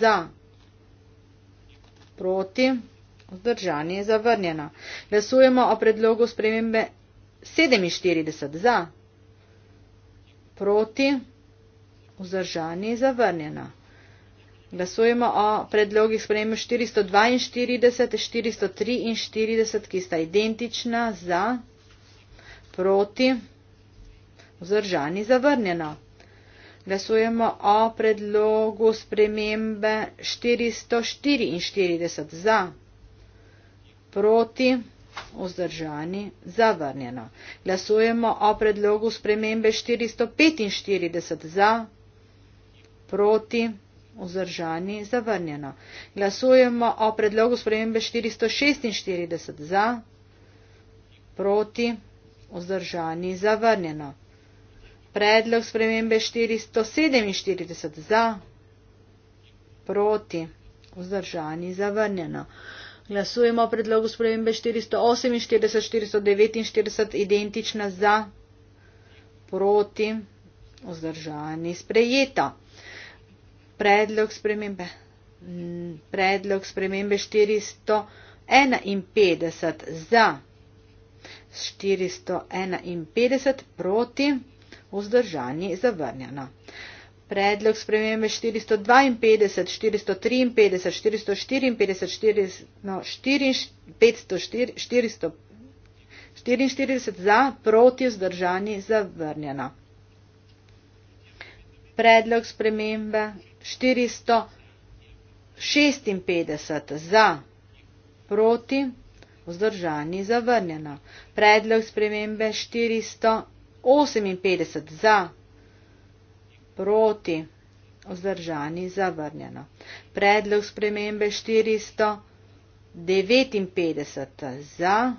vzdržani, zavrnjeno vzdržan je zavrnjena. Glasujemo o predlogu spremembe 47 za, proti, vzdržan je zavrnjena. Glasujemo o predlogih spremembe 442, 443, ki sta identična za, proti, vzdržan je zavrnjena. Glasujemo o predlogu spremembe 444 za proti, vzdržani, zavrnjeno. Glasujemo o predlogu spremembe 445 za, proti, vzdržani, zavrnjeno. Glasujemo o predlogu spremembe 446 za, proti, vzdržani, zavrnjeno. Predlog spremembe 447 za, proti, vzdržani, zavrnjeno. Glasujemo o predlogu spremembe 448, 449, identična za, proti, vzdržani, sprejeta. Predlog spremembe, predlog spremembe 451 za, 451 proti, vzdržani, zavrnjena. Predlog spremembe 452, 453, 454, 444 za, proti vzdržani zavrnjeno. Predlog spremembe 456 za, proti vzdržani zavrnjeno. Predlog spremembe 458 za, proti, vzdržani, zavrnjeno. Predlog spremembe 459 za,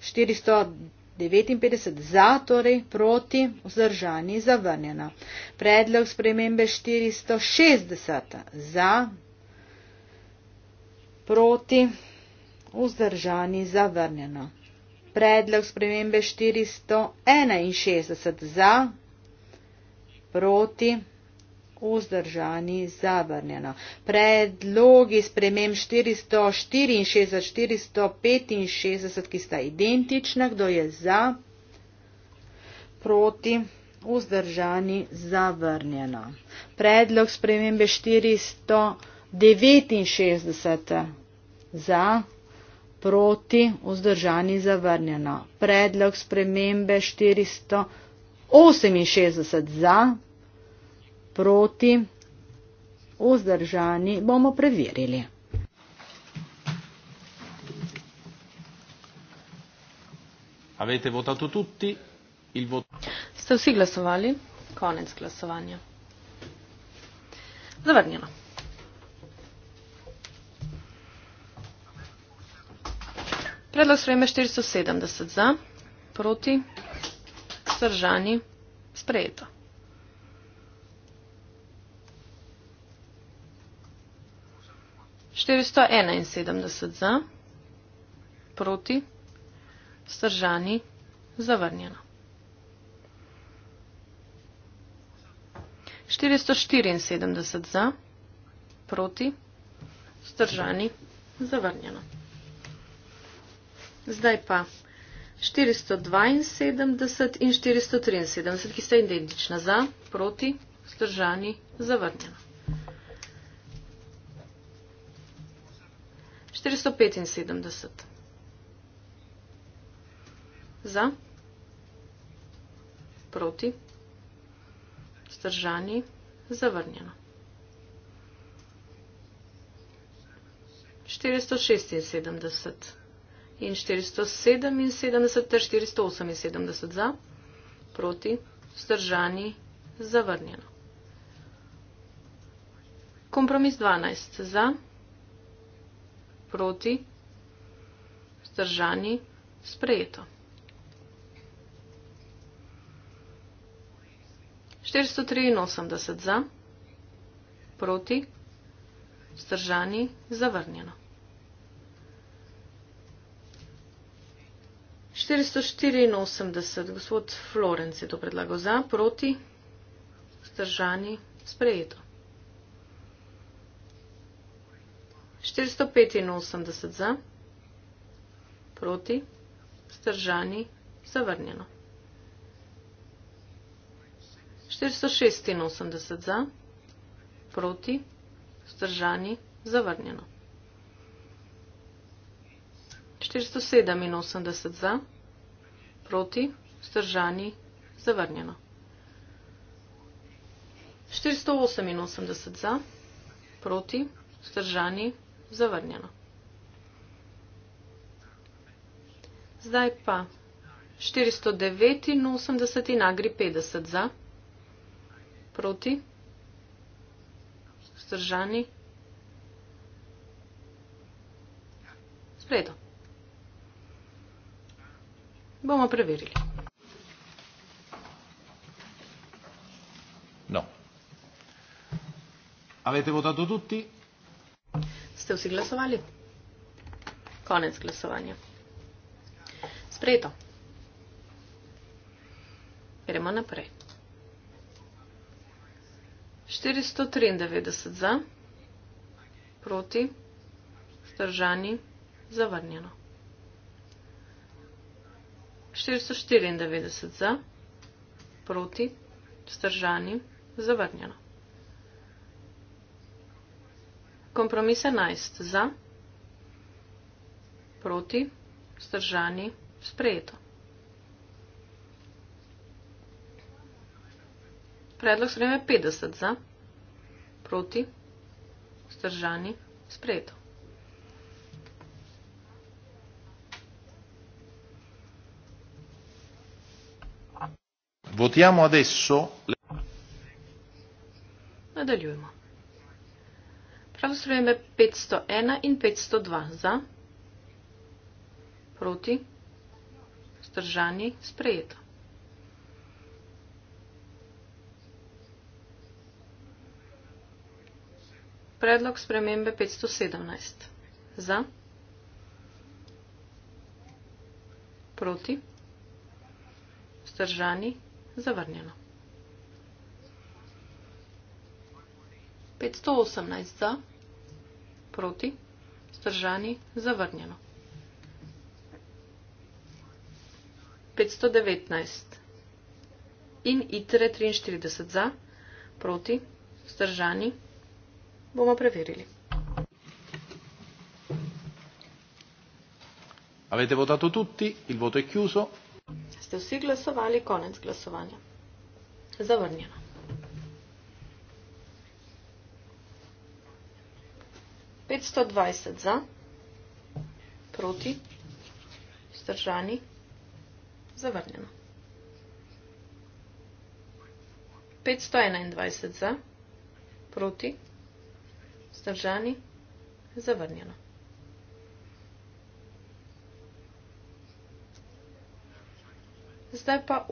459 za, torej proti, vzdržani, zavrnjeno. Predlog spremembe 460 za, proti, vzdržani, zavrnjeno. Predlog spremembe 461 za, proti, vzdržani, zavrnjeno. Predlogi spremem 464, 465, ki sta identična, kdo je za, proti, vzdržani, zavrnjeno. Predlog spremembe 469 za, proti, vzdržani, zavrnjeno. Predlog spremembe 468 za, proti, vzdržani, bomo preverili. Avete votato tutti? Il vot... Ste vsi glasovali? Konec glasovanja. Zavrnjeno. Predlog sprejme 470 za, proti, zdržani, sprejeto. 471 za, proti, stržani, zavrnjeno. 474 za, proti, stržani, zavrnjeno. Zdaj pa 472 in 473, ki sta identična za, proti, stržani, zavrnjeno. 475. Za, proti, zdržani, zavrnjeno. 476 in 477 ter 478 za, proti, zdržani, zavrnjeno. Kompromis 12 za, proti, zdržani, zavrnjeno proti, zdržani, sprejeto. 483 za, proti, zdržani, zavrnjeno. 484, gospod Florenc je to predlagal za, proti, zdržani, sprejeto. 485 za, proti, stržani, zavrnjeno. 486 za, proti, stržani, zavrnjeno. 487 za, proti, stržani, zavrnjeno. 488 za, proti, stržani, zavrnjeno zavrnjeno. Zdaj pa 489 in 50 za, proti, vzdržani, spredo. Bomo preverili. No. Avete votato tutti? Ste vsi glasovali? Konec glasovanja. Sprejeto. Gremo naprej. 493 za, proti, vzdržani, zavrnjeno. 494 za, proti, vzdržani, zavrnjeno. Kompromis 11. Za, proti, vzdržani, sprejeto. Predlog sprejme 50. Za, proti, vzdržani, sprejeto. Votiamo adesso. Le... Nadaljujemo. Pravoslovujeme 501 in 502 za, proti, zdržani, sprejeto. Predlog spremembe 517 za, proti, zdržani, zavrnjeno. 518 za, proti, zdržani, zavrnjeno. 519 in ITRE 43 za, proti, zdržani, bomo preverili. Avete votato tutti, il voto è chiuso. Ste vsi glasovali, konec glasovanja. Zavrnjeno. 520 za, proti, vzdržani, zavrnjeno. 521 za, proti, vzdržani, zavrnjeno. 52 za,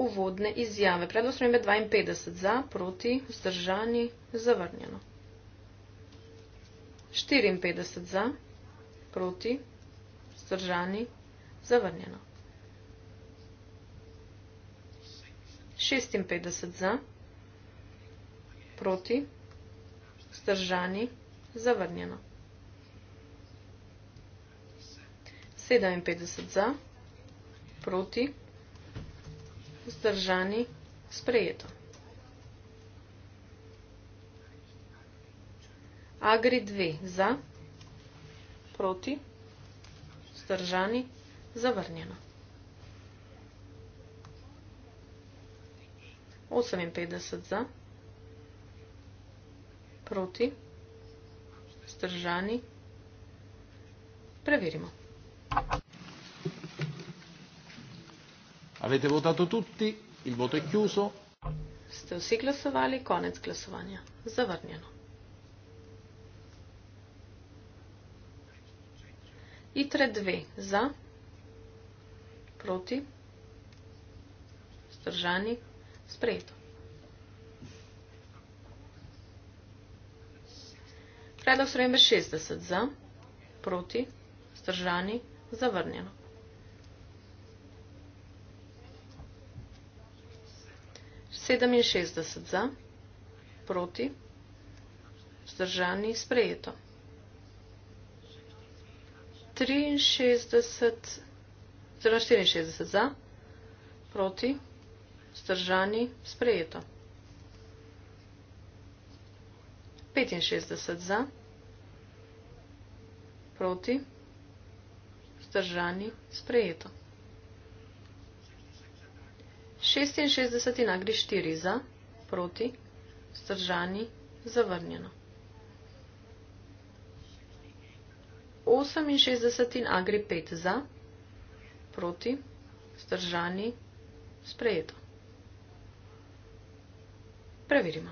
proti, vzdržani, zavrnjeno. 54 za, proti, vzdržani, zavrnjeno. 56 za, proti, vzdržani, zavrnjeno. 57 za, proti, vzdržani, sprejeto. Agri 2 za, proti, zdržani, zavrnjeno. 58 za, proti, zdržani, preverimo. Avete votato tutti, il voto è chiuso. Ste vsi glasovali, konec glasovanja, zavrnjeno. ITRE 2 za, proti, stržani, sprejeto. Predlog sprejeme 60 za, proti, stržani, zavrnjeno. Sedeminšestdeset za, proti, zdržani, sprejeto. 63, oziroma 64 za, proti, zdržani, sprejeto. 65 za, proti, zdržani, sprejeto. 66 in agri 4 za, proti, zdržani, zavrnjeno. 68 in Agri 5 za, proti, zdržani, sprejeto. Preverimo.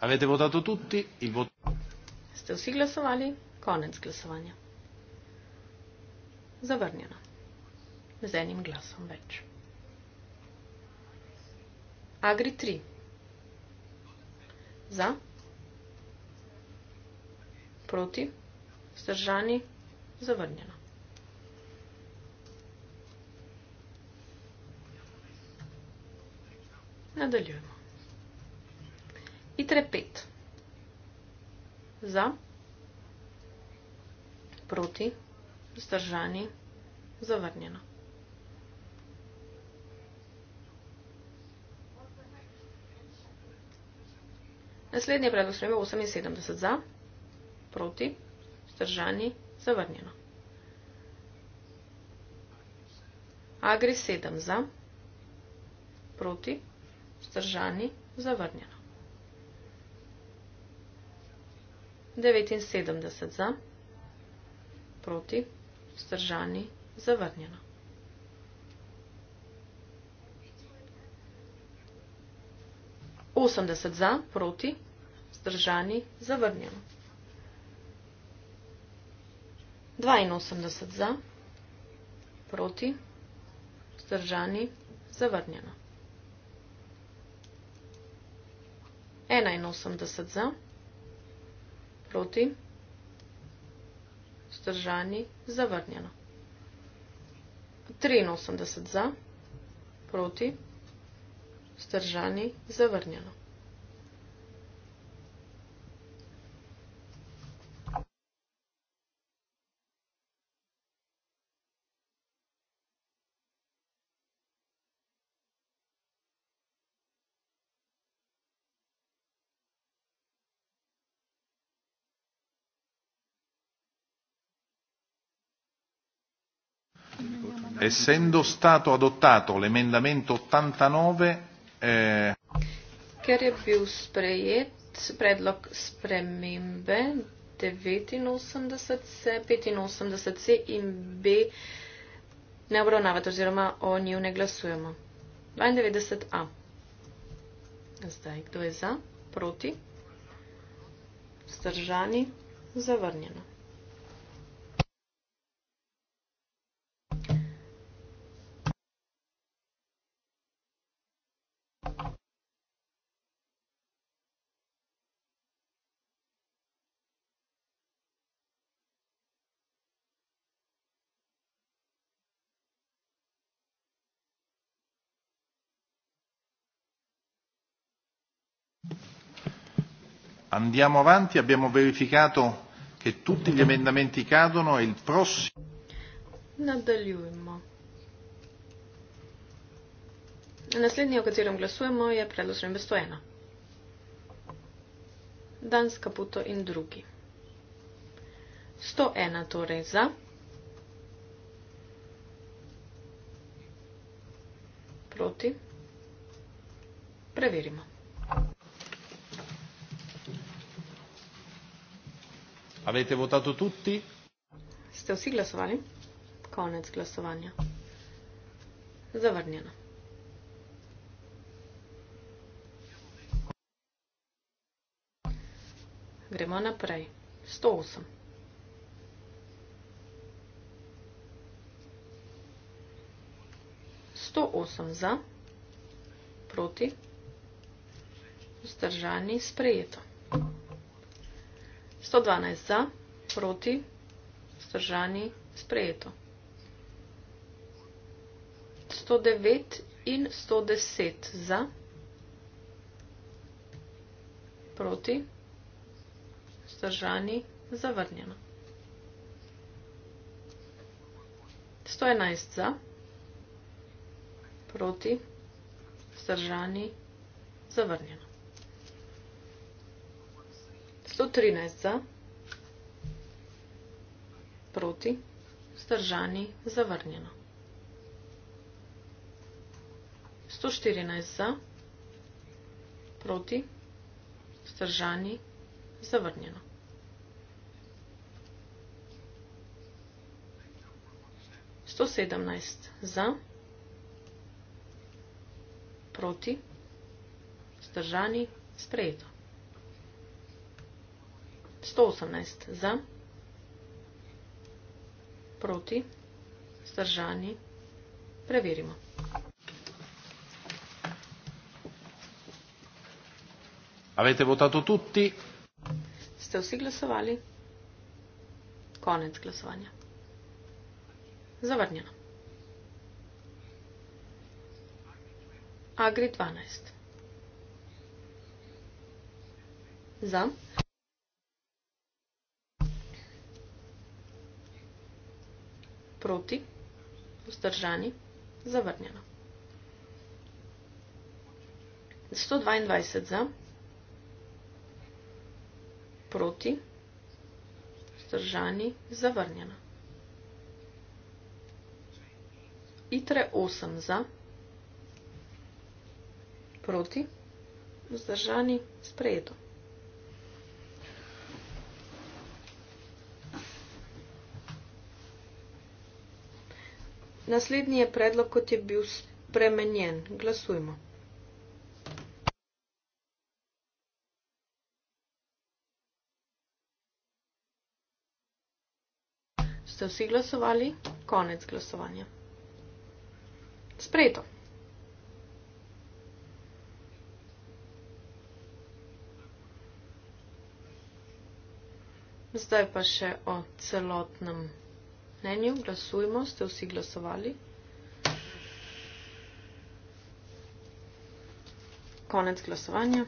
Avete votato tutti il voto? Ste vsi glasovali? Konec glasovanja. Zavrnjeno. Z enim glasom več. Agri 3. Za? Proti? Zdržani? Zavrnjeno. Nadaljujemo. Itre 5. Za? Proti? Zdržani? Zavrnjeno. Naslednji je predlog sprejme 78 za, proti, vzdržani, zavrnjeno. Agri 7 za, proti, vzdržani, zavrnjeno. 79 za, proti, vzdržani, zavrnjeno. 80 za, proti, zdržani, zavrnjeno. 82 za, proti, zdržani, zavrnjeno. 81 za, proti, zdržani, zavrnjeno. 83 za, proti, zdržani, zavrnjeno. Zdržani zavrnjeno. Essendo stato adottato l'emendamento 89, Eh. Ker je bil sprejet predlog spremembe 89C, 85C in B, ne obravnavati oziroma o njiju ne glasujemo. 92A. Zdaj, kdo je za? Proti? Zdržani? Zavrnjeno. andiamo avanti abbiamo verificato che tutti gli emendamenti cadono e il prossimo Nadaljujmo. Naslednji, o katerem glasujemo, je predlog Rembestojena. Dan s kaputo in drugi. 101 torej za. 2. Preverimo. Avete votato tutti? Ste vsi glasovali? Konec glasovanja. Zavrnjeno. Gremo naprej. 108. Sto osem za, proti, vzdržani, sprejeto. 112 za, proti, vzdržani, sprejeto. 109 in 110 za, proti, vzdržani, zavrnjeno. 111 za, proti, vzdržani, zavrnjeno. 113 za, proti, vzdržani, zavrnjeno. 114 za, proti, vzdržani, zavrnjeno. 117 za, proti, vzdržani, sprejeto. 118 za, proti, zdržani, preverimo. Avete votato tutti? Ste vsi glasovali? Konec glasovanja. Zavrnjeno. Agri 12. Za. Proti. Vzdržani. Zavrnjeno. 122 za. Proti. Vzdržani. Zavrnjeno. ITRE 8 za. Proti. Vzdržani. Sprejeto. Naslednji je predlog, kot je bil spremenjen. Glasujmo. Ste vsi glasovali? Konec glasovanja. Sprejeto. Zdaj pa še o celotnem mnenju, glasujmo, ste vsi glasovali. Konec glasovanja.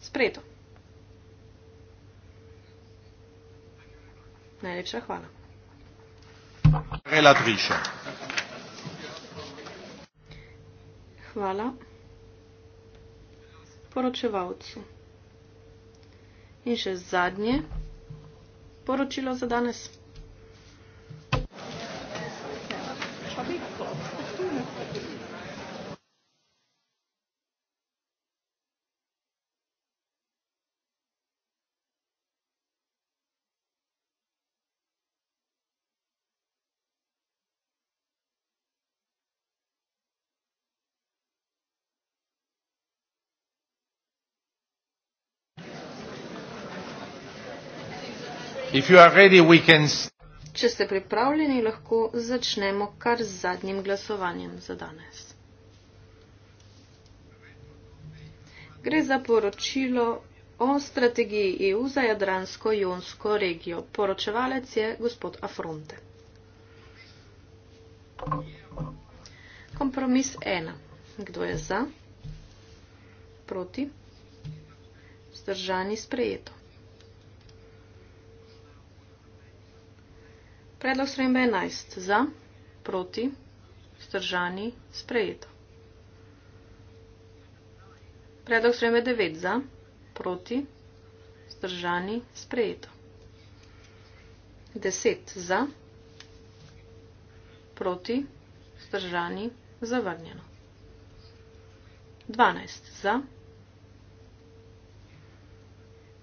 Sprejeto. Najlepša hvala. Hvala. Hvala poročevalcu. In še zadnje poročilo za danes. Ready, can... Če ste pripravljeni, lahko začnemo kar z zadnjim glasovanjem za danes. Gre za poročilo o strategiji EU za Jadransko-Jonsko regijo. Poročevalec je gospod Afronte. Kompromis 1. Kdo je za? Proti? Zdržani sprejeto. Predlog sprejembe 11. Za, proti, vzdržani, sprejeto. Predlog sprejembe 9. Za, proti, vzdržani, sprejeto. 10. Za, proti, vzdržani, zavrnjeno. 12. Za,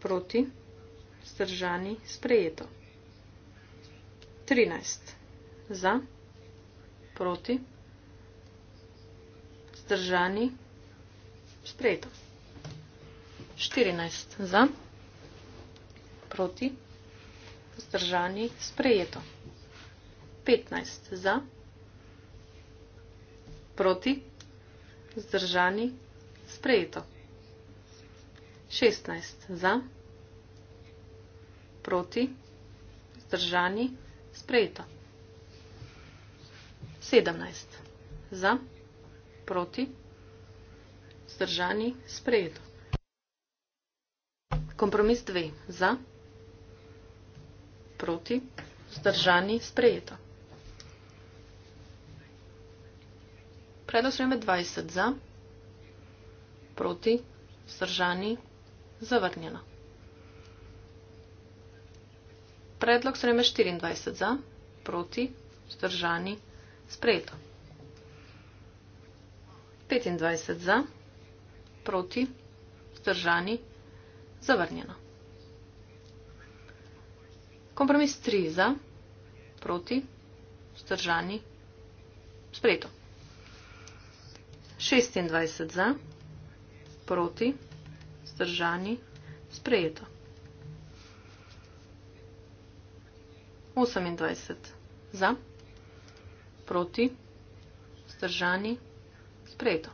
proti, vzdržani, sprejeto. 13. Za, proti, vzdržani, sprejeto. 13. Za, proti, zdržani, sprejeto. 14. Za, proti, zdržani, sprejeto. 15. Za, proti, zdržani, sprejeto. 16. Za, proti, zdržani, sprejeto sprejeto. 17. Za, proti, zdržani, sprejeto. Kompromis 2. Za, proti, zdržani, sprejeto. Predlog sprejme 20. Za, proti, zdržani, zavrnjeno. Predlog sprejme 24 za, proti, vzdržani, sprejeto. 25 za, proti, vzdržani, zavrnjeno. Kompromis 3 za, proti, vzdržani, sprejeto. 26 za, proti, vzdržani, sprejeto. 28. Za, proti, vzdržani, sprejeto.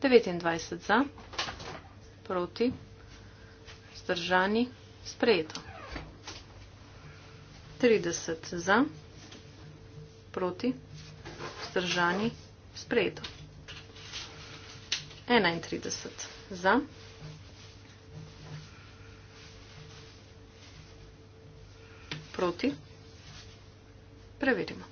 29. Za, proti, vzdržani, sprejeto. 30. Za, proti, vzdržani, sprejeto. 31. Za, proti, vzdržani, sprejeto. proti. Preverimo.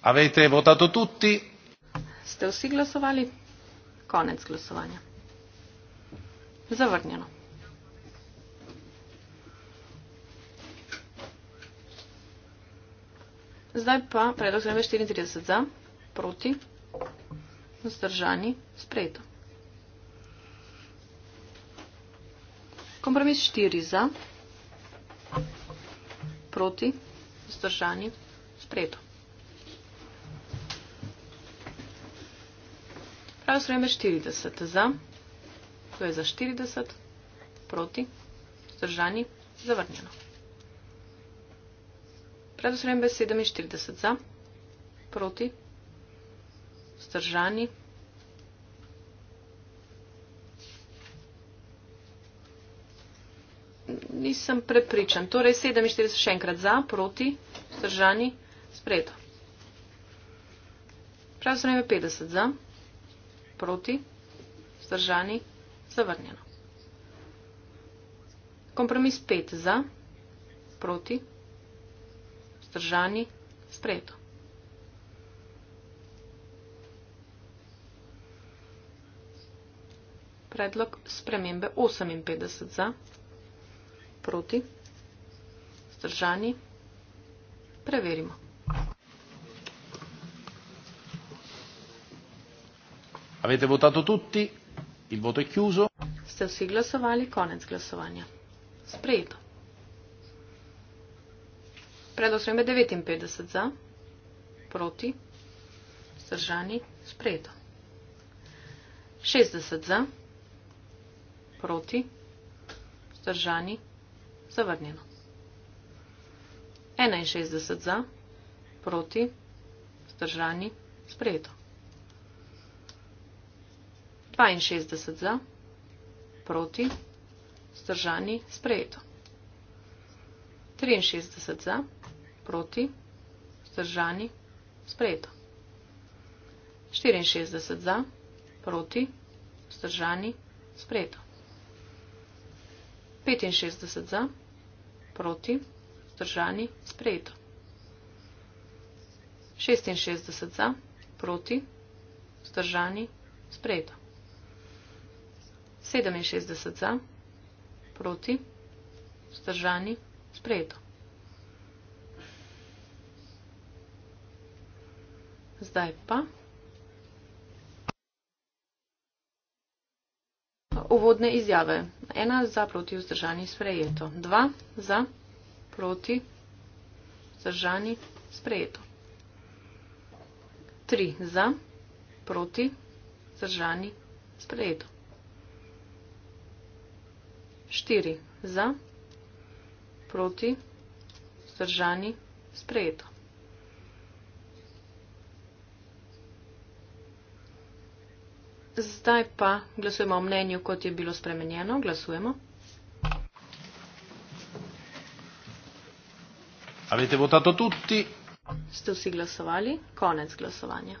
Avete votato tutti? Ste vsi glasovali? Konec glasovanja. Zavrnjeno. Zdaj pa predlog 34 za, proti, vzdržani, sprejeto. Kompromis 4 za, proti, zdržani, spredo. Pravo sprejeme 40 za, to je za 40, proti, zdržani, zavrnjeno. Pravo sprejeme 47 za, proti, zdržani, zavrnjeno. nisem prepričan. Torej 47 še enkrat za, proti, vzdržani, spredo. Pravzaprav je 50 za, proti, vzdržani, zavrnjeno. Kompromis 5 za, proti, vzdržani, spredo. Predlog spremembe 58 za proti, zdržani, preverimo. Avete votato tutti? Il voto è chiuso. Ste vsi glasovali, konec glasovanja. Sprejeto. Predlog sprejme 59 za, proti, zdržani, sprejeto. 60 za, proti, zdržani, sprejeto. Zavrnjeno. 61 za, proti, vzdržani, sprejeto. 62 za, proti, vzdržani, sprejeto. 63 za, proti, vzdržani, sprejeto. 64 za, proti, vzdržani, sprejeto. 65 za, proti, vzdržani, sprejeto. 66 za, proti, vzdržani, sprejeto. 67 za, proti, vzdržani, sprejeto. Zdaj pa. uvodne izjave. Ena za proti vzdržani sprejeto. Dva za proti vzdržani sprejeto. Tri za proti vzdržani sprejeto. Štiri za proti vzdržani sprejeto. Zdaj pa glasujemo o mnenju, kot je bilo spremenjeno. Glasujemo. Avete votato tutti? Ste vsi glasovali? Konec glasovanja.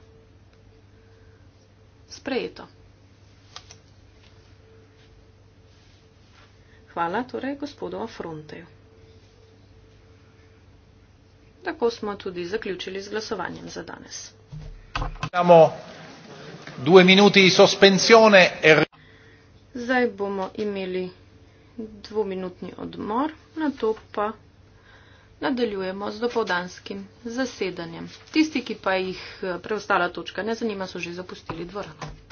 Sprejeto. Hvala torej gospodu Afronteju. Tako smo tudi zaključili z glasovanjem za danes. Samo. Due minuti di sospensione e... Zdaj bomo imeli dvominutni odmor, na to pa nadaljujemo z dopovdanskim zasedanjem. Tisti, ki pa jih eh, preostala točka ne zanima, so že zapustili dvorano.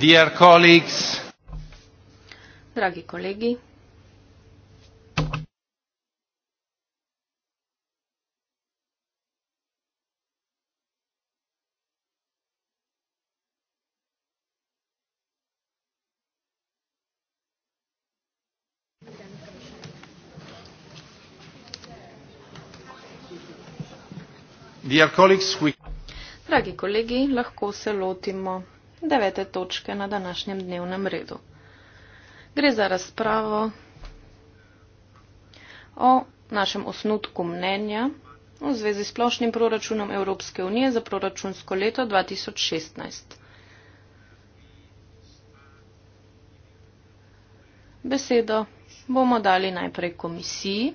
Dear colleagues, Dragi kolegi, Dear colleagues, we... Dragi kolegi, lahko se lotimo devete točke na današnjem dnevnem redu. Gre za razpravo o našem osnutku mnenja v zvezi s splošnim proračunom Evropske unije za proračunsko leto 2016. Besedo bomo dali najprej komisiji,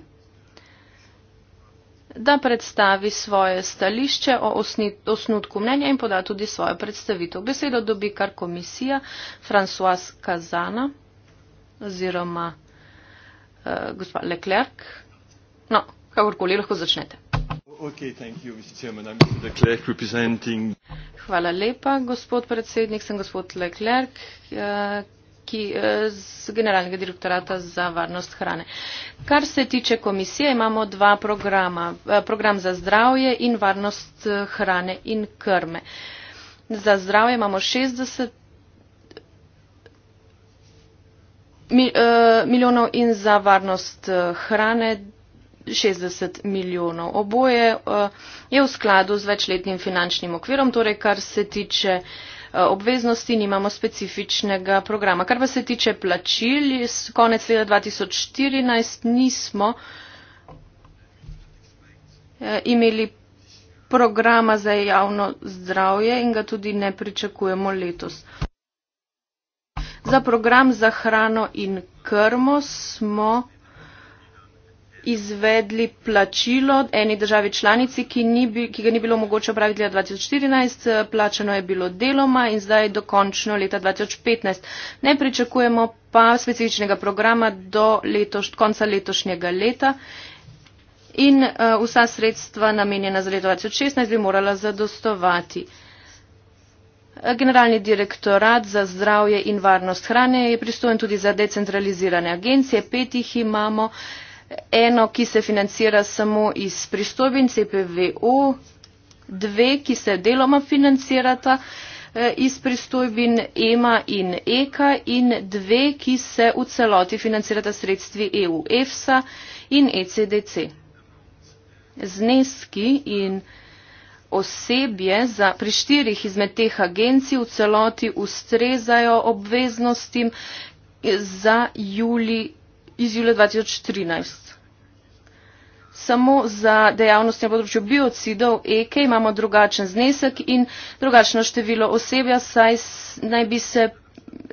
da predstavi svoje stališče o osnutku mnenja in poda tudi svojo predstavitev. Besedo dobi kar komisija François Kazana oziroma uh, gospa Leclerc. No, kakorkoli lahko začnete. Okay, thank you, Mr. Chairman. I'm Mr. Leclerc representing... Hvala lepa, gospod predsednik. Sem gospod Leclerc, uh, ki, eh, z Generalnega direktorata za varnost hrane. Kar se tiče komisije, imamo dva programa. Eh, program za zdravje in varnost eh, hrane in krme. Za zdravje imamo 60 milijonov in za varnost hrane 60 milijonov. Oboje je v skladu z večletnim finančnim okvirom, torej kar se tiče Eh, obveznosti, nimamo specifičnega programa. Kar pa se tiče plačil, konec leta 2014 nismo eh, imeli programa za javno zdravje in ga tudi ne pričakujemo letos. Za program za hrano in krmo smo izvedli plačilo eni državi članici, ki, ni, ki ga ni bilo mogoče opraviti leta 2014, eh, plačeno je bilo deloma in zdaj dokončno leta 2015. Ne pričakujemo pa specifičnega programa do letoš, konca letošnjega leta in uh, vsa sredstva namenjena za leto 2016 bi morala zadostovati. Eh, generalni direktorat za zdravje in varnost hrane je pristojen tudi za decentralizirane agencije, petih imamo. Uh, eno, ki se financira samo iz pristojbin CPVU, dve, ki se deloma financirata eh, iz pristojbin EMA in EKA in dve, ki se v celoti financirata sredstvi EU EFSA in ECDC. Zneski in osebje za pri štirih izmed teh agencij v celoti ustrezajo obveznostim za juli iz julija 2014. Samo za dejavnosti na področju biocidov EKE imamo drugačen znesek in drugačno število osebja, saj, naj bi se,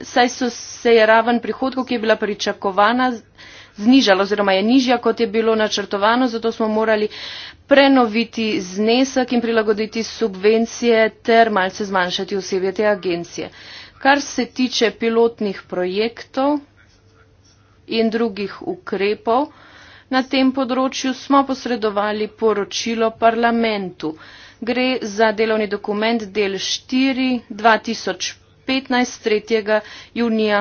saj so se je raven prihodkov, ki je bila pričakovana, znižala oziroma je nižja, kot je bilo načrtovano, zato smo morali prenoviti znesek in prilagoditi subvencije ter malce zmanjšati osebje te agencije. Kar se tiče pilotnih projektov, in drugih ukrepov. Na tem področju smo posredovali poročilo parlamentu. Gre za delovni dokument del 4 2015 3. junija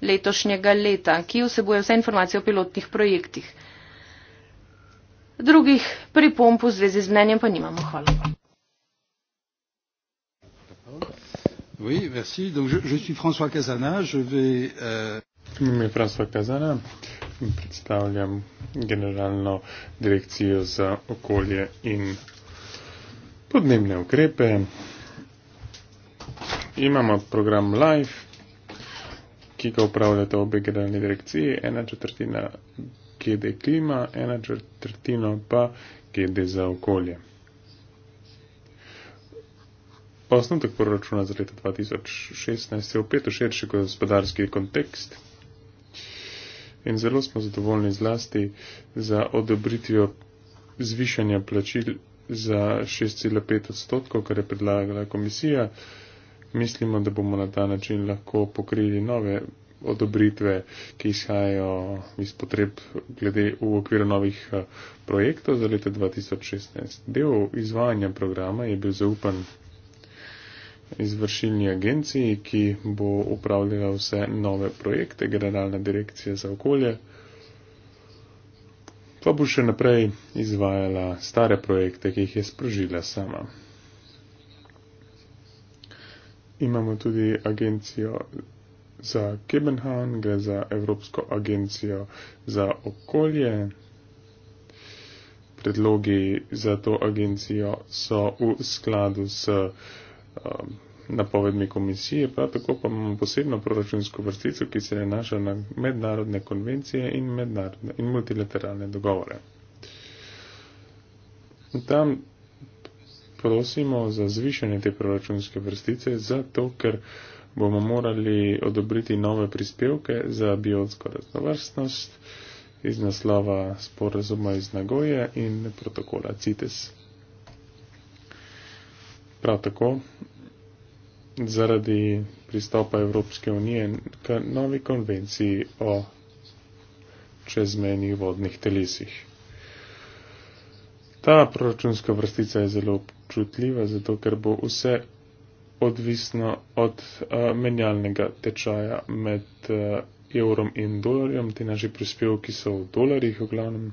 letošnjega leta, ki vsebuje vse informacije o pilotnih projektih. Drugih pripomp v zvezi z mnenjem pa nimamo. Hvala. Oui, merci. Donc, je, je suis François Casana. Je vais, euh... Imam je Franco Kazana in predstavljam generalno direkcijo za okolje in podnebne ukrepe. Imamo program Life, ki ga upravljate obe generalni direkciji, ena četrtina GD klima, ena četrtina pa GD za okolje. Osnotek proračuna za leto 2016 je opet v širši gospodarski kontekst in zelo smo zadovoljni zlasti za odobritvijo zvišanja plačil za 6,5 odstotkov, kar je predlagala komisija. Mislimo, da bomo na ta način lahko pokrili nove odobritve, ki izhajajo iz potreb glede v okviru novih eh, projektov za leto 2016. Del izvajanja programa je bil zaupan izvršilni agenciji, ki bo upravljala vse nove projekte, Generalna direkcija za okolje, pa bo še naprej izvajala stare projekte, ki jih je sprožila sama. Imamo tudi agencijo za Kebenhan, gre za Evropsko agencijo za okolje. Predlogi za to agencijo so v skladu s uh, Um, napovedmi komisije, prav tako pa imamo posebno proračunsko vrstico, ki se nanaša na mednarodne konvencije in, mednarodne, in multilateralne dogovore. Tam prosimo za zvišanje te proračunske vrstice, zato ker bomo morali odobriti nove prispevke za biotsko raznovrstnost iz naslova sporazuma iz Nagoje in protokola CITES prav tako zaradi pristopa Evropske unije k novi konvenciji o čezmejnih vodnih telesih. Ta proračunska vrstica je zelo občutljiva, zato ker bo vse odvisno od uh, menjalnega tečaja med uh, evrom in dolarjem. Ti naši prispevki so v dolarjih, v glavnem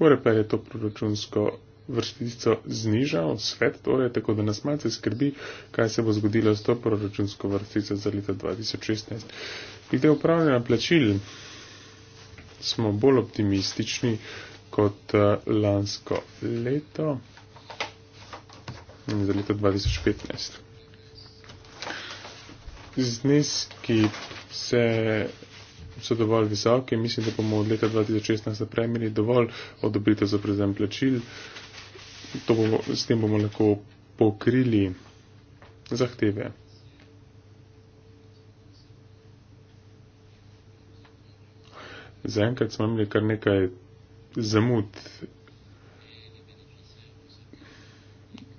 kako reper je to proračunsko vrstico znižal, svet torej, tako da nas malce skrbi, kaj se bo zgodilo s to proračunsko vrstico za leto 2016. Glede upravljanja plačil smo bolj optimistični kot eh, lansko leto in za leto 2015. Zneski se so dovolj visoke. Mislim, da bomo od leta 2016 zapremili dovolj odobritev za prezem plačil. Bo, s tem bomo lahko pokrili zahteve. Zaenkrat smo imeli kar nekaj zamud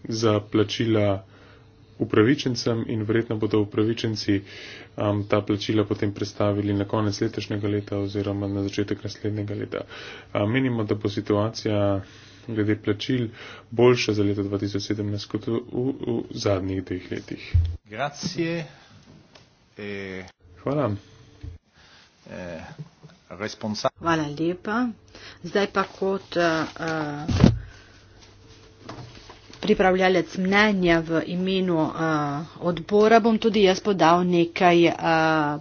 za plačila upravičencem in verjetno bodo upravičenci um, ta plačila potem predstavili na konec letošnjega leta oziroma na začetek naslednjega leta. Um, menimo, da bo situacija glede plačil boljša za leto 2017 kot v, v zadnjih dveh letih. Grazie. E, Hvala. E, Hvala lepa. Zdaj pa kot. Uh, uh, pripravljalec mnenja v imenu uh, odbora, bom tudi jaz podal nekaj uh,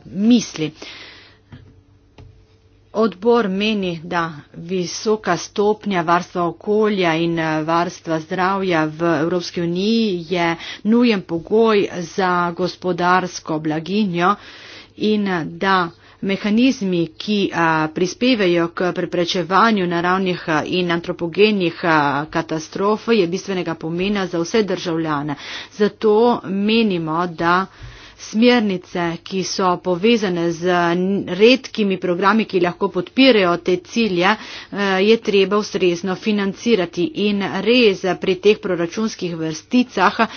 misli. Odbor meni, da visoka stopnja varstva okolja in eh, varstva zdravja v Evropski uniji je nujen pogoj za gospodarsko blaginjo in da mehanizmi, ki a, prispevajo k preprečevanju naravnih in antropogenih katastrof, je bistvenega pomena za vse državljane. Zato menimo, da smernice, ki so povezane z redkimi programi, ki lahko podpirajo te cilje, e, je treba ustrezno financirati in rez pri teh proračunskih vrsticah e,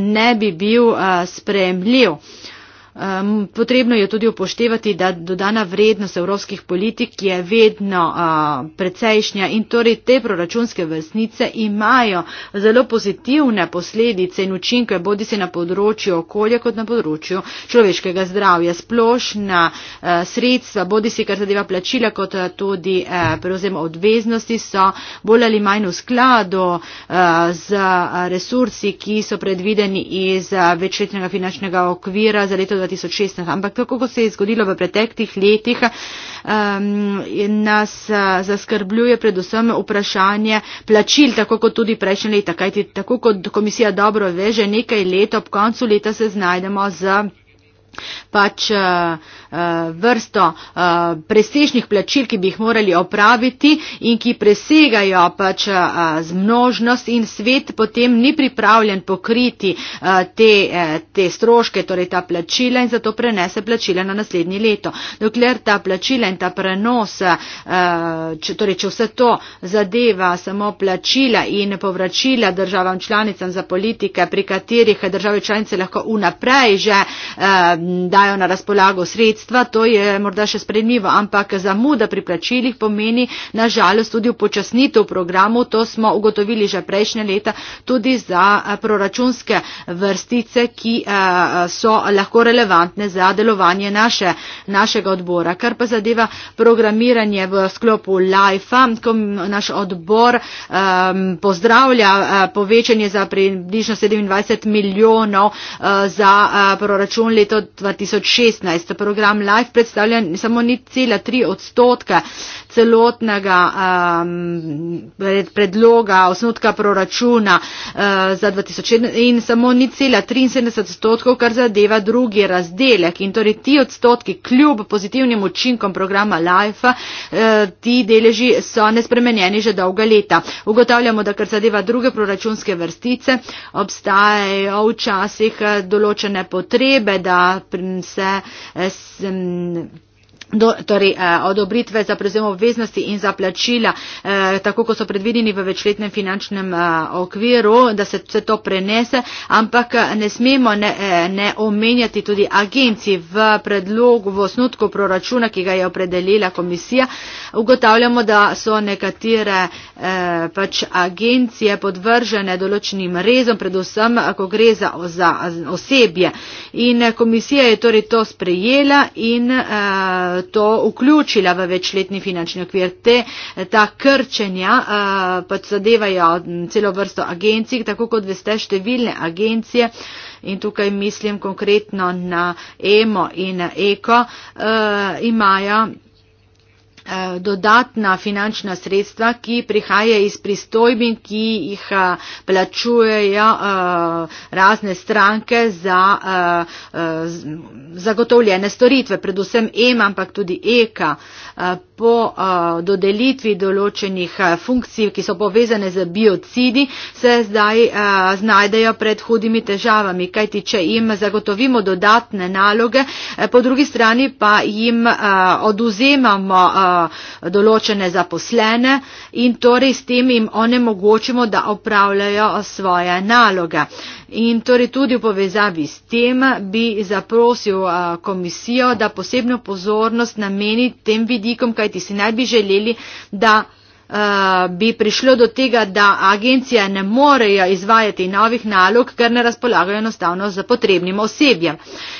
ne bi bil e, spremljiv. Um, potrebno je tudi upoštevati, da dodana vrednost evropskih politik je vedno uh, precejšnja in torej te proračunske vrstnice imajo zelo pozitivne posledice in učinke, bodi se na področju okolja kot na področju človeškega zdravja. Splošna uh, sredstva, bodi se kar zadeva plačila kot uh, tudi uh, prevzem odveznosti, so bolj ali manj v skladu uh, z uh, resursi, ki so predvideni iz uh, večletnega finančnega okvira za leto 2020. 2016. Ampak tako, kot se je zgodilo v preteklih letih, um, nas uh, zaskrbljuje predvsem vprašanje plačil, tako kot tudi prejšnje leta. Kajti tako, kot komisija dobro ve, že nekaj let ob koncu leta se znajdemo z pač uh, uh, vrsto uh, presežnih plačil, ki bi jih morali opraviti in ki presegajo pač uh, zmožnost in svet potem ni pripravljen pokriti uh, te, uh, te stroške, torej ta plačila in zato prenese plačila na naslednje leto. Dokler ta plačila in ta prenos, uh, če, torej če vse to zadeva samo plačila in povračila državam članicam za politike, pri katerih države članice lahko vnaprej že uh, dajo na razpolago sredstva, to je morda še spremljivo, ampak zamuda pri plačilih pomeni nažalost tudi upočasnitev programov, to smo ugotovili že prejšnje leta tudi za proračunske vrstice, ki so lahko relevantne za delovanje naše, našega odbora. Kar pa zadeva programiranje v sklopu LIFE-a, ko naš odbor um, pozdravlja povečanje za približno 27 milijonov za proračun leto 2020. 2016. program Life predstavlja samo 0,3 odstotka celotnega um, predloga osnutka proračuna uh, za 2016 in samo ni cela 73 odstotkov, kar zadeva drugi razdelek. In torej ti odstotki kljub pozitivnim učinkom programa LIFE, uh, ti deleži so nespremenjeni že dolga leta. Ugotavljamo, da kar zadeva druge proračunske vrstice, obstajajo včasih uh, določene potrebe, da se. Um, Do, torej, eh, odobritve za prevzem obveznosti in za plačila, eh, tako kot so predvideni v večletnem finančnem eh, okviru, da se vse to prenese, ampak eh, ne smemo ne, eh, ne omenjati tudi agencij v predlogu, v osnutku proračuna, ki ga je opredelila komisija. Ugotavljamo, da so nekatere eh, pač agencije podvržene določenim rezom, predvsem, eh, ko gre za, za osebje. In eh, komisija je torej to sprejela in eh, to vključila v večletni finančni okvir. Te, ta krčenja eh, pa zadevajo celo vrsto agencij, tako kot veste, številne agencije in tukaj mislim konkretno na EMO in EKO, eh, imajo Eh, dodatna finančna sredstva, ki prihaja iz pristojbin, ki jih eh, plačujejo eh, razne stranke za zagotovljene storitve, predvsem EMA, ampak tudi EKA. Po dodelitvi določenih funkcij, ki so povezane z biocidi, se zdaj znajdejo pred hudimi težavami, kajti če jim zagotovimo dodatne naloge, po drugi strani pa jim oduzemamo določene zaposlene in torej s tem jim onemogočimo, da opravljajo svoje naloge. In torej tudi v povezavi s tem bi zaprosil komisijo, da posebno pozornost nameni tem vidikom, kajti si naj bi želeli, da Uh, bi prišlo do tega, da agencije ne morejo izvajati novih nalog, ker ne razpolagajo enostavno z potrebnim osebjem.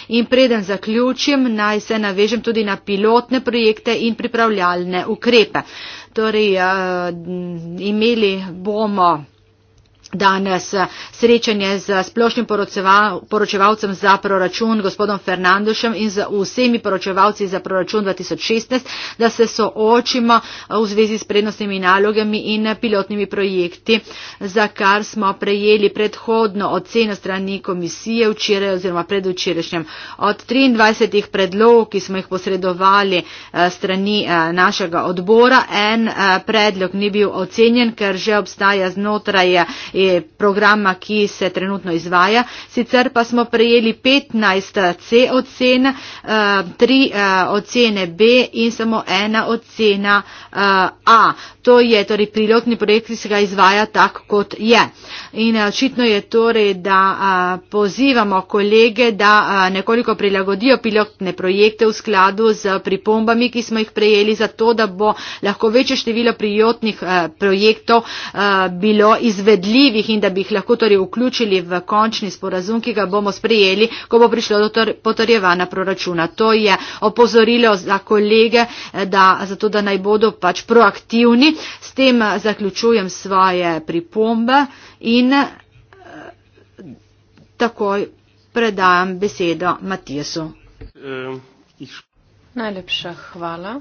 In preden zaključim, naj se navežem tudi na pilotne projekte in pripravljalne ukrepe. Torej, uh, imeli bomo danes eh, srečanje z splošnim poročevalcem za proračun gospodom Fernandošem in z vsemi poročevalci za proračun 2016, da se soočimo eh, v zvezi s prednostnimi nalogami in eh, pilotnimi projekti, za kar smo prejeli predhodno oceno strani komisije včeraj oziroma predvčerajšnjem. Od 23 predlogov, ki smo jih posredovali strani našega odbora, en predlog ni bil ocenjen, ker že obstaja znotraj programa, ki se trenutno izvaja. Sicer pa smo prejeli 15 eh, C ocen, 3 eh, eh, ocene B in samo ena ocena A. To je torej prilogni projekt, ki se ga izvaja tak, kot je. In očitno je torej, da pozivamo kolege, da nekoliko prilagodijo pilotne projekte v skladu z pripombami, ki smo jih prejeli, zato da bo lahko večje število pilotnih projektov bilo izvedljivo izzivih in da bi jih lahko torej vključili v končni sporazum, ki ga bomo sprejeli, ko bo prišlo do tor potrjevanja proračuna. To je opozorilo za kolege, eh, da zato, da naj bodo pač proaktivni. S tem eh, zaključujem svoje pripombe in eh, takoj predajam besedo Matijesu. Najlepša hvala.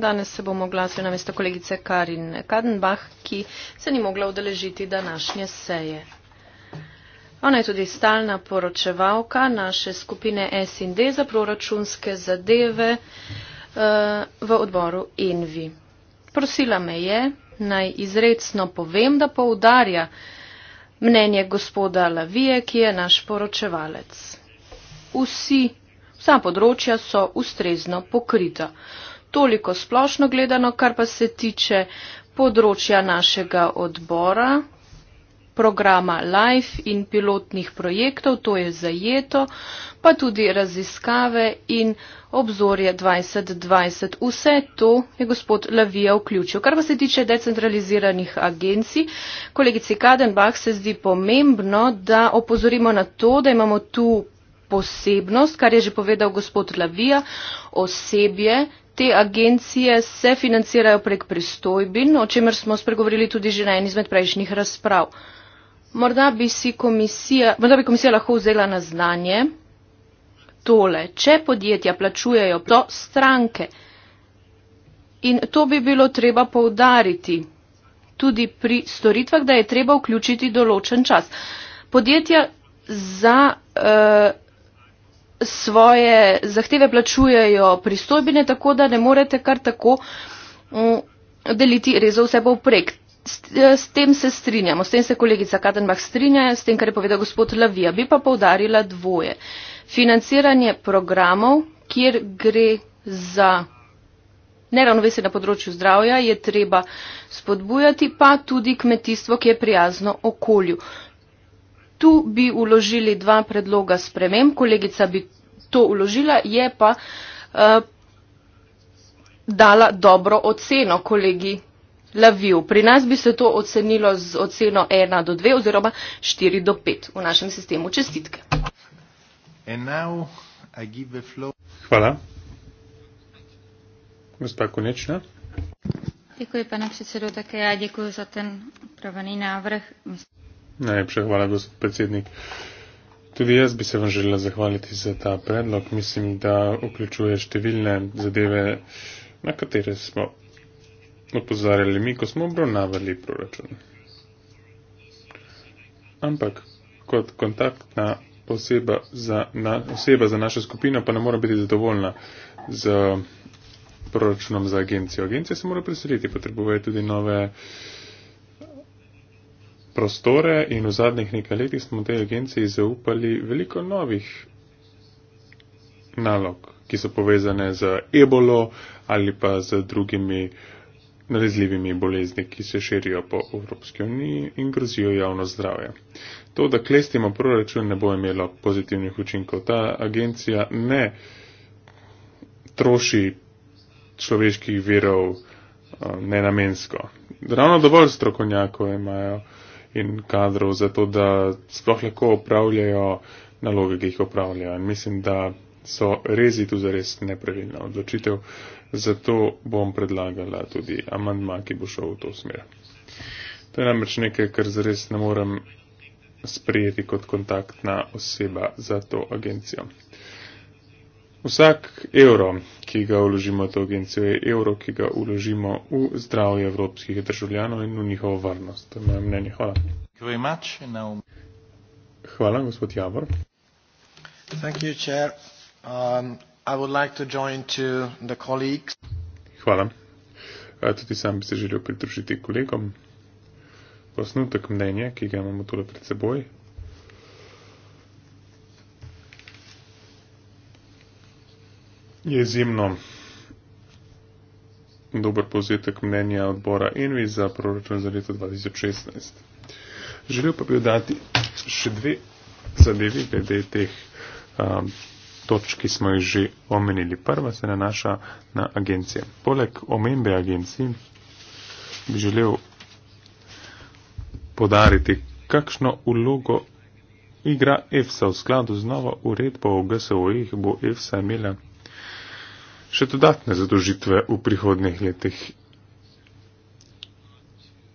Danes se bomo oglasili namesto kolegice Karin Kadenbach, ki se ni mogla udeležiti današnje seje. Ona je tudi stalna poročevalka naše skupine S&D za proračunske zadeve uh, v odboru Envi. Prosila me je, naj izredno povem, da poudarja mnenje gospoda Lavije, ki je naš poročevalec. Vsi, vsa področja so ustrezno pokrita toliko splošno gledano, kar pa se tiče področja našega odbora, programa LIFE in pilotnih projektov, to je zajeto, pa tudi raziskave in obzorje 2020. Vse to je gospod Lavija vključil. Kar pa se tiče decentraliziranih agencij, kolegici Kadenbach se zdi pomembno, da opozorimo na to, da imamo tu posebnost, kar je že povedal gospod Lavija, osebje, te agencije se financirajo prek pristojbin, o čemer smo spregovorili tudi že na eni izmed prejšnjih razprav. Morda bi, komisija, morda bi komisija lahko vzela na znanje tole, če podjetja plačujejo to stranke. In to bi bilo treba povdariti tudi pri storitvah, da je treba vključiti določen čas. Podjetja za. Uh, svoje zahteve plačujejo pristojbine, tako da ne morete kar tako mm, deliti rezo vse povprek. S, s tem se strinjamo, s tem se kolegica Kadenbach strinja, s tem, kar je povedal gospod Lavija. Bi pa povdarila dvoje. Financiranje programov, kjer gre za neravnovesje na področju zdravja, je treba spodbujati, pa tudi kmetijstvo, ki je prijazno okolju tu bi vložili dva predloga sprememb, kolegica bi to vložila, je pa eh, dala dobro oceno kolegi Laviju. Pri nas bi se to ocenilo z oceno 1 do 2 oziroma 4 do 5 v našem sistemu. Čestitke. Hvala. Gospa Konečna. Děkuji, pane předsedo, také já děkuji za ten upravený návrh. Mislim. Najlepša hvala, gospod predsednik. Tudi jaz bi se vam želela zahvaliti za ta predlog. Mislim, da vključuje številne zadeve, na katere smo opozarjali mi, ko smo obravnavali proračun. Ampak kot kontaktna oseba za, na, oseba za našo skupino pa ne mora biti zadovoljna z proračunom za agencijo. Agencija se mora preseliti, potrebuje tudi nove prostore in v zadnjih nekaj letih smo tej agenciji zaupali veliko novih nalog, ki so povezane z ebolo ali pa z drugimi nalezljivimi bolezni, ki se širijo po Evropski uniji in grozijo javno zdravje. To, da klestimo proračun, ne bo imelo pozitivnih učinkov. Ta agencija ne troši človeških virov eh, nenamensko. Ravno dovolj strokovnjakov imajo in kadrov, zato da sploh lahko opravljajo naloge, ki jih opravljajo. In mislim, da so rezi tu zares nepravilna odločitev, zato bom predlagala tudi amandma, ki bo šel v to smer. To je namreč nekaj, kar zares ne morem sprejeti kot kontaktna oseba za to agencijo. Vsak evro, ki ga vložimo v to agencijo, je evro, ki ga vložimo v zdravje evropskih državljanov in v njihovo varnost. To je moje mnenje. Hvala. Hvala, gospod Javor. Um, Hvala. Tudi sam bi se želel pridružiti kolegom. Osnutek mnenja, ki ga imamo tole pred seboj, je izjemno dober povzetek mnenja odbora Envi za proračun za leto 2016. Želel pa bi dodati še dve zadevi glede teh um, točk, ki smo jih že omenili. Prva se nanaša na agencije. Poleg omembe agencij bi želel podariti, kakšno ulogo igra EFSA v skladu z novo uredbo o GSO-jih bo EFSA imela še dodatne zadožitve v prihodnih letih.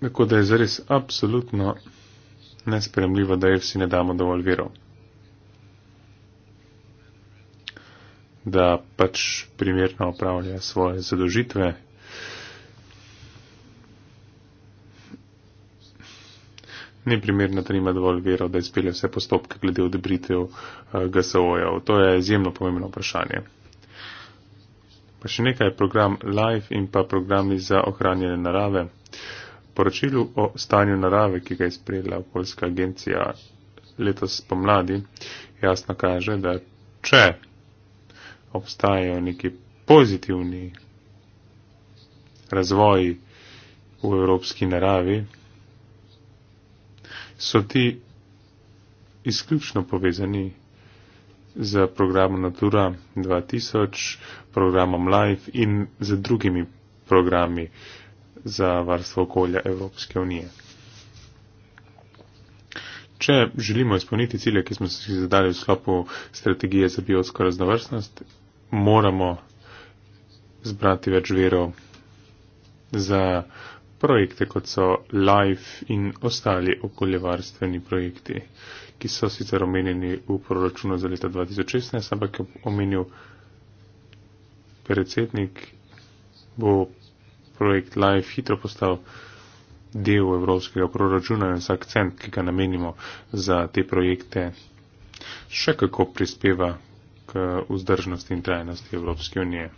Tako da je zares absolutno nespremljivo, da je vsi ne damo dovolj virov. Da pač primerno upravlja svoje zadožitve. Ni primerno, da nima dovolj virov, da izpelje vse postopke glede odobritev eh, GSO-jev. To je izjemno pomembno vprašanje pa še nekaj program live in pa programi za ohranjene narave. Poročilu o stanju narave, ki ga je sprejela okoljska agencija letos pomladi, jasno kaže, da če obstajajo neki pozitivni razvoji v evropski naravi, so ti izključno povezani z programom Natura 2000, programom Life in z drugimi programi za varstvo okolja Evropske unije. Če želimo izpolniti cilje, ki smo si zadali v sklopu strategije za biotsko raznovrstnost, moramo zbrati več verov za projekte, kot so LIFE in ostali okoljevarstveni projekti, ki so sicer omenjeni v proračunu za leto 2016, ampak je omenil predsednik, bo projekt LIFE hitro postal del evropskega proračuna in vsak cent, ki ga namenimo za te projekte, še kako prispeva k vzdržnosti in trajnosti Evropske unije.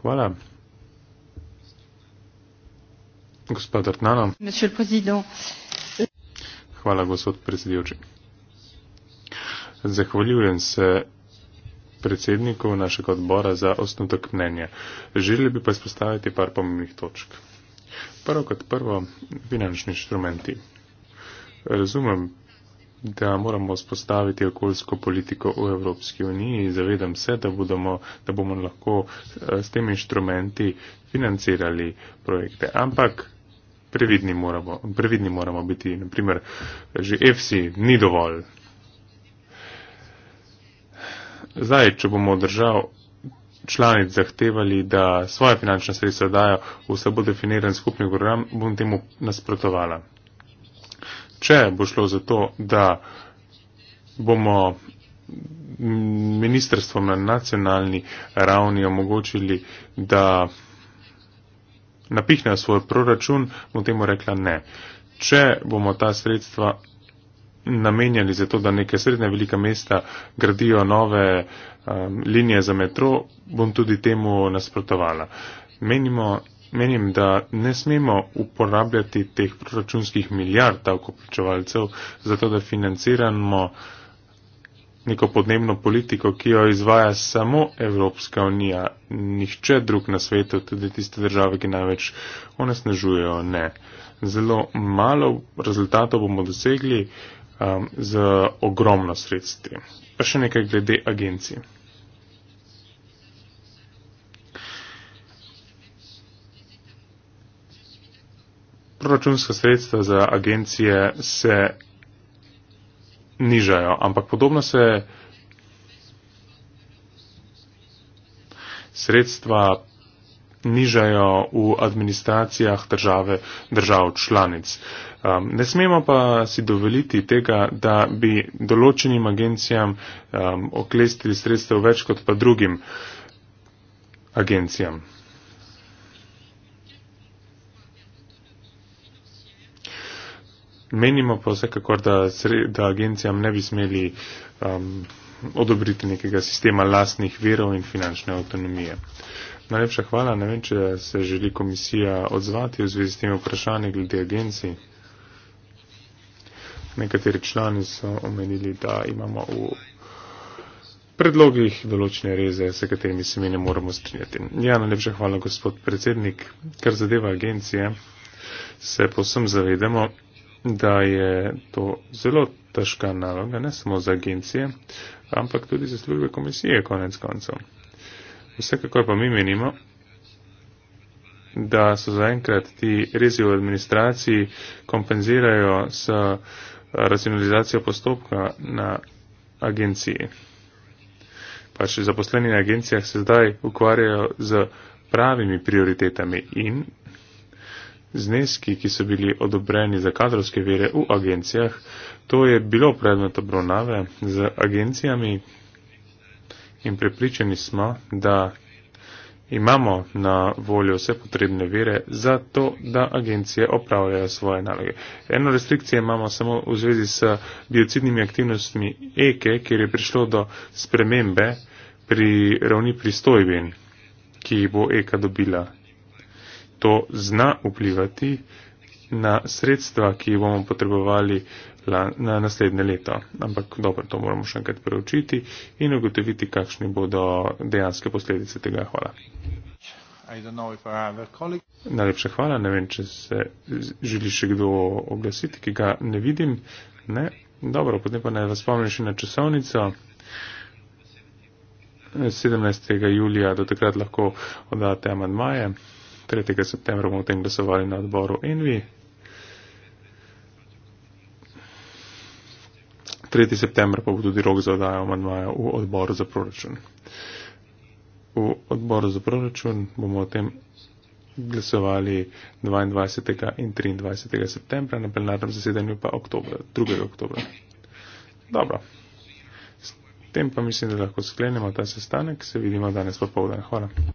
Hvala. Gospod Artnano. Hvala, gospod predsedujoči. Zahvaljujem se predsedniku našega odbora za osnutek mnenja. Želeli bi pa izpostaviti par pomembnih točk. Prvo kot prvo, finančni inštrumenti. Razumem da moramo spostaviti okoljsko politiko v Evropski uniji. Zavedam se, da, budemo, da bomo lahko eh, s temi inštrumenti financirali projekte. Ampak previdni moramo, previdni moramo biti. Naprimer, že EFSI ni dovolj. Zdaj, če bomo držav članic zahtevali, da svoje finančne sredstva dajo v vse bo definiran skupni program, bom temu nasprotovala če bo šlo za to, da bomo ministrstvom na nacionalni ravni omogočili, da napihnejo svoj proračun, bo temu rekla ne. Če bomo ta sredstva namenjali za to, da neke srednje velika mesta gradijo nove um, linije za metro, bom tudi temu nasprotovala. Menimo, menim, da ne smemo uporabljati teh proračunskih milijard davkoplačevalcev za to, da financiramo neko podnebno politiko, ki jo izvaja samo Evropska unija, nihče drug na svetu, tudi tiste države, ki največ onesnažujejo, ne. Zelo malo rezultatov bomo dosegli um, z ogromno sredstvi. Pa še nekaj glede agencij. proračunska sredstva za agencije se nižajo, ampak podobno se sredstva nižajo v administracijah države, držav članic. Um, ne smemo pa si dovoliti tega, da bi določenim agencijam um, oklestili sredstev več kot pa drugim agencijam. Menimo pa vsekakor, da, da agencijam ne bi smeli um, odobriti nekega sistema lastnih verov in finančne avtonomije. Najlepša hvala. Ne vem, če se želi komisija odzvati v zvezi s tem vprašanjem glede agencij. Nekateri člani so omenili, da imamo v predlogih določene reze, s katerimi se mi ne moramo strinjati. Ja, najlepša hvala, gospod predsednik. Kar zadeva agencije, se posem zavedamo da je to zelo težka naloga, ne samo za agencije, ampak tudi za službe komisije, konec koncev. Vsekakor pa mi menimo, da so zaenkrat ti rezi v administraciji kompenzirajo s eh, racionalizacijo postopka na agenciji. Pač zaposleni na agencijah se zdaj ukvarjajo z pravimi prioritetami in Zneski, ki so bili odobreni za kadrovske vere v agencijah, to je bilo predmet obravnave z agencijami in prepričani smo, da imamo na voljo vse potrebne vere za to, da agencije opravljajo svoje naloge. Eno restrikcijo imamo samo v zvezi s biocidnimi aktivnostmi EKE, kjer je prišlo do spremembe pri ravni pristojbin, ki bo EKA dobila to zna vplivati na sredstva, ki bomo potrebovali na naslednje leto. Ampak dobro, to moramo še enkrat preučiti in ugotoviti, kakšne bodo dejanske posledice tega. Hvala. Najlepša hvala. Ne vem, če se želi še kdo oglasiti, ki ga ne vidim. Ne? Dobro, potem pa naj vas spomnim še na časovnico. 17. julija do takrat lahko oddate amadmaje. 3. septembra bomo o tem glasovali na odboru Envi. 3. september pa bo tudi rok za odajo manjvaja v odboru za proračun. V odboru za proračun bomo o tem glasovali 22. in 23. septembra, na plenarnem zasedanju pa oktober, 2. oktober. Dobro. S tem pa mislim, da lahko sklenemo ta sestanek. Se vidimo danes popovdne. Hvala.